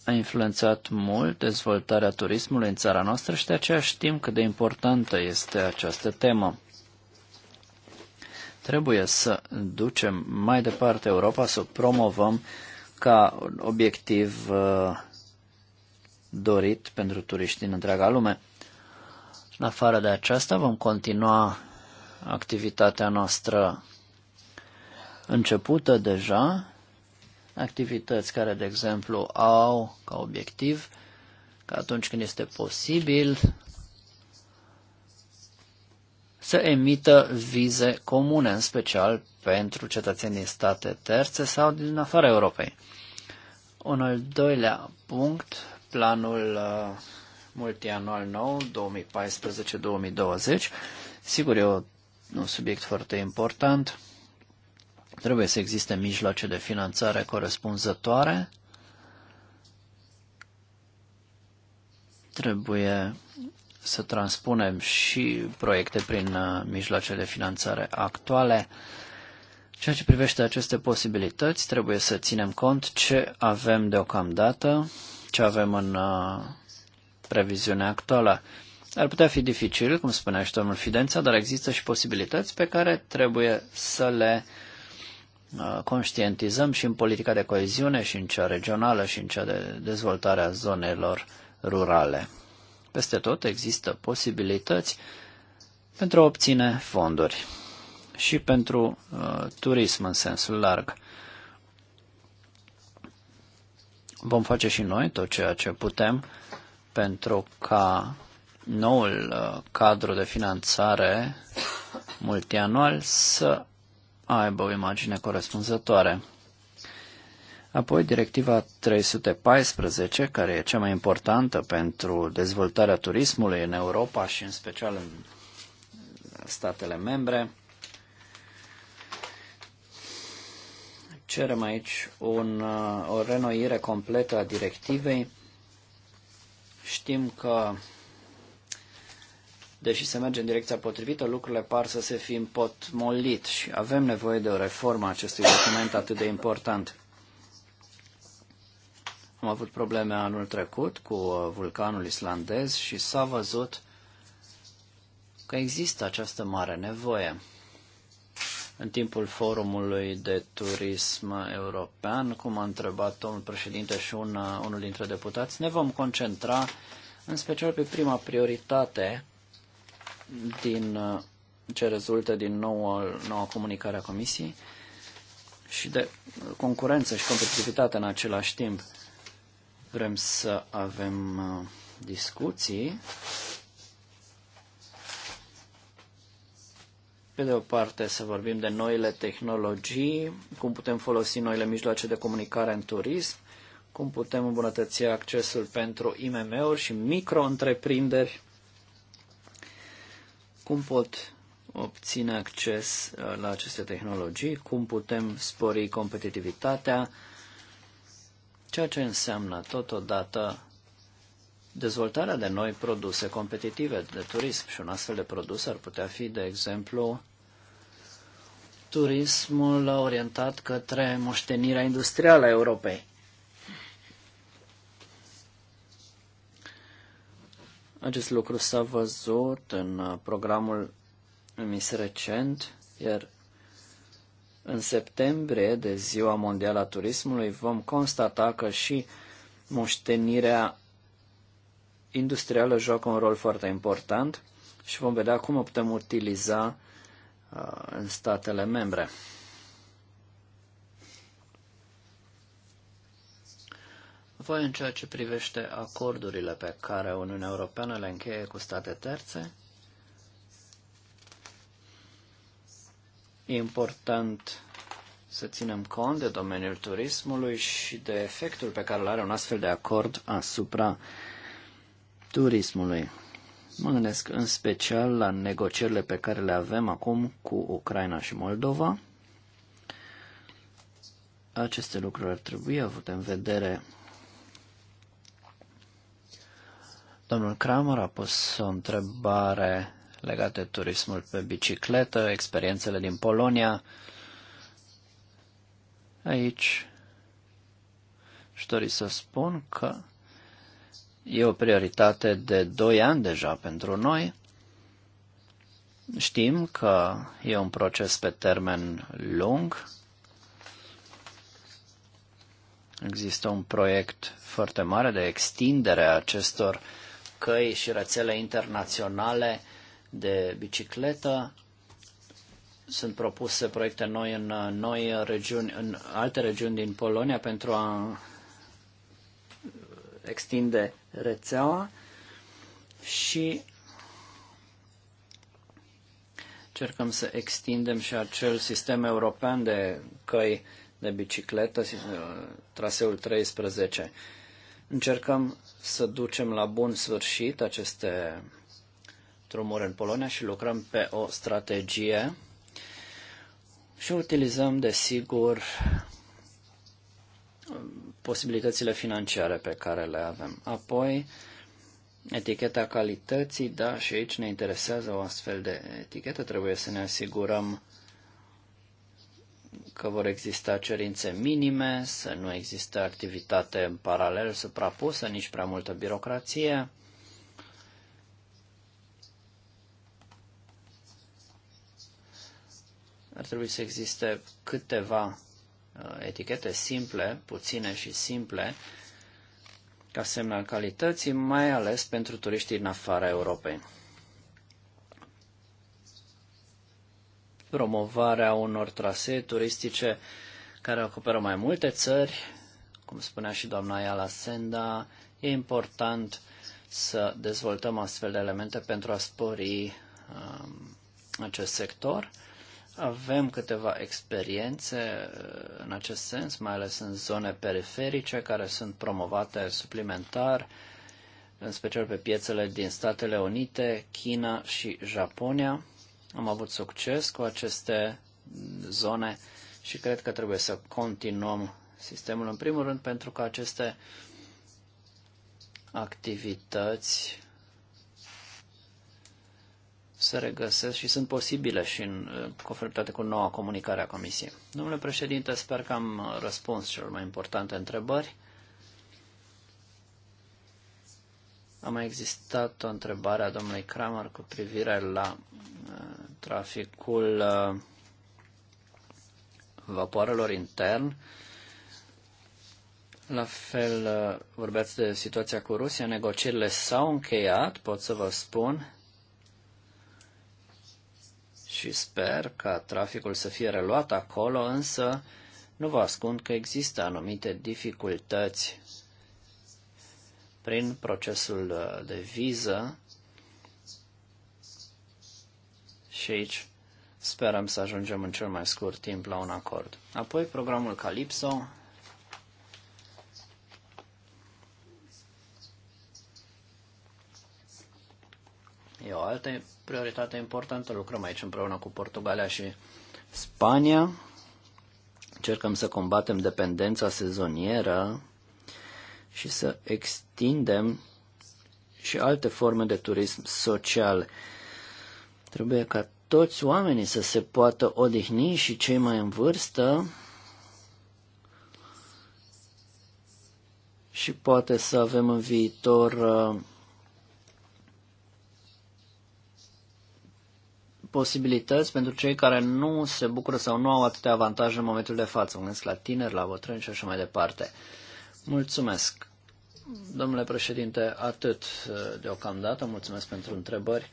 [SPEAKER 2] A influențat mult dezvoltarea turismului în țara noastră și de aceea știm cât de importantă este această temă. Trebuie să ducem mai departe Europa, să o promovăm ca obiectiv uh, dorit pentru turiști din întreaga lume. În afară de aceasta vom continua activitatea noastră începută deja, activități care, de exemplu, au ca obiectiv că atunci când este posibil să emită vize comune, în special pentru cetățenii din state terțe sau din afara Europei. Un al doilea punct, planul uh, multianual nou 2014-2020. Sigur, e un subiect foarte important. Trebuie să existe mijloace de finanțare corespunzătoare. Trebuie să transpunem și proiecte prin uh, mijloace de finanțare actuale. Ceea ce privește aceste posibilități, trebuie să ținem cont ce avem deocamdată, ce avem în uh, previziunea actuală. Ar putea fi dificil, cum spunea și domnul Fidența, dar există și posibilități pe care trebuie să le uh, conștientizăm și în politica de coeziune, și în cea regională, și în cea de dezvoltare a zonelor rurale. Peste tot există posibilități pentru a obține fonduri și pentru uh, turism în sensul larg. Vom face și noi tot ceea ce putem pentru ca noul uh, cadru de finanțare multianual să aibă o imagine corespunzătoare. Apoi directiva 314, care e cea mai importantă pentru dezvoltarea turismului în Europa și în special în statele membre. Cerem aici un, o renoire completă a directivei. Știm că, deși se merge în direcția potrivită, lucrurile par să se fi împotmolit și avem nevoie de o reformă a acestui document atât de important. Am avut probleme anul trecut cu uh, vulcanul islandez și s-a văzut că există această mare nevoie. În timpul forumului de turism european, cum a întrebat domnul președinte și un, uh, unul dintre deputați, ne vom concentra în special pe prima prioritate din uh, ce rezultă din noua, noua comunicare a Comisiei și de concurență și competitivitate în același timp vrem să avem uh, discuții. Pe de o parte să vorbim de noile tehnologii, cum putem folosi noile mijloace de comunicare în turism, cum putem îmbunătăți accesul pentru IMM-uri și micro-întreprinderi, cum pot obține acces uh, la aceste tehnologii, cum putem spori competitivitatea, ceea ce înseamnă totodată dezvoltarea de noi produse competitive de turism și un astfel de produs ar putea fi, de exemplu, turismul orientat către moștenirea industrială a Europei. Acest lucru s-a văzut în programul emis recent, iar în septembrie, de Ziua Mondială a Turismului, vom constata că și moștenirea industrială joacă un rol foarte important și vom vedea cum o putem utiliza uh, în statele membre. Voi în ceea ce privește acordurile pe care Uniunea Europeană le încheie cu state terțe, E important să ținem cont de domeniul turismului și de efectul pe care îl are un astfel de acord asupra turismului. Mă gândesc în special la negocierile pe care le avem acum cu Ucraina și Moldova. Aceste lucruri ar trebui avute în vedere. Domnul Kramer a pus o întrebare legat de turismul pe bicicletă, experiențele din Polonia. Aici și dori să spun că e o prioritate de 2 ani deja pentru noi. Știm că e un proces pe termen lung. Există un proiect foarte mare de extindere a acestor căi și rețele internaționale de bicicletă. Sunt propuse proiecte noi în uh, noi regiuni, în alte regiuni din Polonia pentru a uh, extinde rețeaua și încercăm să extindem și acel sistem european de căi de bicicletă, uh, traseul 13. Încercăm să ducem la bun sfârșit aceste drumul în Polonia și lucrăm pe o strategie și utilizăm, desigur, posibilitățile financiare pe care le avem. Apoi, eticheta calității, da, și aici ne interesează o astfel de etichetă. Trebuie să ne asigurăm că vor exista cerințe minime, să nu existe activitate în paralel suprapusă, nici prea multă birocrație. ar trebui să existe câteva uh, etichete simple, puține și simple, ca semn al calității, mai ales pentru turiștii din afara Europei. Promovarea unor trasee turistice care acoperă mai multe țări, cum spunea și doamna Iala Senda, e important să dezvoltăm astfel de elemente pentru a spori um, acest sector. Avem câteva experiențe uh, în acest sens, mai ales în zone periferice care sunt promovate suplimentar, în special pe piețele din Statele Unite, China și Japonia. Am avut succes cu aceste zone și cred că trebuie să continuăm sistemul în primul rând pentru că aceste activități se regăsesc și sunt posibile și în uh, conformitate cu noua comunicare a Comisiei. Domnule președinte, sper că am răspuns celor mai importante întrebări. A mai existat o întrebare a domnului Kramer cu privire la uh, traficul uh, vapoarelor intern. La fel, vorbeați de situația cu Rusia, negocierile s-au încheiat, pot să vă spun, și sper ca traficul să fie reluat acolo, însă nu vă ascund că există anumite dificultăți prin procesul uh, de viză și aici sperăm să ajungem în cel mai scurt timp la un acord. Apoi programul Calypso, E o altă prioritate importantă. Lucrăm aici împreună cu Portugalia și Spania. Încercăm să combatem dependența sezonieră și să extindem și alte forme de turism social. Trebuie ca toți oamenii să se poată odihni și cei mai în vârstă și poate să avem în viitor uh, posibilități pentru cei care nu se bucură sau nu au atâtea avantaje în momentul de față. Mă gândesc la tineri, la bătrâni și așa mai departe. Mulțumesc. Domnule președinte, atât uh, deocamdată. Mulțumesc pentru întrebări.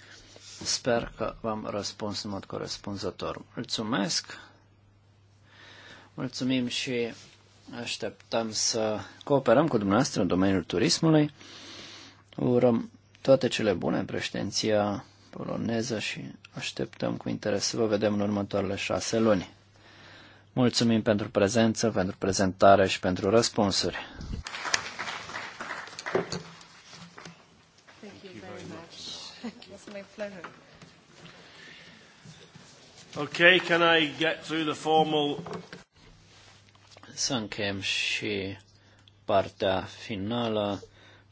[SPEAKER 2] Sper că v-am răspuns în mod corespunzător. Mulțumesc. Mulțumim și așteptăm să cooperăm cu dumneavoastră în domeniul turismului. Urăm toate cele bune, președinția poloneză și Așteptăm cu interes să vă vedem în următoarele șase luni. Mulțumim pentru prezență, pentru prezentare și pentru răspunsuri.
[SPEAKER 1] Okay, can I get through the formal...
[SPEAKER 2] Să încheiem și partea finală.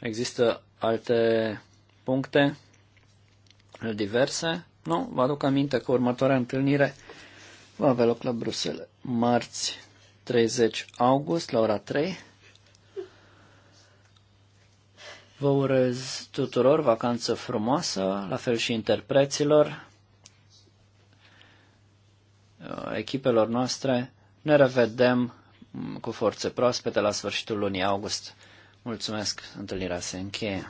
[SPEAKER 2] Există alte puncte diverse? Nu? Vă aduc aminte că următoarea întâlnire va avea loc la Bruxelles marți 30 august la ora 3. Vă urez tuturor vacanță frumoasă, la fel și interpreților, echipelor noastre. Ne revedem cu forțe proaspete la sfârșitul lunii august. Mulțumesc, întâlnirea se încheie.